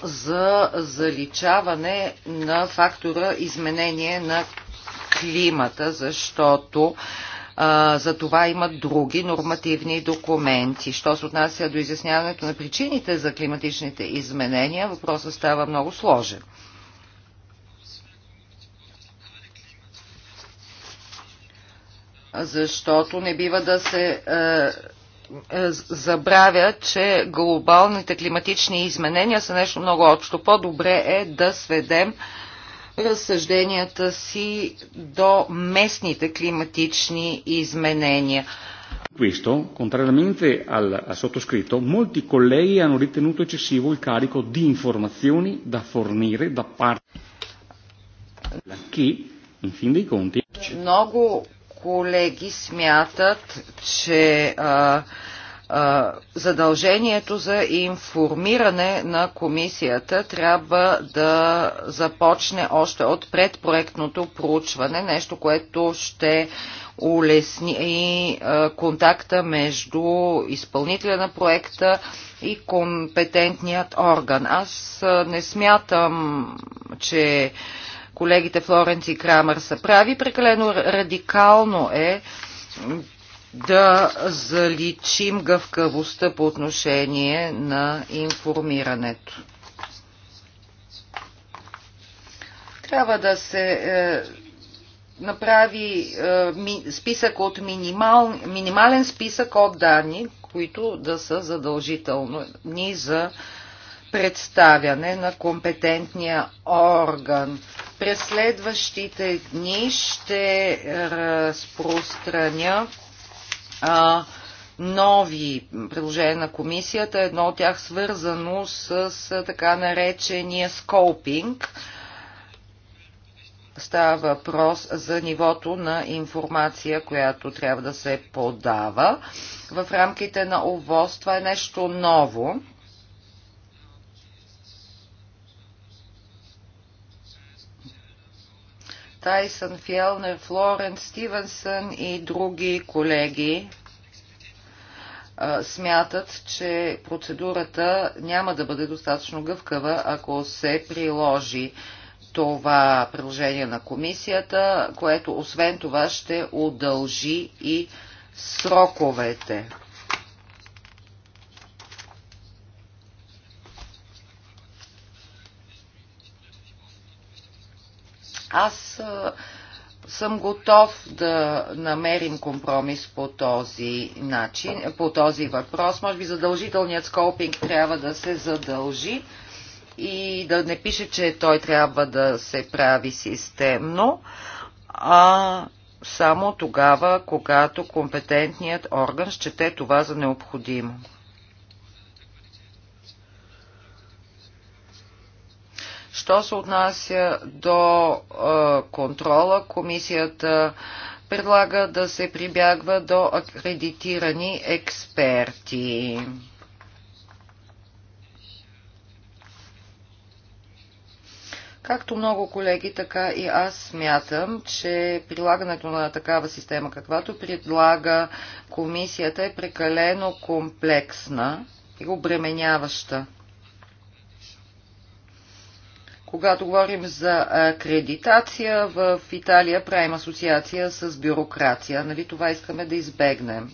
за заличаване на фактора изменение на климата, защото за това имат други нормативни документи. Що се отнася до изясняването на причините за климатичните изменения, въпросът става много сложен. защото не бива да се е, е, забравя, че глобалните климатични изменения са нещо много общо. По-добре е да сведем разсъжденията си до местните климатични изменения. Questo, contrariamente al, al sottoscritto, molti colleghi hanno ritenuto eccessivo il carico di informazioni da fornire da parte chi, in fin dei conti... Много колеги смятат, че а, а, задължението за информиране на комисията трябва да започне още от предпроектното проучване, нещо, което ще улесни и а, контакта между изпълнителя на проекта и компетентният орган. Аз не смятам, че а, колегите Флоренц и Крамър са прави. Прекалено радикално е да заличим гъвкавостта по отношение на информирането. Трябва да се е, направи е, ми, списък от минимал, минимален списък от данни, които да са задължителни за представяне на компетентния орган. През следващите дни ще разпространя а, нови предложения на комисията. Едно от тях свързано с, с така наречения скопинг. Става въпрос за нивото на информация, която трябва да се подава. В рамките на овоз това е нещо ново. Тайсън, Фиелнер, Флоренс, Стивенсън и други колеги смятат, че процедурата няма да бъде достатъчно гъвкава, ако се приложи това приложение на комисията, което освен това ще удължи и сроковете. Аз съм готов да намерим компромис по този начин, по този въпрос. Може би задължителният скопинг трябва да се задължи и да не пише, че той трябва да се прави системно, а само тогава, когато компетентният орган счете това за необходимо. Що се отнася до а, контрола, комисията предлага да се прибягва до акредитирани експерти. Както много колеги, така и аз смятам, че прилагането на такава система, каквато предлага комисията, е прекалено комплексна и обременяваща. Когато говорим за акредитация, в Италия правим асоциация с бюрокрация. Нали това искаме да избегнем.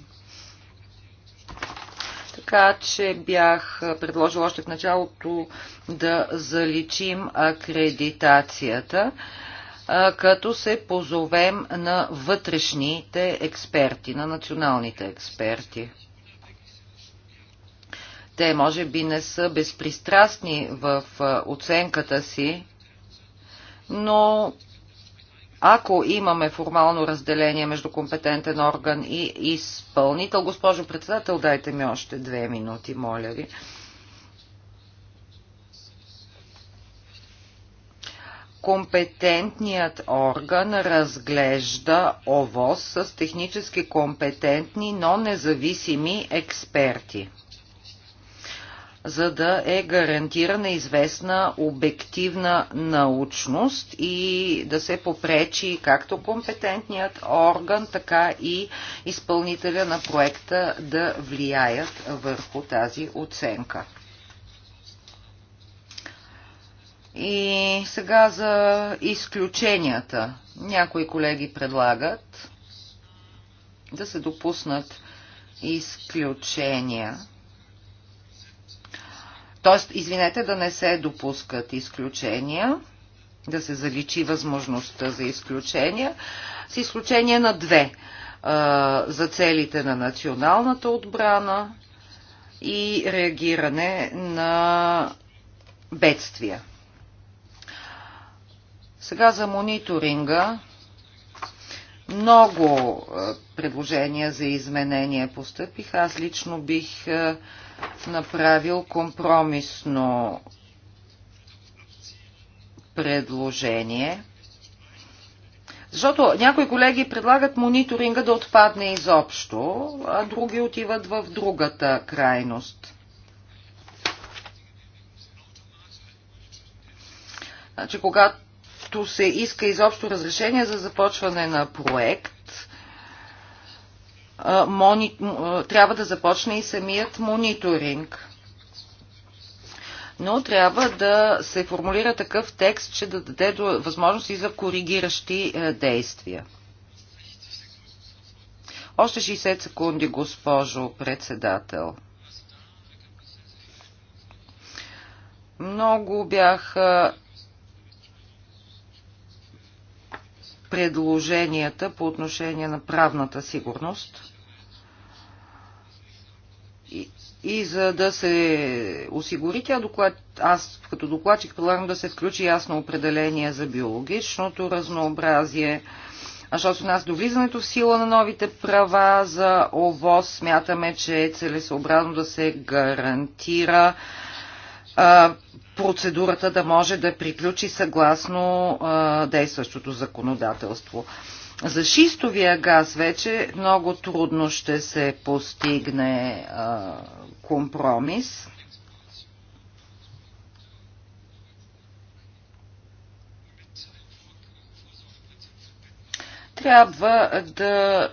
Така че бях предложил още в началото да заличим акредитацията, като се позовем на вътрешните експерти, на националните експерти. Те може би не са безпристрастни в оценката си, но ако имаме формално разделение между компетентен орган и изпълнител, госпожо председател, дайте ми още две минути, моля ви. компетентният орган разглежда ОВОз с технически компетентни, но независими експерти за да е гарантирана известна обективна научност и да се попречи както компетентният орган, така и изпълнителя на проекта да влияят върху тази оценка. И сега за изключенията. Някои колеги предлагат да се допуснат изключения Тоест, извинете, да не се допускат изключения, да се заличи възможността за изключения, с изключение на две. За целите на националната отбрана и реагиране на бедствия. Сега за мониторинга. Много предложения за изменения постъпих. Аз лично бих направил компромисно предложение. Защото някои колеги предлагат мониторинга да отпадне изобщо, а други отиват в другата крайност. Значи, когато се иска изобщо разрешение за започване на проект, мони... трябва да започне и самият мониторинг. Но трябва да се формулира такъв текст, че да даде възможност и за коригиращи е, действия. Още 60 секунди, госпожо председател. Много бяха предложенията по отношение на правната сигурност. И, и за да се осигури тя доклад, аз като докладчик предлагам да се включи ясно определение за биологичното разнообразие. А защото нас до влизането в сила на новите права за ОВОз, смятаме, че е целесообразно да се гарантира а, процедурата да може да приключи съгласно а, действащото законодателство. За шистовия газ вече много трудно ще се постигне а, компромис. Трябва да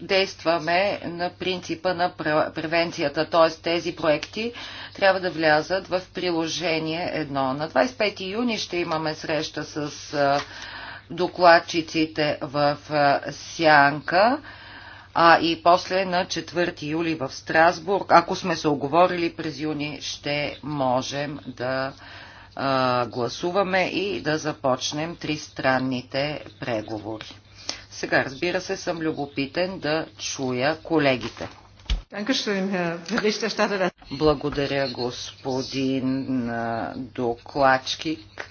действаме на принципа на превенцията, т.е. тези проекти трябва да влязат в приложение 1. На 25 юни ще имаме среща с докладчиците в Сянка, а и после на 4 юли в Страсбург. Ако сме се оговорили през юни, ще можем да а, гласуваме и да започнем тристранните преговори. Сега, разбира се, съм любопитен да чуя колегите. Благодаря, господин докладчик.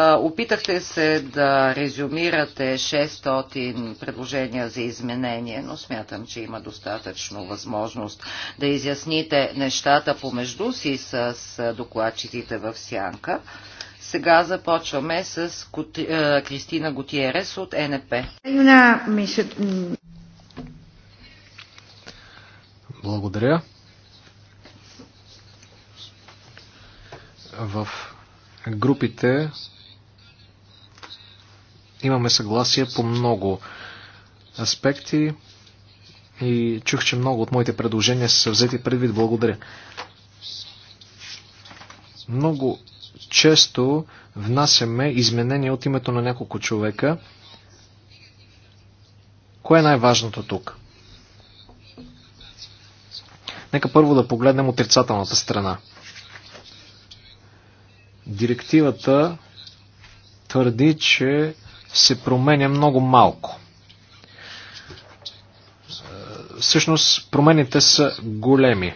Опитахте се да резюмирате 600 предложения за изменение, но смятам, че има достатъчно възможност да изясните нещата помежду си с докладчиците в Сянка. Сега започваме с Кристина Готиерес от НП. Благодаря. В групите Имаме съгласие по много аспекти и чух, че много от моите предложения са взети предвид. Благодаря. Много често внасяме изменения от името на няколко човека. Кое е най-важното тук? Нека първо да погледнем отрицателната страна. Директивата твърди, че се променя много малко. Всъщност промените са големи.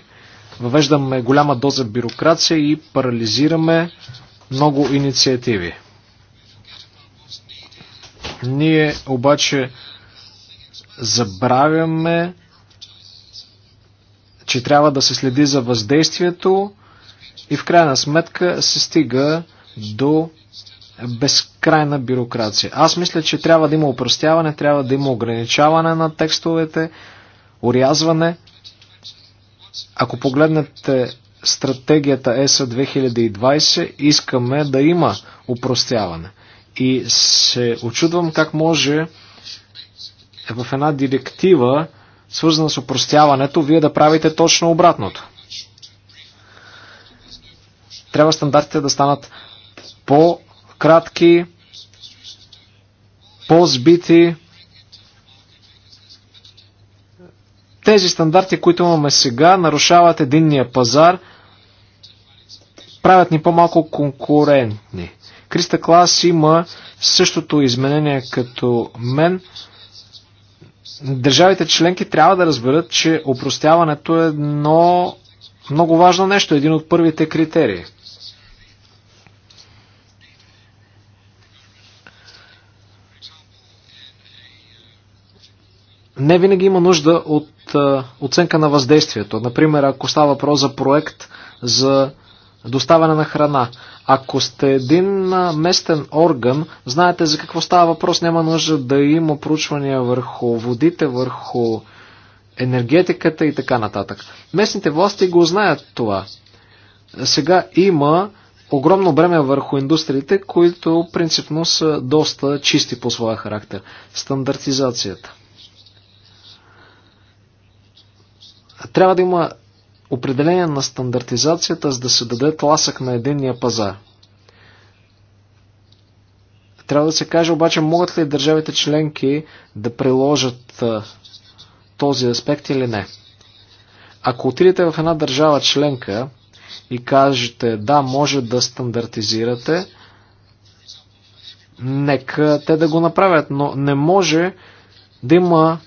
Въвеждаме голяма доза бюрокрация и парализираме много инициативи. Ние обаче забравяме, че трябва да се следи за въздействието и в крайна сметка се стига до безкрайна бюрокрация. Аз мисля, че трябва да има упростяване, трябва да има ограничаване на текстовете, урязване. Ако погледнете стратегията ЕСА 2020, искаме да има упростяване. И се очудвам как може в една директива, свързана с упростяването, вие да правите точно обратното. Трябва стандартите да станат по кратки, по-збити. Тези стандарти, които имаме сега, нарушават единния пазар, правят ни по-малко конкурентни. Криста Клас има същото изменение като мен. Държавите членки трябва да разберат, че опростяването е едно много важно нещо, един от първите критерии – не винаги има нужда от оценка на въздействието. Например, ако става въпрос за проект за доставяне на храна. Ако сте един местен орган, знаете за какво става въпрос. Няма нужда да има проучвания върху водите, върху енергетиката и така нататък. Местните власти го знаят това. Сега има огромно бреме върху индустриите, които принципно са доста чисти по своя характер. Стандартизацията. Трябва да има определение на стандартизацията, за да се даде тласък на единния пазар. Трябва да се каже обаче, могат ли държавите членки да приложат този аспект или не. Ако отидете в една държава членка и кажете, да, може да стандартизирате, нека те да го направят, но не може да има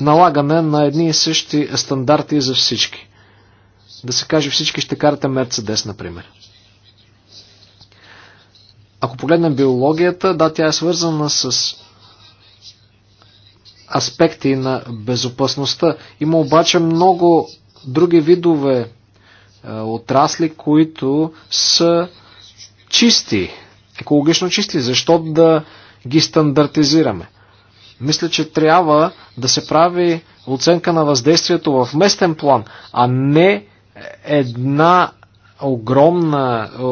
налагане на едни и същи стандарти за всички. Да се каже всички ще карате Мерцедес, например. Ако погледнем биологията, да, тя е свързана с аспекти на безопасността. Има обаче много други видове е, отрасли, които са чисти, екологично чисти. Защо да ги стандартизираме? Мисля, че трябва да се прави оценка на въздействието в местен план, а не една огромна е,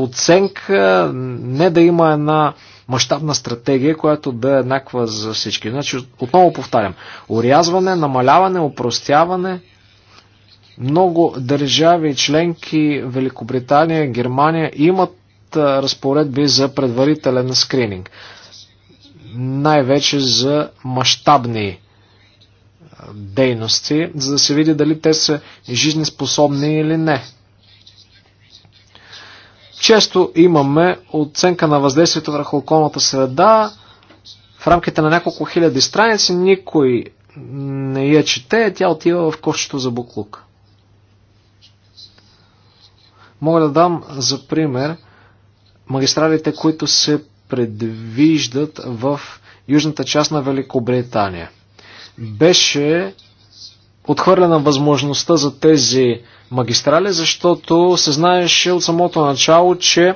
оценка, не да има една мащабна стратегия, която да е еднаква за всички. Значи, отново повтарям, урязване, намаляване, упростяване, много държави, членки, Великобритания, Германия имат е, разпоредби за предварителен скрининг най-вече за мащабни дейности, за да се види дали те са жизнеспособни или не. Често имаме оценка на въздействието върху околната среда в рамките на няколко хиляди страници, никой не я чете, тя отива в кошчето за буклук. Мога да дам за пример магистралите, които се предвиждат в южната част на Великобритания. Беше отхвърлена възможността за тези магистрали, защото се знаеше от самото начало, че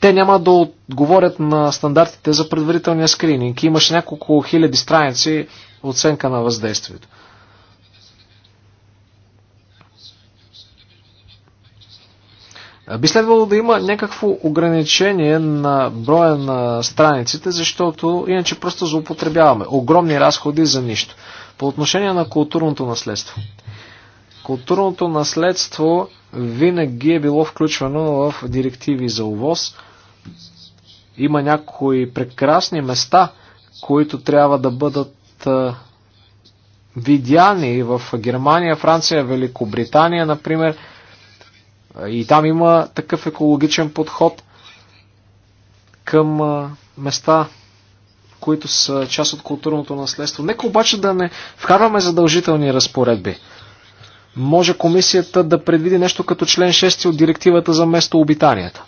те няма да отговорят на стандартите за предварителния скрининг. Имаше няколко хиляди страници оценка на въздействието. Би следвало да има някакво ограничение на броя на страниците, защото иначе просто злоупотребяваме. Огромни разходи за нищо. По отношение на културното наследство. Културното наследство винаги е било включвано в директиви за увоз. Има някои прекрасни места, които трябва да бъдат видяни в Германия, Франция, Великобритания, например – и там има такъв екологичен подход към места, които са част от културното наследство. Нека обаче да не вкарваме задължителни разпоредби. Може комисията да предвиди нещо като член 6 от директивата за местообитанията.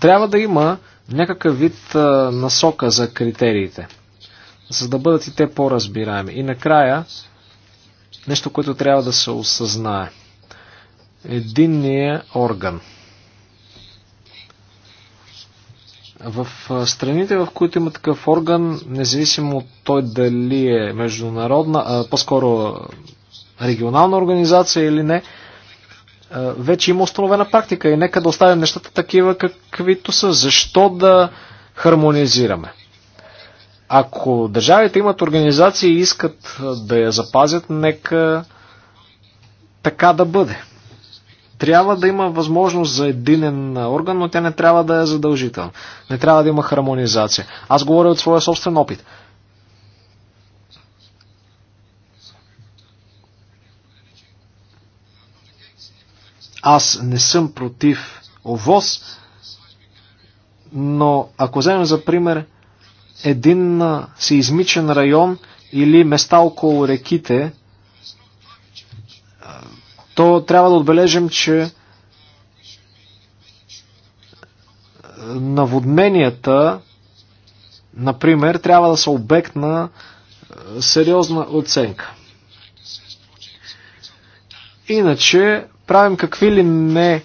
Трябва да има някакъв вид насока за критериите за да бъдат и те по-разбираеми. И накрая, нещо, което трябва да се осъзнае. Единният орган. В страните, в които има такъв орган, независимо от той дали е международна, по-скоро регионална организация или не, вече има установена практика и нека да оставим нещата такива, каквито са. Защо да хармонизираме? Ако държавите имат организации и искат да я запазят, нека така да бъде. Трябва да има възможност за единен орган, но тя не трябва да е задължителна. Не трябва да има хармонизация. Аз говоря от своя собствен опит. Аз не съм против ОВОз, но ако вземем за пример един сеизмичен район или места около реките, то трябва да отбележим, че наводненията, например, трябва да са обект на сериозна оценка. Иначе правим какви ли не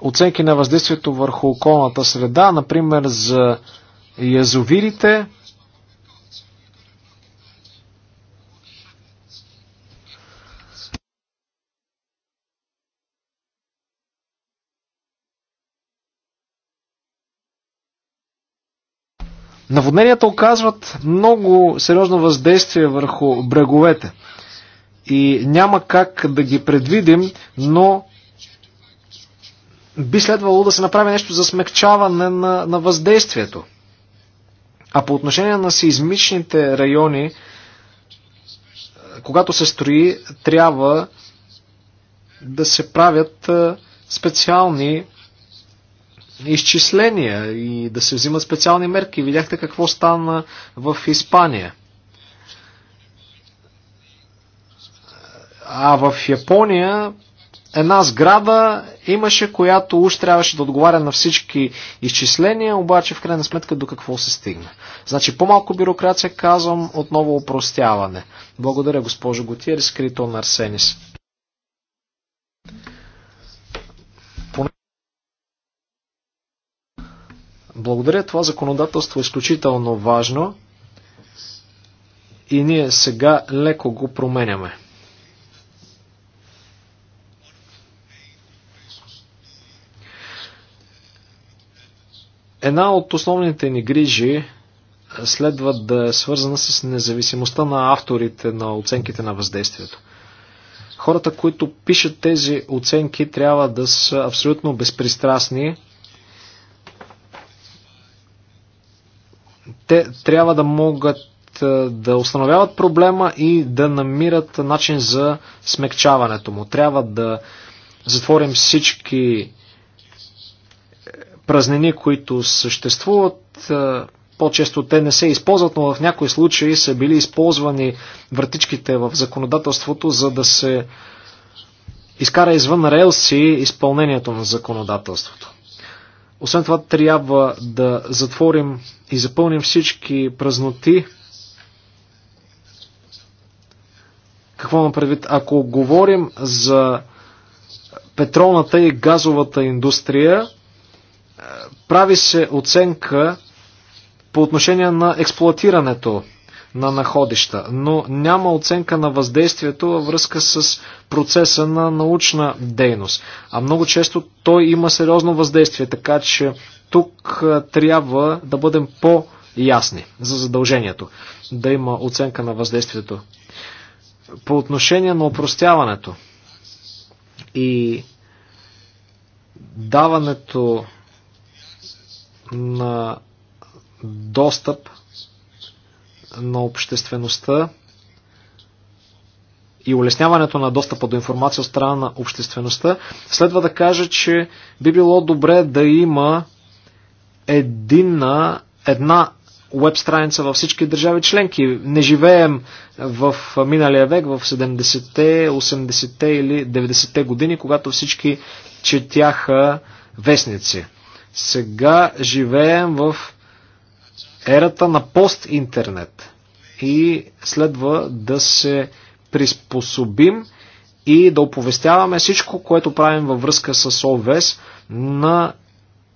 оценки на въздействието върху околната среда, например за язовирите. Наводненията оказват много сериозно въздействие върху бреговете и няма как да ги предвидим, но би следвало да се направи нещо за смягчаване на, на въздействието. А по отношение на сеизмичните райони, когато се строи, трябва да се правят специални изчисления и да се взимат специални мерки. Видяхте какво стана в Испания. А в Япония една сграда имаше, която уж трябваше да отговаря на всички изчисления, обаче в крайна сметка до какво се стигна. Значи по-малко бюрокрация, казвам, отново упростяване. Благодаря, госпожо Готиер, скрито на Арсенис. Благодаря, това законодателство е изключително важно и ние сега леко го променяме. Една от основните ни грижи следва да е свързана с независимостта на авторите на оценките на въздействието. Хората, които пишат тези оценки, трябва да са абсолютно безпристрастни. Те трябва да могат е, да установяват проблема и да намират начин за смягчаването му. Трябва да затворим всички празнини, които съществуват. По-често те не се използват, но в някои случаи са били използвани вратичките в законодателството, за да се изкара извън релси изпълнението на законодателството. Освен това, трябва да затворим и запълним всички празноти. Какво имам предвид? Ако говорим за петролната и газовата индустрия, прави се оценка по отношение на експлуатирането на находища, но няма оценка на въздействието във връзка с процеса на научна дейност. А много често той има сериозно въздействие, така че тук трябва да бъдем по-ясни за задължението да има оценка на въздействието. По отношение на опростяването и даването на достъп на обществеността и улесняването на достъпа до информация от страна на обществеността, следва да кажа, че би било добре да има единна, една веб страница във всички държави членки. Не живеем в миналия век, в 70-те, 80-те или 90-те години, когато всички четяха вестници. Сега живеем в ерата на пост-интернет и следва да се приспособим и да оповестяваме всичко, което правим във връзка с ОВС на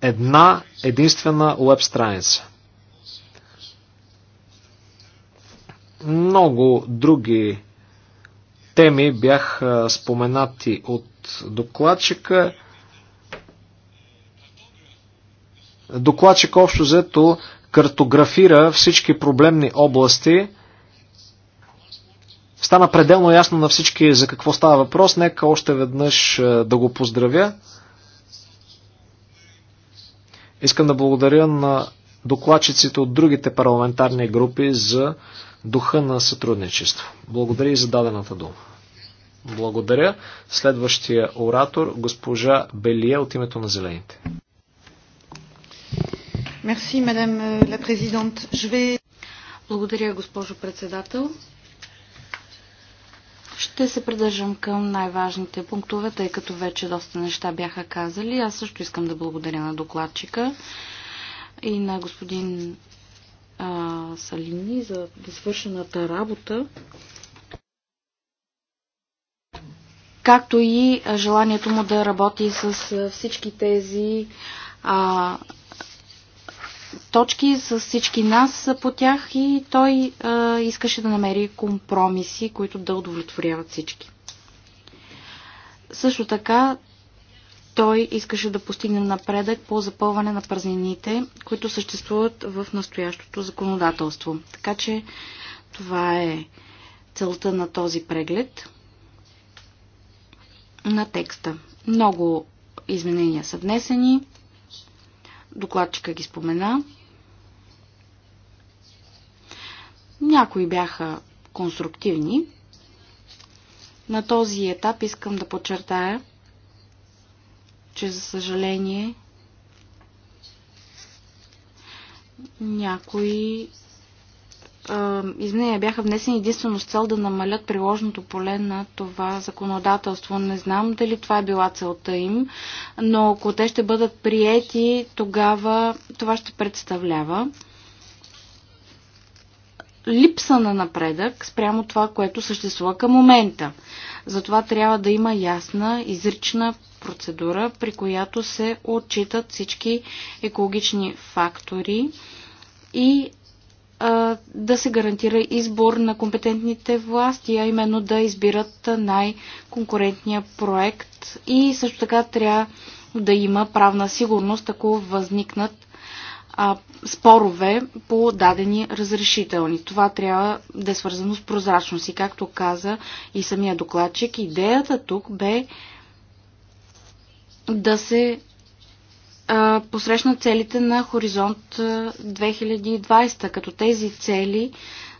една единствена веб страница. Много други теми бяха споменати от докладчика. Докладчик общо взето картографира всички проблемни области. Стана пределно ясно на всички за какво става въпрос. Нека още веднъж е, да го поздравя. Искам да благодаря на докладчиците от другите парламентарни групи за духа на сътрудничество. Благодаря и за дадената дума. Благодаря. Следващия оратор, госпожа Белия от името на Зелените. Euh, благодаря, госпожо председател. Ще се придържам към най-важните пунктове, тъй като вече доста неща бяха казали. Аз също искам да благодаря на докладчика и на господин а, Салини за свършената работа. Както и желанието му да работи с всички тези а, точки с всички нас по тях и той а, искаше да намери компромиси, които да удовлетворяват всички. Също така той искаше да постигне напредък по запълване на празнините, които съществуват в настоящото законодателство. Така че това е целта на този преглед на текста. Много изменения са внесени. Докладчика ги спомена. Някои бяха конструктивни. На този етап искам да подчертая, че за съжаление някои изменения бяха внесени единствено с цел да намалят приложното поле на това законодателство. Не знам дали това е била целта им, но ако те ще бъдат приети, тогава това ще представлява липса на напредък спрямо това, което съществува към момента. Затова трябва да има ясна, изрична процедура, при която се отчитат всички екологични фактори и да се гарантира избор на компетентните власти, а именно да избират най-конкурентния проект и също така трябва да има правна сигурност, ако възникнат а, спорове по дадени разрешителни. Това трябва да е свързано с прозрачност. И както каза и самия докладчик, идеята тук бе да се Посрещна целите на Хоризонт 2020, като тези цели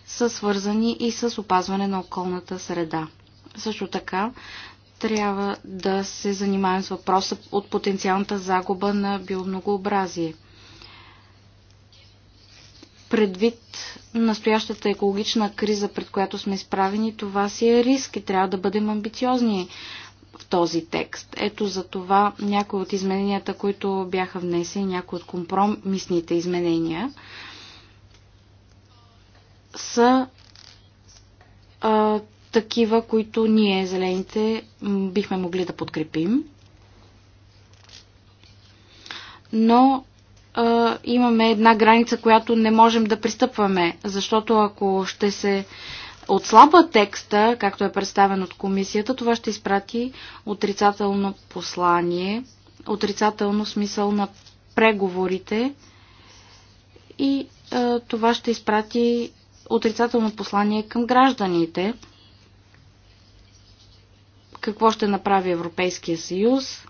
са свързани и с опазване на околната среда. Също така трябва да се занимаем с въпроса от потенциалната загуба на биомногообразие. Предвид настоящата екологична криза, пред която сме изправени, това си е риск и трябва да бъдем амбициозни в този текст. Ето за това някои от измененията, които бяха внесени, някои от компромисните изменения, са а, такива, които ние, зелените, бихме могли да подкрепим. Но а, имаме една граница, която не можем да пристъпваме, защото ако ще се отслабва текста, както е представен от комисията, това ще изпрати отрицателно послание, отрицателно смисъл на преговорите и е, това ще изпрати отрицателно послание към гражданите. Какво ще направи Европейския съюз?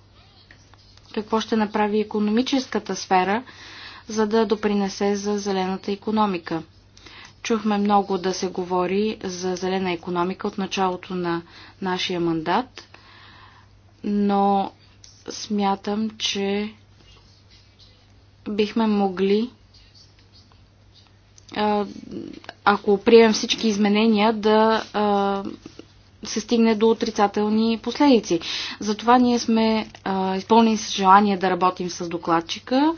Какво ще направи економическата сфера, за да допринесе за зелената економика? Чухме много да се говори за зелена економика от началото на нашия мандат, но смятам, че бихме могли ако приемем всички изменения, да се стигне до отрицателни последици. Затова ние сме изпълнени с желание да работим с докладчика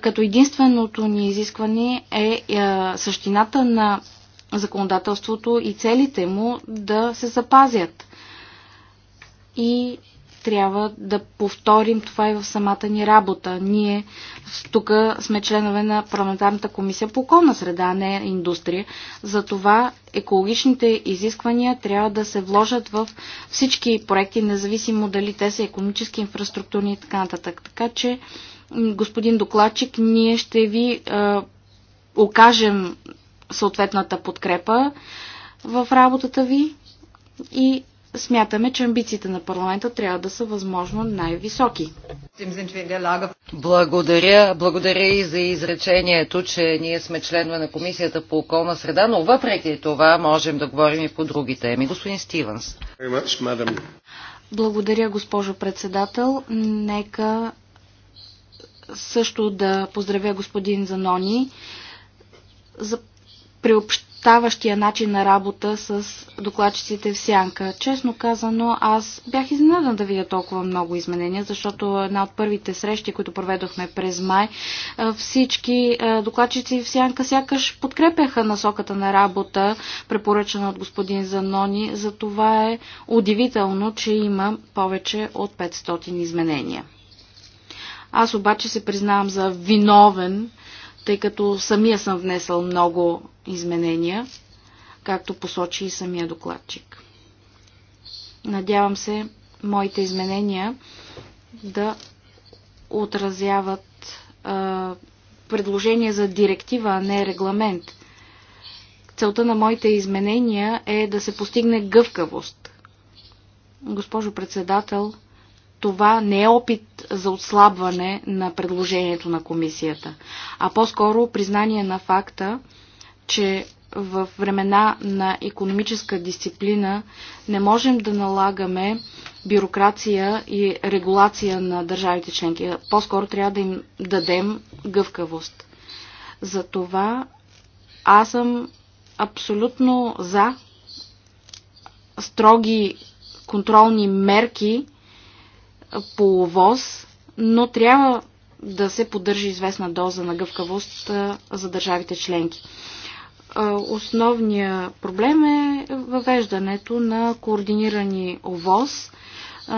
като единственото ни изискване е, е същината на законодателството и целите му да се запазят. И трябва да повторим това и в самата ни работа. Ние тук сме членове на парламентарната комисия по околна среда, а не индустрия. Затова екологичните изисквания трябва да се вложат в всички проекти, независимо дали те са економически, инфраструктурни и така нататък. Така че господин докладчик, ние ще ви е, окажем съответната подкрепа в работата ви и смятаме, че амбициите на парламента трябва да са възможно най-високи. Благодаря, благодаря и за изречението, че ние сме членове на Комисията по околна среда, но въпреки това можем да говорим и по други теми. Господин Стивенс. Благодаря, госпожо председател. Нека също да поздравя господин Занони за приобщаващия начин на работа с докладчиците в Сянка. Честно казано, аз бях изненадан да видя толкова много изменения, защото една от първите срещи, които проведохме през май, всички докладчици в Сянка сякаш подкрепяха насоката на работа, препоръчена от господин Занони. За това е удивително, че има повече от 500 изменения. Аз обаче се признавам за виновен, тъй като самия съм внесъл много изменения, както посочи и самия докладчик. Надявам се моите изменения да отразяват а, предложение за директива, а не регламент. Целта на моите изменения е да се постигне гъвкавост. Госпожо председател, това не е опит за отслабване на предложението на комисията, а по-скоро признание на факта, че в времена на економическа дисциплина не можем да налагаме бюрокрация и регулация на държавите членки. По-скоро трябва да им дадем гъвкавост. Затова аз съм абсолютно за строги контролни мерки половоз, но трябва да се поддържа известна доза на гъвкавост за държавите членки. Основният проблем е въвеждането на координирани овоз,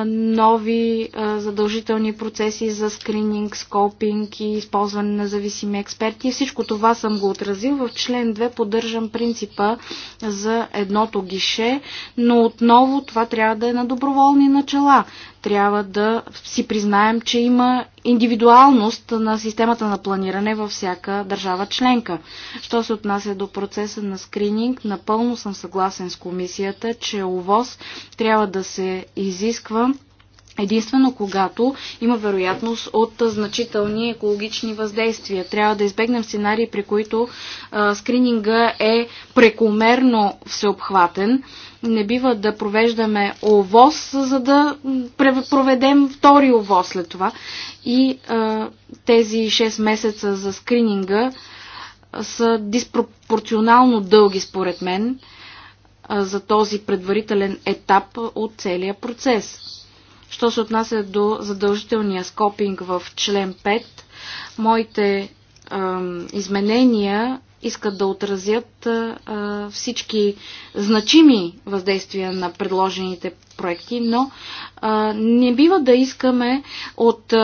нови задължителни процеси за скрининг, скопинг и използване на зависими експерти. Всичко това съм го отразил. В член 2 поддържам принципа за едното гише, но отново това трябва да е на доброволни начала трябва да си признаем, че има индивидуалност на системата на планиране във всяка държава членка. Що се отнася до процеса на скрининг, напълно съм съгласен с комисията, че ОВОз трябва да се изисква Единствено, когато има вероятност от значителни екологични въздействия. Трябва да избегнем сценарии, при които а, скрининга е прекомерно всеобхватен не бива да провеждаме овоз, за да проведем втори овоз след това. И а, тези 6 месеца за скрининга са диспропорционално дълги, според мен, а, за този предварителен етап от целия процес. Що се отнася до задължителния скопинг в член 5, моите изменения искат да отразят всички значими въздействия на предложените проекти, но не бива да искаме от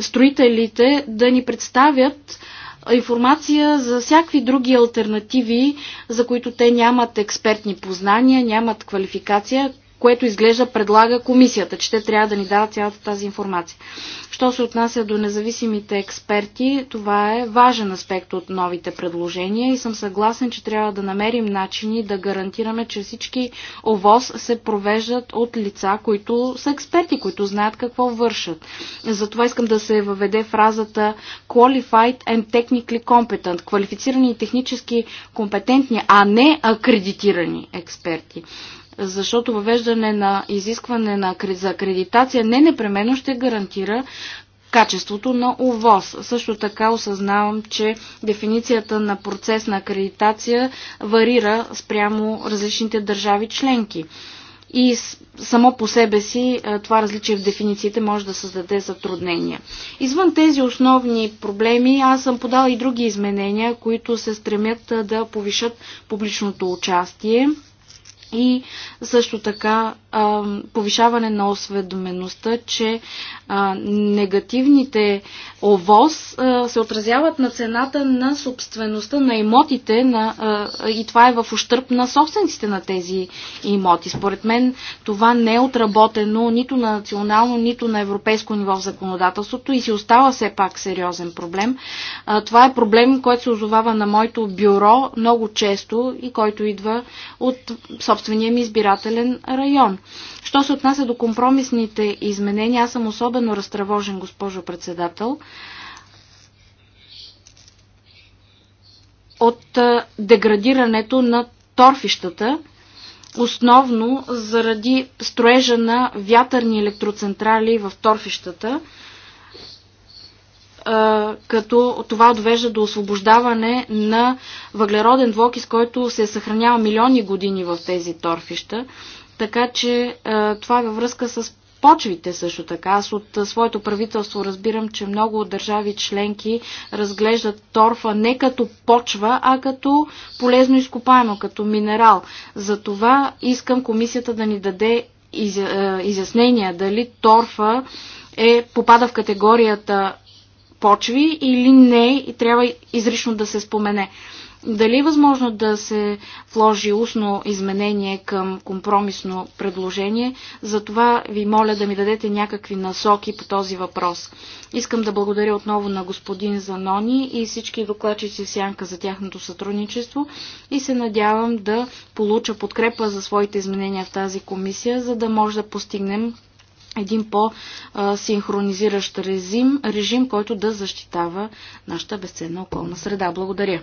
строителите да ни представят информация за всякакви други альтернативи, за които те нямат експертни познания, нямат квалификация, което изглежда предлага комисията, че те трябва да ни дават цялата тази информация. Що се отнася до независимите експерти, това е важен аспект от новите предложения и съм съгласен, че трябва да намерим начини да гарантираме, че всички овоз се провеждат от лица, които са експерти, които знаят какво вършат. Затова искам да се въведе фразата qualified and technically competent, квалифицирани и технически компетентни, а не акредитирани експерти защото въвеждане на изискване на, за акредитация не непременно ще гарантира качеството на ОВОз. Също така осъзнавам, че дефиницията на процес на акредитация варира спрямо различните държави членки. И само по себе си е, това различие в дефинициите може да създаде затруднения. Извън тези основни проблеми, аз съм подала и други изменения, които се стремят е, да повишат публичното участие и също така а, повишаване на осведомеността, че а, негативните овоз а, се отразяват на цената на собствеността на имотите на, а, и това е в ущърп на собствениците на тези имоти. Според мен това не е отработено нито на национално, нито на европейско ниво в законодателството и си остава все пак сериозен проблем. А, това е проблем, който се озовава на моето бюро много често и който идва от собствения ми избирателен район. Що се отнася до компромисните изменения, аз съм особено разтревожен, госпожо председател, от деградирането на торфищата, основно заради строежа на вятърни електроцентрали в торфищата, като това довежда до освобождаване на въглероден двокис, който се съхранява милиони години в тези торфища. Така че това е във връзка с почвите също така. Аз от своето правителство разбирам, че много от държави членки разглеждат торфа не като почва, а като полезно изкопаемо, като минерал. Затова искам комисията да ни даде изяснения дали торфа е, попада в категорията почви или не и трябва изрично да се спомене. Дали е възможно да се вложи устно изменение към компромисно предложение? За това ви моля да ми дадете някакви насоки по този въпрос. Искам да благодаря отново на господин Занони и всички докладчици Сянка за тяхното сътрудничество и се надявам да получа подкрепа за своите изменения в тази комисия, за да може да постигнем един по-синхронизиращ режим, режим, който да защитава нашата безценна околна среда. Благодаря.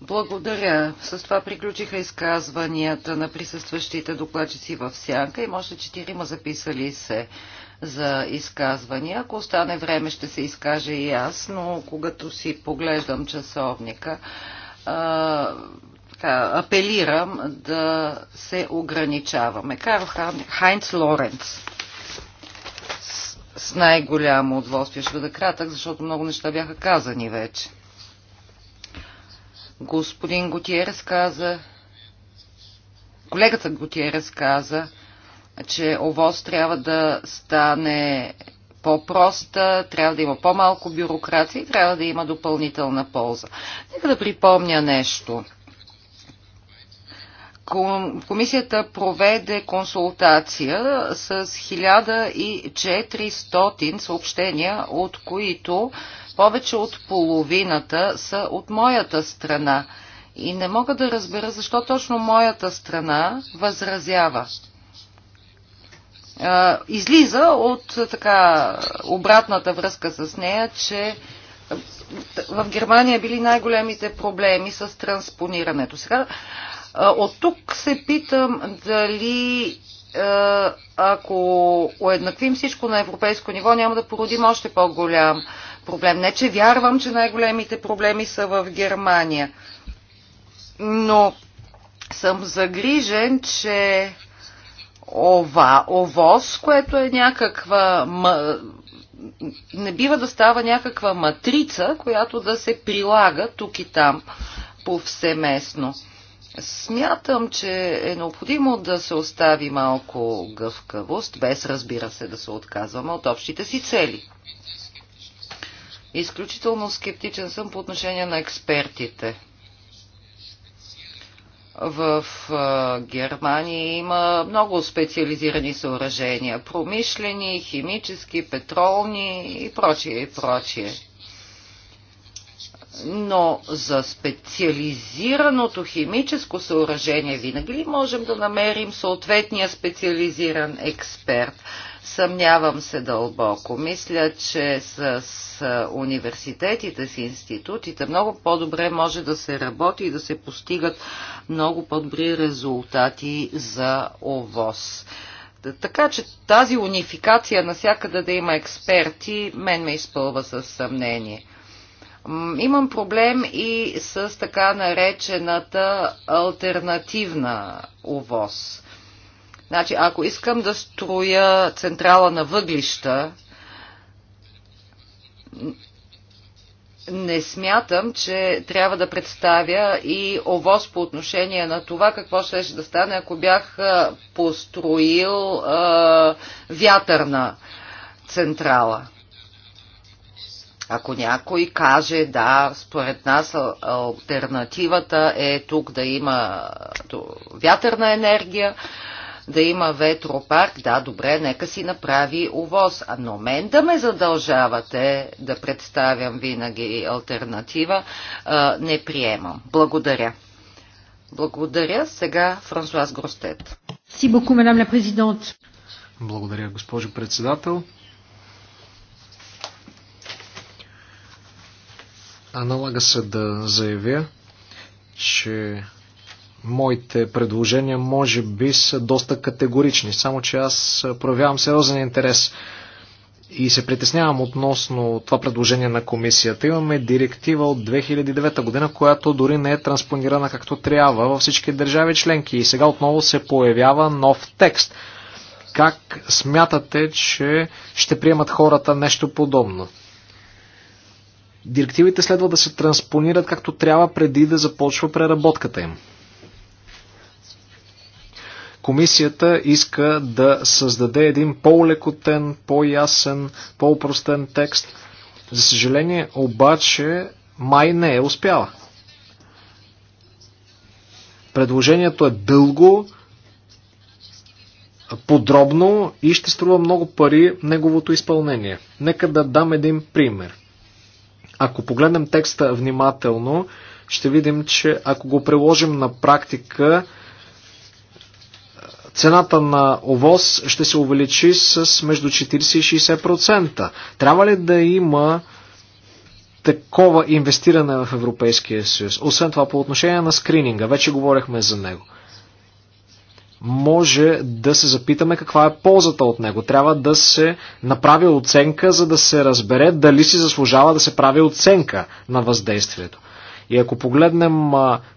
Благодаря. С това приключиха изказванията на присъстващите докладчици в Сянка. и може четирима записали се за изказвания. Ако остане време, ще се изкаже и аз, но когато си поглеждам часовника, е, апелирам да се ограничаваме. Карл Хайнц Лоренц. С най-голямо удоволствие ще бъда кратък, защото много неща бяха казани вече. Господин Готиерес каза, колегата Готиерес каза, че ОВОз трябва да стане по-проста, трябва да има по-малко бюрокрация и трябва да има допълнителна полза. Нека да припомня нещо – Комисията проведе консултация с 1400 съобщения, от които повече от половината са от моята страна. И не мога да разбера защо точно моята страна възразява. Излиза от така обратната връзка с нея, че в Германия били най-големите проблеми с транспонирането. Сега от тук се питам дали ако уеднаквим всичко на европейско ниво, няма да породим още по-голям проблем. Не, че вярвам, че най-големите проблеми са в Германия, но съм загрижен, че ова, овоз, което е някаква не бива да става някаква матрица, която да се прилага тук и там повсеместно. Смятам, че е необходимо да се остави малко гъвкавост, без разбира се да се отказваме от общите си цели. Изключително скептичен съм по отношение на експертите. В Германия има много специализирани съоръжения. Промишлени, химически, петролни и прочие, и прочие но за специализираното химическо съоръжение винаги ли можем да намерим съответния специализиран експерт? Съмнявам се дълбоко. Мисля, че с, университетите, с институтите много по-добре може да се работи и да се постигат много по-добри резултати за ОВОС. Така че тази унификация насякъде да има експерти, мен ме изпълва със съмнение. Имам проблем и с така наречената альтернативна Овоз. Значи, ако искам да строя централа на въглища, не смятам, че трябва да представя и овоз по отношение на това какво ще да стане, ако бях построил е, вятърна централа. Ако някой каже, да, според нас альтернативата е тук да има вятърна енергия, да има ветропарк, да, добре, нека си направи увоз. Но мен да ме задължавате да представям винаги альтернатива, не приемам. Благодаря. Благодаря. Сега Франсуаз Гростет. Благодаря, госпожо председател. А налага се да заявя, че моите предложения може би са доста категорични, само че аз проявявам сериозен интерес и се притеснявам относно това предложение на комисията. Имаме директива от 2009 година, която дори не е транспонирана както трябва във всички държави членки и сега отново се появява нов текст. Как смятате, че ще приемат хората нещо подобно? Директивите следва да се транспонират както трябва преди да започва преработката им. Комисията иска да създаде един по-лекотен, по-ясен, по-упростен текст. За съжаление, обаче, май не е успяла. Предложението е дълго, подробно и ще струва много пари неговото изпълнение. Нека да дам един пример. Ако погледнем текста внимателно, ще видим, че ако го приложим на практика, цената на овоз ще се увеличи с между 40 и 60%. Трябва ли да има такова инвестиране в Европейския съюз? Освен това, по отношение на скрининга, вече говорихме за него може да се запитаме каква е ползата от него. Трябва да се направи оценка, за да се разбере дали си заслужава да се прави оценка на въздействието. И ако погледнем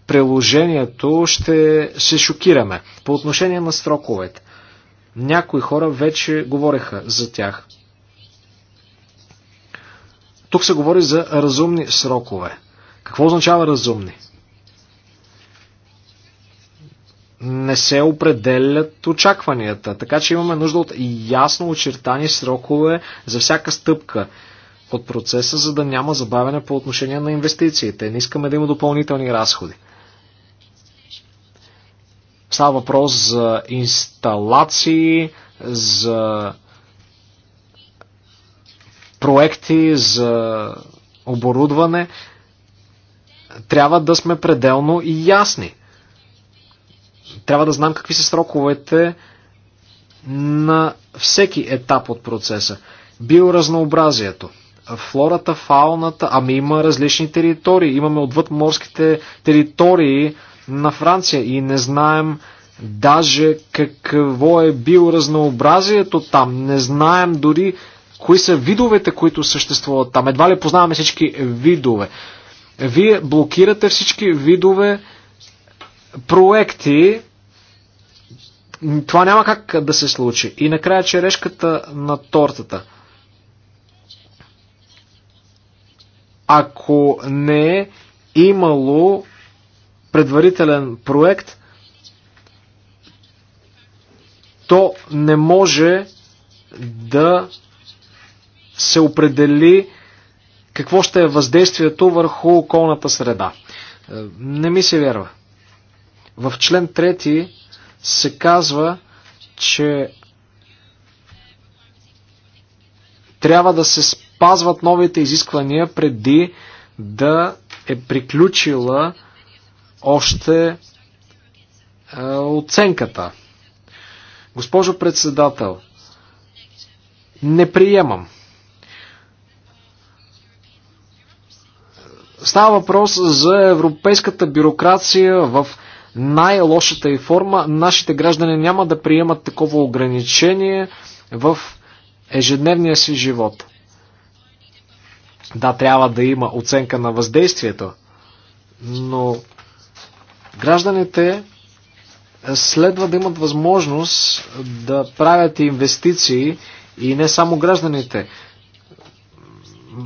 приложението, ще се шокираме. По отношение на сроковете. Някои хора вече говореха за тях. Тук се говори за разумни срокове. Какво означава разумни? не се определят очакванията. Така че имаме нужда от ясно очертани срокове за всяка стъпка от процеса, за да няма забавяне по отношение на инвестициите. Не искаме да има допълнителни разходи. Става въпрос за инсталации, за проекти, за оборудване. Трябва да сме пределно и ясни трябва да знам какви са сроковете на всеки етап от процеса. Биоразнообразието. Флората, фауната, ами има различни територии. Имаме отвъд морските територии на Франция и не знаем даже какво е биоразнообразието там. Не знаем дори кои са видовете, които съществуват там. Едва ли познаваме всички видове. Вие блокирате всички видове проекти, това няма как да се случи. И накрая черешката на тортата. Ако не е имало предварителен проект, то не може да се определи какво ще е въздействието върху околната среда. Е, не ми се вярва. В член 3 се казва, че трябва да се спазват новите изисквания преди да е приключила още е, оценката. Госпожо председател, не приемам. Става въпрос за европейската бюрокрация в най-лошата и форма. Нашите граждани няма да приемат такова ограничение в ежедневния си живот. Да, трябва да има оценка на въздействието, но гражданите следва да имат възможност да правят инвестиции и не само гражданите.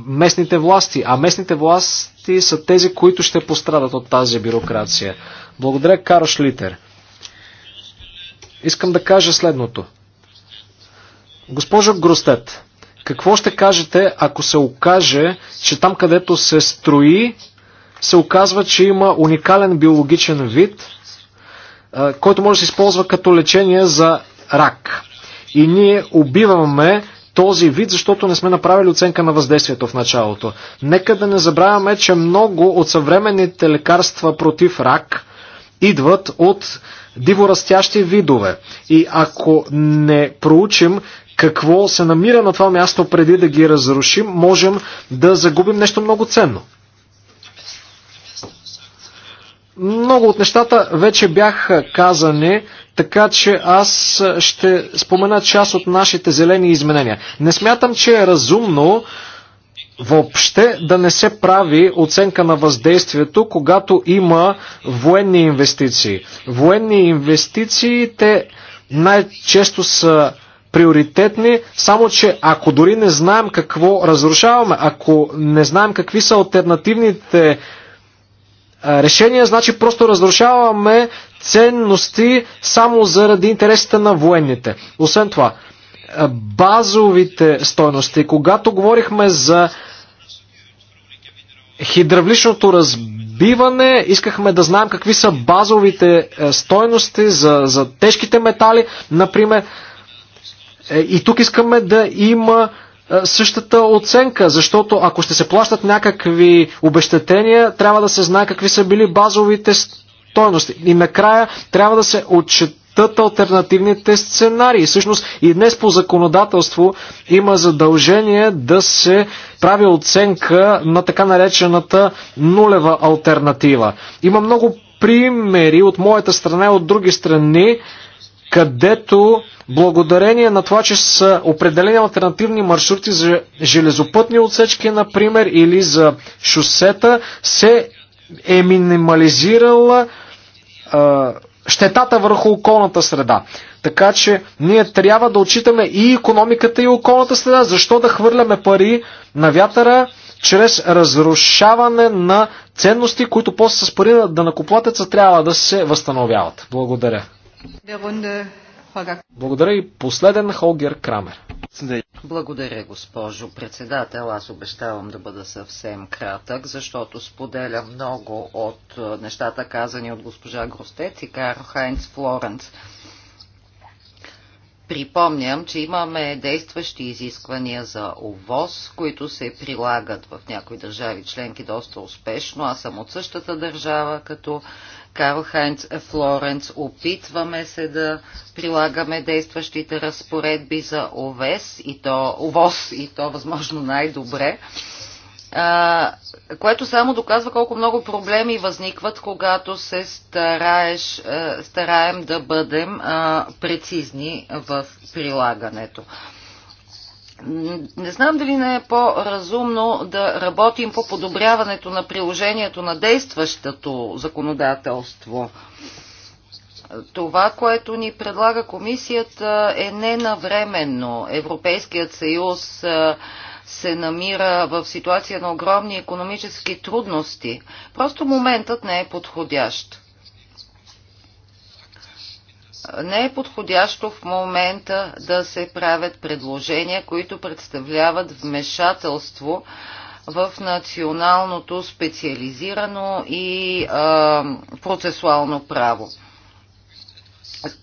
Местните власти, а местните власти са тези, които ще пострадат от тази бюрокрация. Благодаря, Карл Шлитер. Искам да кажа следното. Госпожо Гростет, какво ще кажете, ако се окаже, че там където се строи, се оказва, че има уникален биологичен вид, който може да се използва като лечение за рак. И ние убиваме този вид, защото не сме направили оценка на въздействието в началото. Нека да не забравяме, че много от съвременните лекарства против рак идват от диворастящи видове. И ако не проучим какво се намира на това място преди да ги разрушим, можем да загубим нещо много ценно. Много от нещата вече бяха казани, така че аз ще спомена част от нашите зелени изменения. Не смятам, че е разумно въобще да не се прави оценка на въздействието, когато има военни инвестиции. Военни инвестиции те най-често са приоритетни, само че ако дори не знаем какво разрушаваме, ако не знаем какви са альтернативните е, решения, значи просто разрушаваме ценности само заради интересите на военните. Освен това, е, базовите стойности, когато говорихме за хидравличното разбиване, искахме да знаем какви са базовите е, стойности за, за тежките метали, например. Е, и тук искаме да има е, същата оценка, защото ако ще се плащат някакви обещетения, трябва да се знае какви са били базовите стойности. И накрая трябва да се отчет четат альтернативните сценарии. Всъщност и днес по законодателство има задължение да се прави оценка на така наречената нулева альтернатива. Има много примери от моята страна и от други страни, където благодарение на това, че са определени альтернативни маршрути за железопътни отсечки, например, или за шосета, се е минимализирала а, щетата върху околната среда. Така че ние трябва да отчитаме и економиката и околната среда. Защо да хвърляме пари на вятъра чрез разрушаване на ценности, които после с пари на да накоплатеца трябва да се възстановяват. Благодаря. Благодаря и последен Холгер Крамер. Благодаря, госпожо председател. Аз обещавам да бъда съвсем кратък, защото споделя много от е, нещата казани от госпожа Гростец и Карл Хайнц Флоренц. Припомням, че имаме действащи изисквания за ОВОз, които се прилагат в някои държави членки доста успешно. Аз съм от същата държава като Карл Хайнц Флоренц. Опитваме се да прилагаме действащите разпоредби за ОВЕС и то, ОВОС и то възможно най-добре което само доказва колко много проблеми възникват, когато се стараеш, стараем да бъдем прецизни в прилагането. Не знам дали не е по-разумно да работим по подобряването на приложението на действащото законодателство. Това, което ни предлага комисията е ненавременно. Европейският съюз се намира в ситуация на огромни економически трудности. Просто моментът не е подходящ не е подходящо в момента да се правят предложения, които представляват вмешателство в националното специализирано и а, процесуално право.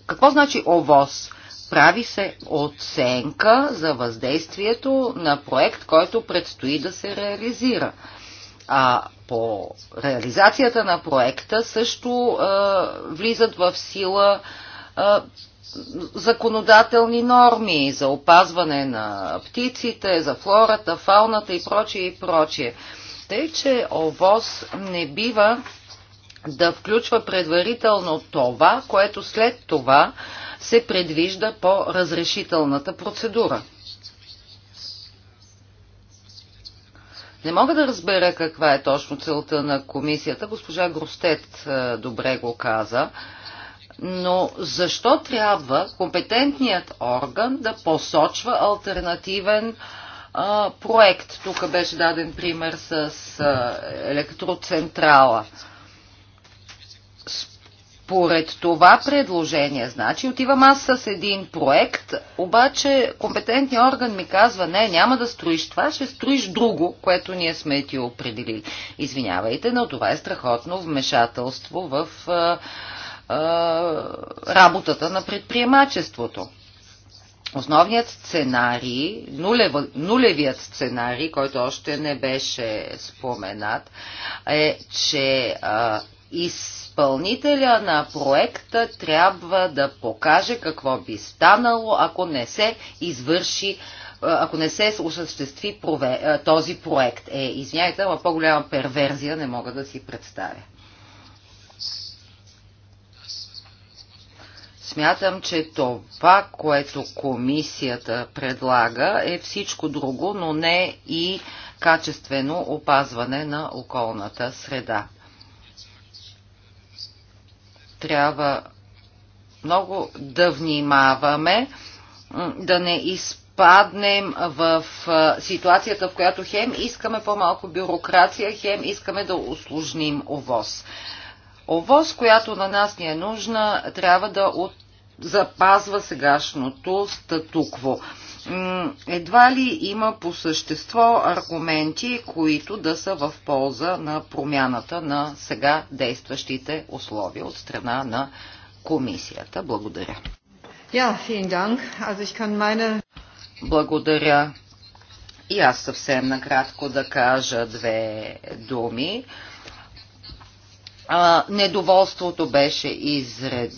Какво значи ОВОС? Прави се оценка за въздействието на проект, който предстои да се реализира. А по реализацията на проекта също а, влизат в сила а, законодателни норми за опазване на птиците, за флората, фауната и прочие и прочие. Тъй, че ОВОз не бива да включва предварително това, което след това се предвижда по разрешителната процедура. Не мога да разбера каква е точно целта на комисията. Госпожа Гростет добре го каза но защо трябва компетентният орган да посочва альтернативен а, проект? Тук беше даден пример с а, електроцентрала. Поред това предложение, значи отивам аз с един проект, обаче компетентният орган ми казва, не, няма да строиш това, ще строиш друго, което ние сме ти определили. Извинявайте, но това е страхотно вмешателство в а, работата на предприемачеството. Основният сценарий, нулева, нулевият сценарий, който още не беше споменат, е, че а, изпълнителя на проекта трябва да покаже какво би станало, ако не се извърши ако не се осъществи този проект. Е, извиняйте, но по-голяма перверзия не мога да си представя. Смятам, че това, което комисията предлага, е всичко друго, но не и качествено опазване на околната среда. Трябва много да внимаваме, да не изпаднем в ситуацията, в която хем искаме по-малко бюрокрация, хем искаме да усложним овоз. Овоз, която на нас ни е нужна, трябва да от... запазва сегашното статукво. Едва ли има по същество аргументи, които да са в полза на промяната на сега действащите условия от страна на комисията. Благодаря. Ja, vielen Dank. Also ich kann meine... Благодаря. И аз съвсем накратко да кажа две думи а, недоволството беше изред,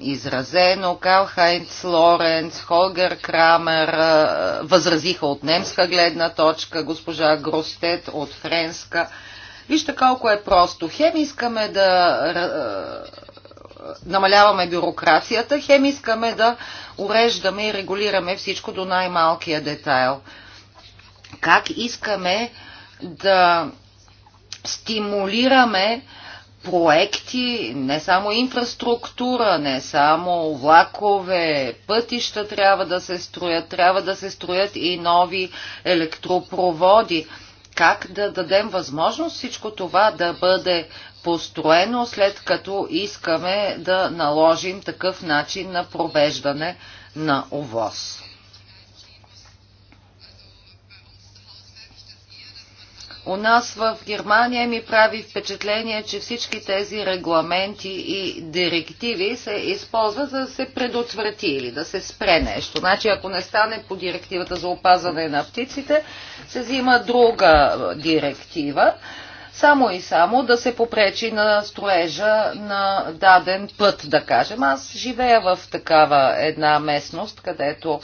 изразено. Карл Хайнц Лоренц, Холгер Крамер а, възразиха от немска гледна точка, госпожа Гростет от френска. Вижте колко е просто. Хем искаме да а, намаляваме бюрокрацията, хем искаме да уреждаме и регулираме всичко до най-малкия детайл. Как искаме да стимулираме а, проекти, не само инфраструктура, не само влакове, пътища трябва да се строят, трябва да се строят и нови електропроводи. Как да дадем възможност всичко това да бъде построено, след като искаме да наложим такъв начин на провеждане на овоз? У нас в Германия ми прави впечатление, че всички тези регламенти и директиви се използват за да се предотврати или да се спре нещо. Значи, ако не стане по директивата за опазване на птиците, се взима друга директива само и само да се попречи на строежа на даден път, да кажем. Аз живея в такава една местност, където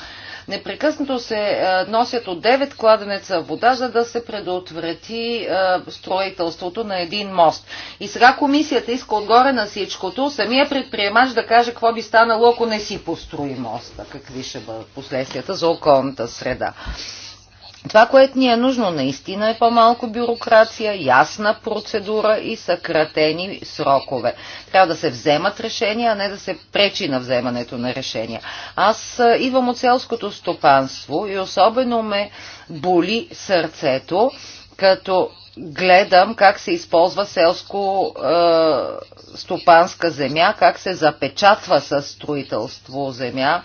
непрекъснато се е, носят от 9 кладенеца вода, за да се предотврати е, строителството на един мост. И сега комисията иска отгоре на всичкото самия предприемач да каже какво би станало, ако не си построи моста, какви ще бъдат последствията за околната среда. Това, което ни е нужно наистина е по-малко бюрокрация, ясна процедура и съкратени срокове. Трябва да се вземат решения, а не да се пречи на вземането на решения. Аз идвам от селското стопанство и особено ме боли сърцето, като гледам как се използва селско е, стопанска земя, как се запечатва със строителство земя,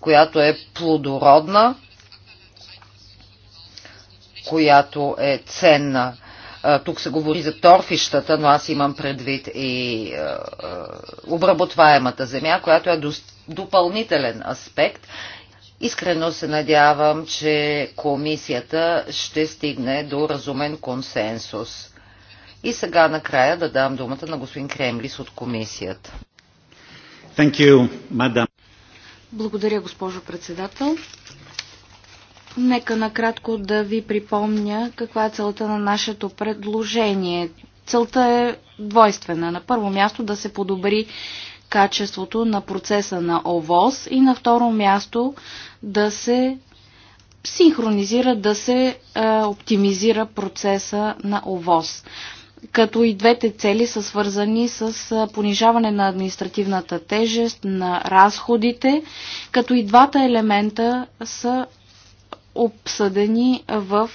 която е плодородна която е ценна. Тук се говори за торфищата, но аз имам предвид и обработваемата земя, която е допълнителен аспект. Искрено се надявам, че комисията ще стигне до разумен консенсус. И сега накрая да дам думата на господин Кремлис от комисията. Thank you, madam. Благодаря, госпожо председател. Нека накратко да ви припомня каква е целта на нашето предложение. Целта е двойствена. На първо място да се подобри качеството на процеса на ОВОз и на второ място да се синхронизира, да се е, оптимизира процеса на ОВОз. Като и двете цели са свързани с е, понижаване на административната тежест, на разходите, като и двата елемента са обсъдени в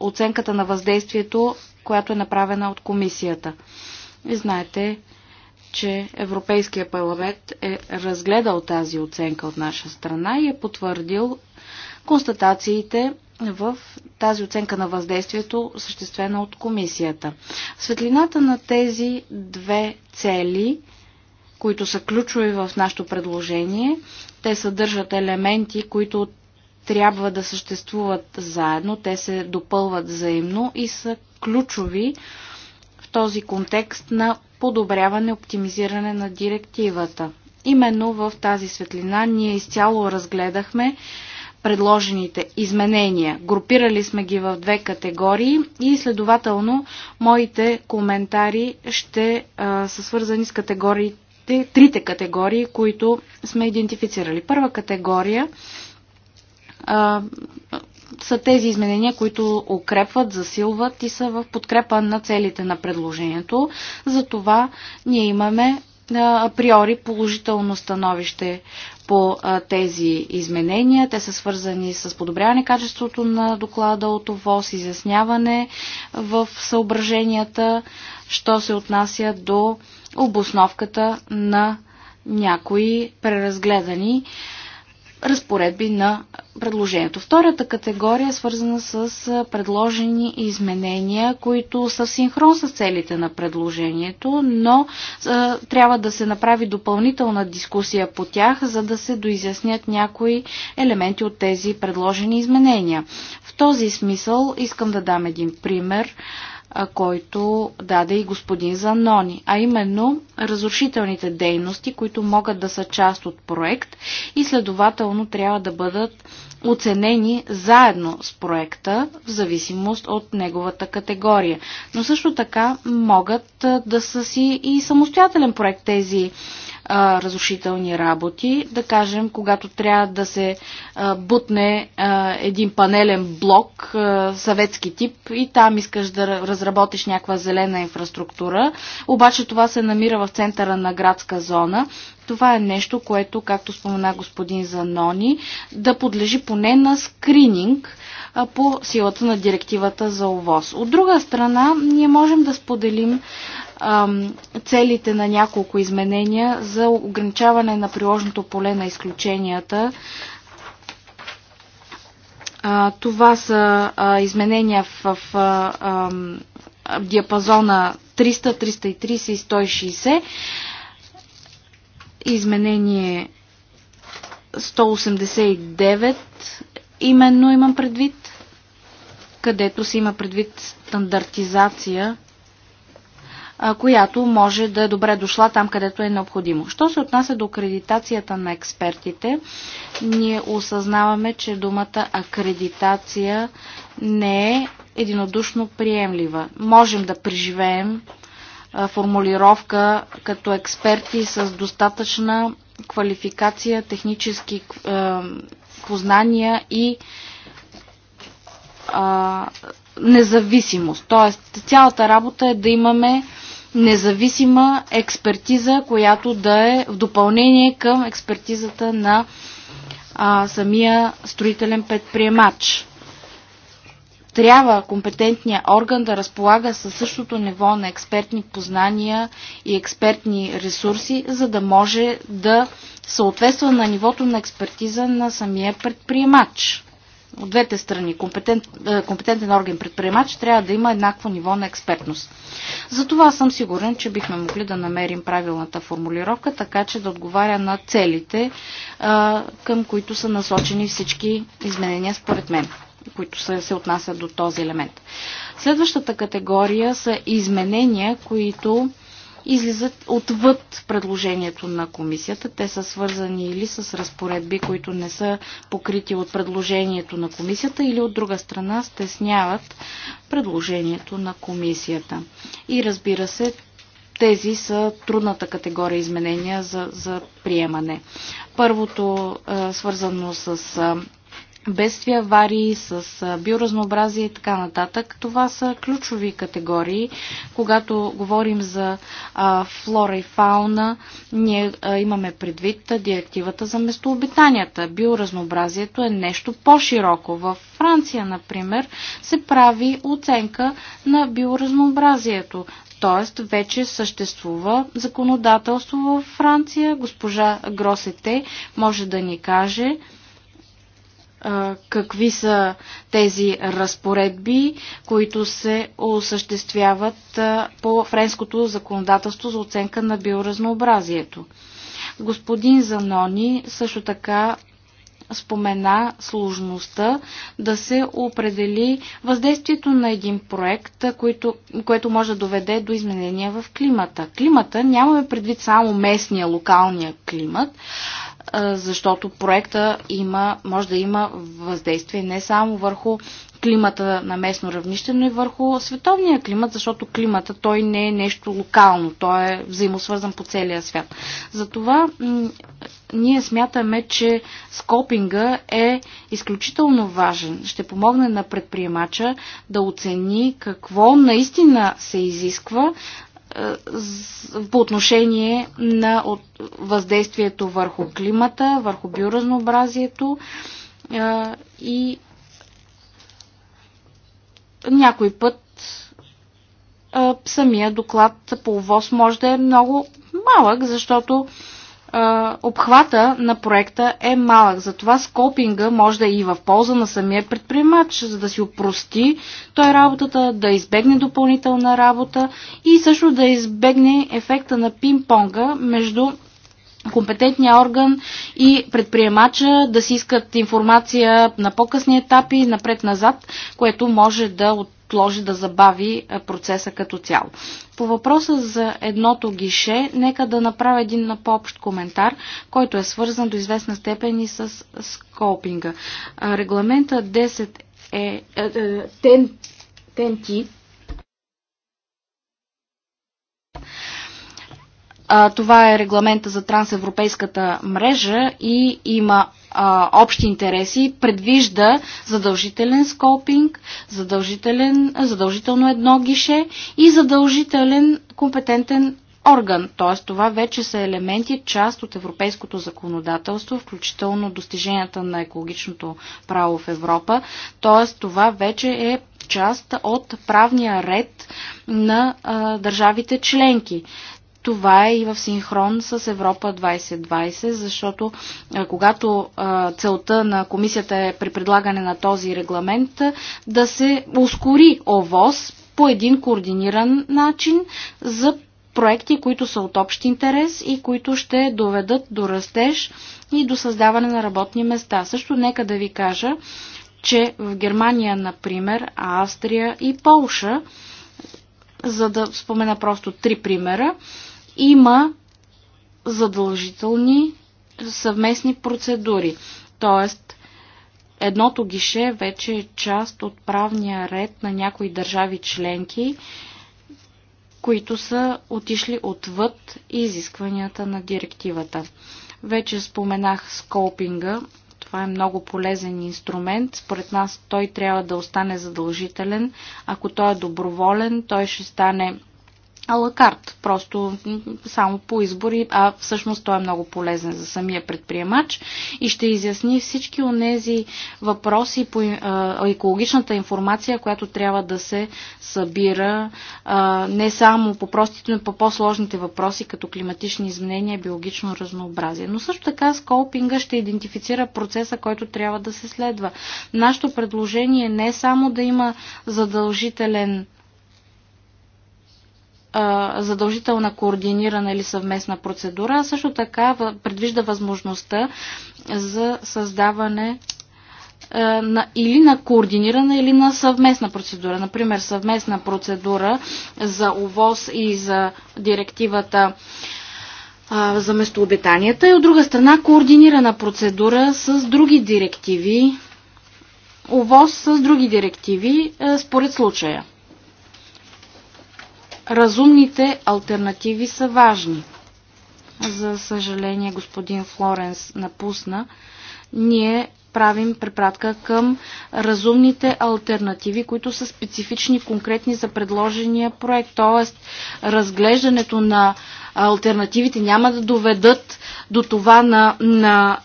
оценката на въздействието, която е направена от комисията. И знаете, че Европейския парламент е разгледал тази оценка от наша страна и е потвърдил констатациите в тази оценка на въздействието, съществена от комисията. Светлината на тези две цели, които са ключови в нашето предложение, те съдържат елементи, които трябва да съществуват заедно, те се допълват взаимно и са ключови в този контекст на подобряване, оптимизиране на директивата. Именно в тази светлина ние изцяло разгледахме предложените изменения. Групирали сме ги в две категории и следователно моите коментари ще а, са свързани с категориите, трите категории, които сме идентифицирали. Първа категория а, са тези изменения, които укрепват, засилват и са в подкрепа на целите на предложението. Затова ние имаме априори положително становище по тези изменения. Те са свързани с подобряване качеството на доклада от ОВОС, изясняване в съображенията, що се отнася до обосновката на някои преразгледани разпоредби на предложението. Втората категория е свързана с предложени изменения, които са в синхрон с целите на предложението, но а, трябва да се направи допълнителна дискусия по тях, за да се доизяснят някои елементи от тези предложени изменения. В този смисъл искам да дам един пример. А, който даде и господин Занони, а именно разрушителните дейности, които могат да са част от проект и следователно трябва да бъдат оценени заедно с проекта в зависимост от неговата категория. Но също така могат да са си и самостоятелен проект тези а, разрушителни работи. Да кажем, когато трябва да се а, бутне а, един панелен блок, а, съветски тип, и там искаш да разработиш някаква зелена инфраструктура, обаче това се намира в центъра на градска зона. Това е нещо, което, както спомена господин Занони, да подлежи поне на скрининг по силата на директивата за ОВОз. От друга страна, ние можем да споделим целите на няколко изменения за ограничаване на приложното поле на изключенията. Това са изменения в диапазона 300, 330 и 160. Изменение 189 именно имам предвид, където се има предвид стандартизация която може да е добре дошла там, където е необходимо. Що се отнася до акредитацията на експертите, ние осъзнаваме, че думата акредитация не е единодушно приемлива. Можем да преживеем формулировка като експерти с достатъчна квалификация, технически познания и независимост. Тоест, цялата работа е да имаме независима експертиза, която да е в допълнение към експертизата на а, самия строителен предприемач. Трябва компетентният орган да разполага със същото ниво на експертни познания и експертни ресурси, за да може да съответства на нивото на експертиза на самия предприемач от двете страни, компетент, е, компетентен орган предприемач, трябва да има еднакво ниво на експертност. Затова съм сигурен, че бихме могли да намерим правилната формулировка, така че да отговаря на целите, е, към които са насочени всички изменения според мен които се, се отнасят до този елемент. Следващата категория са изменения, които излизат отвъд предложението на комисията. Те са свързани или с разпоредби, които не са покрити от предложението на комисията, или от друга страна стесняват предложението на комисията. И разбира се, тези са трудната категория изменения за, за приемане. Първото, е, свързано с е, бедствия, аварии, с биоразнообразие и така нататък. Това са ключови категории. Когато говорим за а, флора и фауна, ние а, имаме предвид директивата за местообитанията. Биоразнообразието е нещо по-широко. В Франция, например, се прави оценка на биоразнообразието. Тоест, вече съществува законодателство във Франция. Госпожа Гросете може да ни каже какви са тези разпоредби, които се осъществяват по френското законодателство за оценка на биоразнообразието. Господин Занони също така спомена сложността да се определи въздействието на един проект, който, което може да доведе до изменения в климата. Климата нямаме предвид само местния, локалния климат, защото проекта има, може да има въздействие не само върху климата на местно равнище, но и върху световния климат, защото климата той не е нещо локално, той е взаимосвързан по целия свят. Затова ние смятаме, че скопинга е изключително важен. Ще помогне на предприемача да оцени какво наистина се изисква, е, по отношение на въздействието върху климата, върху биоразнообразието е, и някой път е, самия доклад по ВОЗ може да е много малък, защото обхвата на проекта е малък. Затова скопинга може да е и в полза на самия предприемач, за да си упрости той работата, да избегне допълнителна работа и също да избегне ефекта на пинг-понга между компетентния орган и предприемача да си искат информация на по-късни етапи, напред-назад, което може да отложи, да забави е, процеса като цяло. По въпроса за едното гише, нека да направя един на по-общ коментар, който е свързан до известна степен и с скопинга. Регламента 10 е, е, е ТЕНТИ, това е регламента за трансевропейската мрежа и има а, общи интереси предвижда задължителен скопинг, задължителен, задължително едно гише и задължителен компетентен орган. Т.е. това вече са елементи, част от европейското законодателство, включително достиженията на екологичното право в Европа. Т.е. това вече е част от правния ред на а, държавите членки. Това е и в синхрон с Европа 2020, защото когато целта на комисията е при предлагане на този регламент да се ускори ОВОз по един координиран начин за проекти, които са от общ интерес и които ще доведат до растеж и до създаване на работни места. Също нека да ви кажа, че в Германия, например, Австрия и Полша, за да спомена просто три примера, има задължителни съвместни процедури. Тоест, едното гише вече е част от правния ред на някои държави членки, които са отишли отвъд изискванията на директивата. Вече споменах скопинга. Това е много полезен инструмент. Според нас той трябва да остане задължителен. Ако той е доброволен, той ще стане алакарт, просто само по избори, а всъщност той е много полезен за самия предприемач и ще изясни всички от тези въпроси по екологичната информация, която трябва да се събира не само по простите, но и по по-сложните въпроси, като климатични изменения, биологично разнообразие. Но също така сколпинга ще идентифицира процеса, който трябва да се следва. Нашето предложение е не е само да има задължителен задължителна координирана или съвместна процедура, а също така предвижда възможността за създаване на, или на координирана, или на съвместна процедура. Например, съвместна процедура за ОВОз и за директивата а, за местообитанията и от друга страна координирана процедура с други директиви, ОВОз с други директиви а, според случая. Разумните альтернативи са важни. За съжаление, господин Флоренс напусна. Ние правим препратка към разумните альтернативи, които са специфични, конкретни за предложения проект. Тоест, разглеждането на альтернативите няма да доведат до това на, на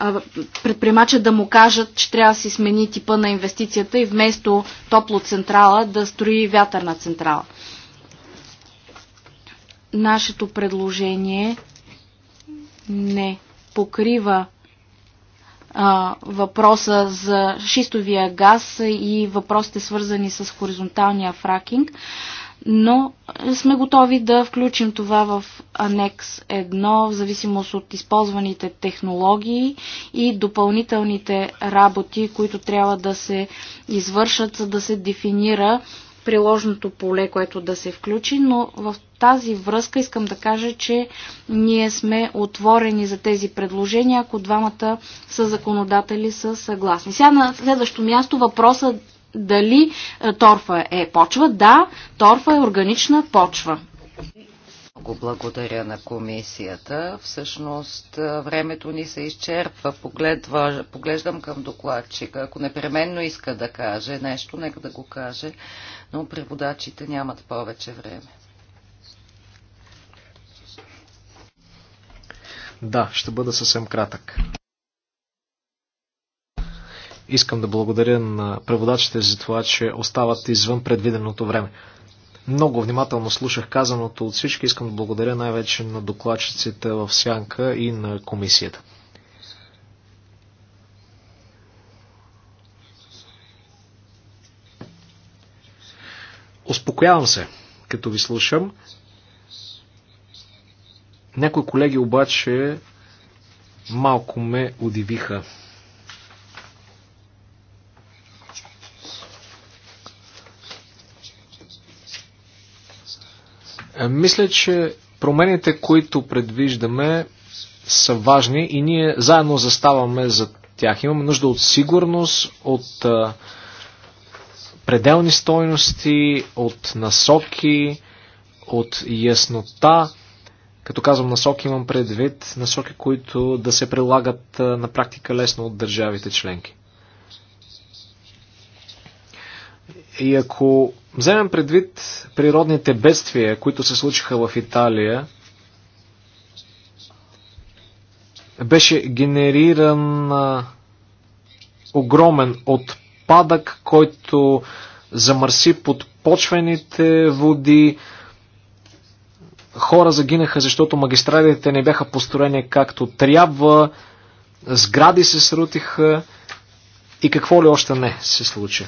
предприемача да му кажат, че трябва да си смени типа на инвестицията и вместо топлоцентрала да строи вятърна централа. Нашето предложение не покрива а, въпроса за шистовия газ и въпросите свързани с хоризонталния фракинг, но сме готови да включим това в анекс 1, в зависимост от използваните технологии и допълнителните работи, които трябва да се извършат, за да се дефинира приложното поле, което да се включи, но в тази връзка искам да кажа, че ние сме отворени за тези предложения, ако двамата са законодатели са съгласни. Сега на следващо място въпросът дали е, торфа е почва. Да, торфа е органична почва. Го благодаря на комисията. Всъщност времето ни се изчерпва. Погледва, поглеждам към докладчика. Ако непременно иска да каже нещо, нека да го каже, но преводачите нямат повече време. Да, ще бъда съвсем кратък. Искам да благодаря на преводачите за това, че остават извън предвиденото време. Много внимателно слушах казаното от всички. Искам да благодаря най-вече на докладчиците в Сянка и на комисията. Успокоявам се, като ви слушам. Някои колеги обаче малко ме удивиха Е, мисля, че промените, които предвиждаме, са важни и ние заедно заставаме за тях. Имаме нужда от сигурност, от е, пределни стойности, от насоки, от яснота. Като казвам насоки, имам предвид насоки, които да се прилагат е, на практика лесно от държавите членки. И ако вземем предвид природните бедствия, които се случиха в Италия, беше генериран огромен отпадък, който замърси подпочвените води. Хора загинаха, защото магистралите не бяха построени както трябва, сгради се срутиха и какво ли още не се случи.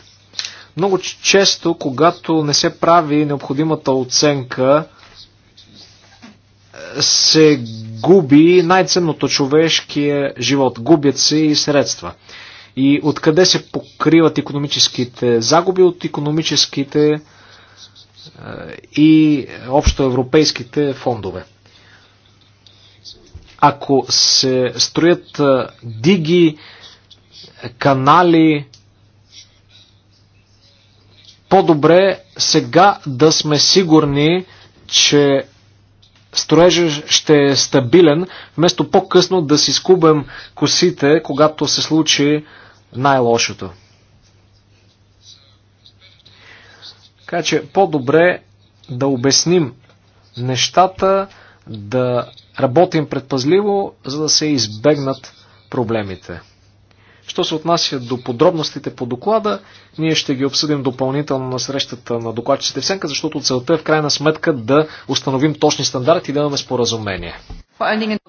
Много често, когато не се прави необходимата оценка, се губи най-ценното човешкия живот. Губят се и средства. И откъде се покриват економическите загуби от економическите е, и общоевропейските фондове. Ако се строят е, диги, е, канали, по-добре сега да сме сигурни, че строежа ще е стабилен, вместо по-късно да си скубем косите, когато се случи най-лошото. Така че по-добре да обясним нещата, да работим предпазливо, за да се избегнат проблемите. Що се отнася до подробностите по доклада, ние ще ги обсъдим допълнително на срещата на докладчиците в Сенка, защото целта е в крайна сметка да установим точни стандарти и да имаме споразумение.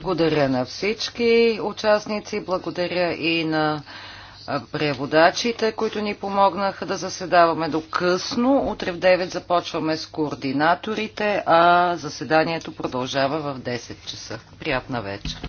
Благодаря на всички участници, благодаря и на преводачите, които ни помогнаха да заседаваме до късно. Утре в 9 започваме с координаторите, а заседанието продължава в 10 часа. Приятна вечер!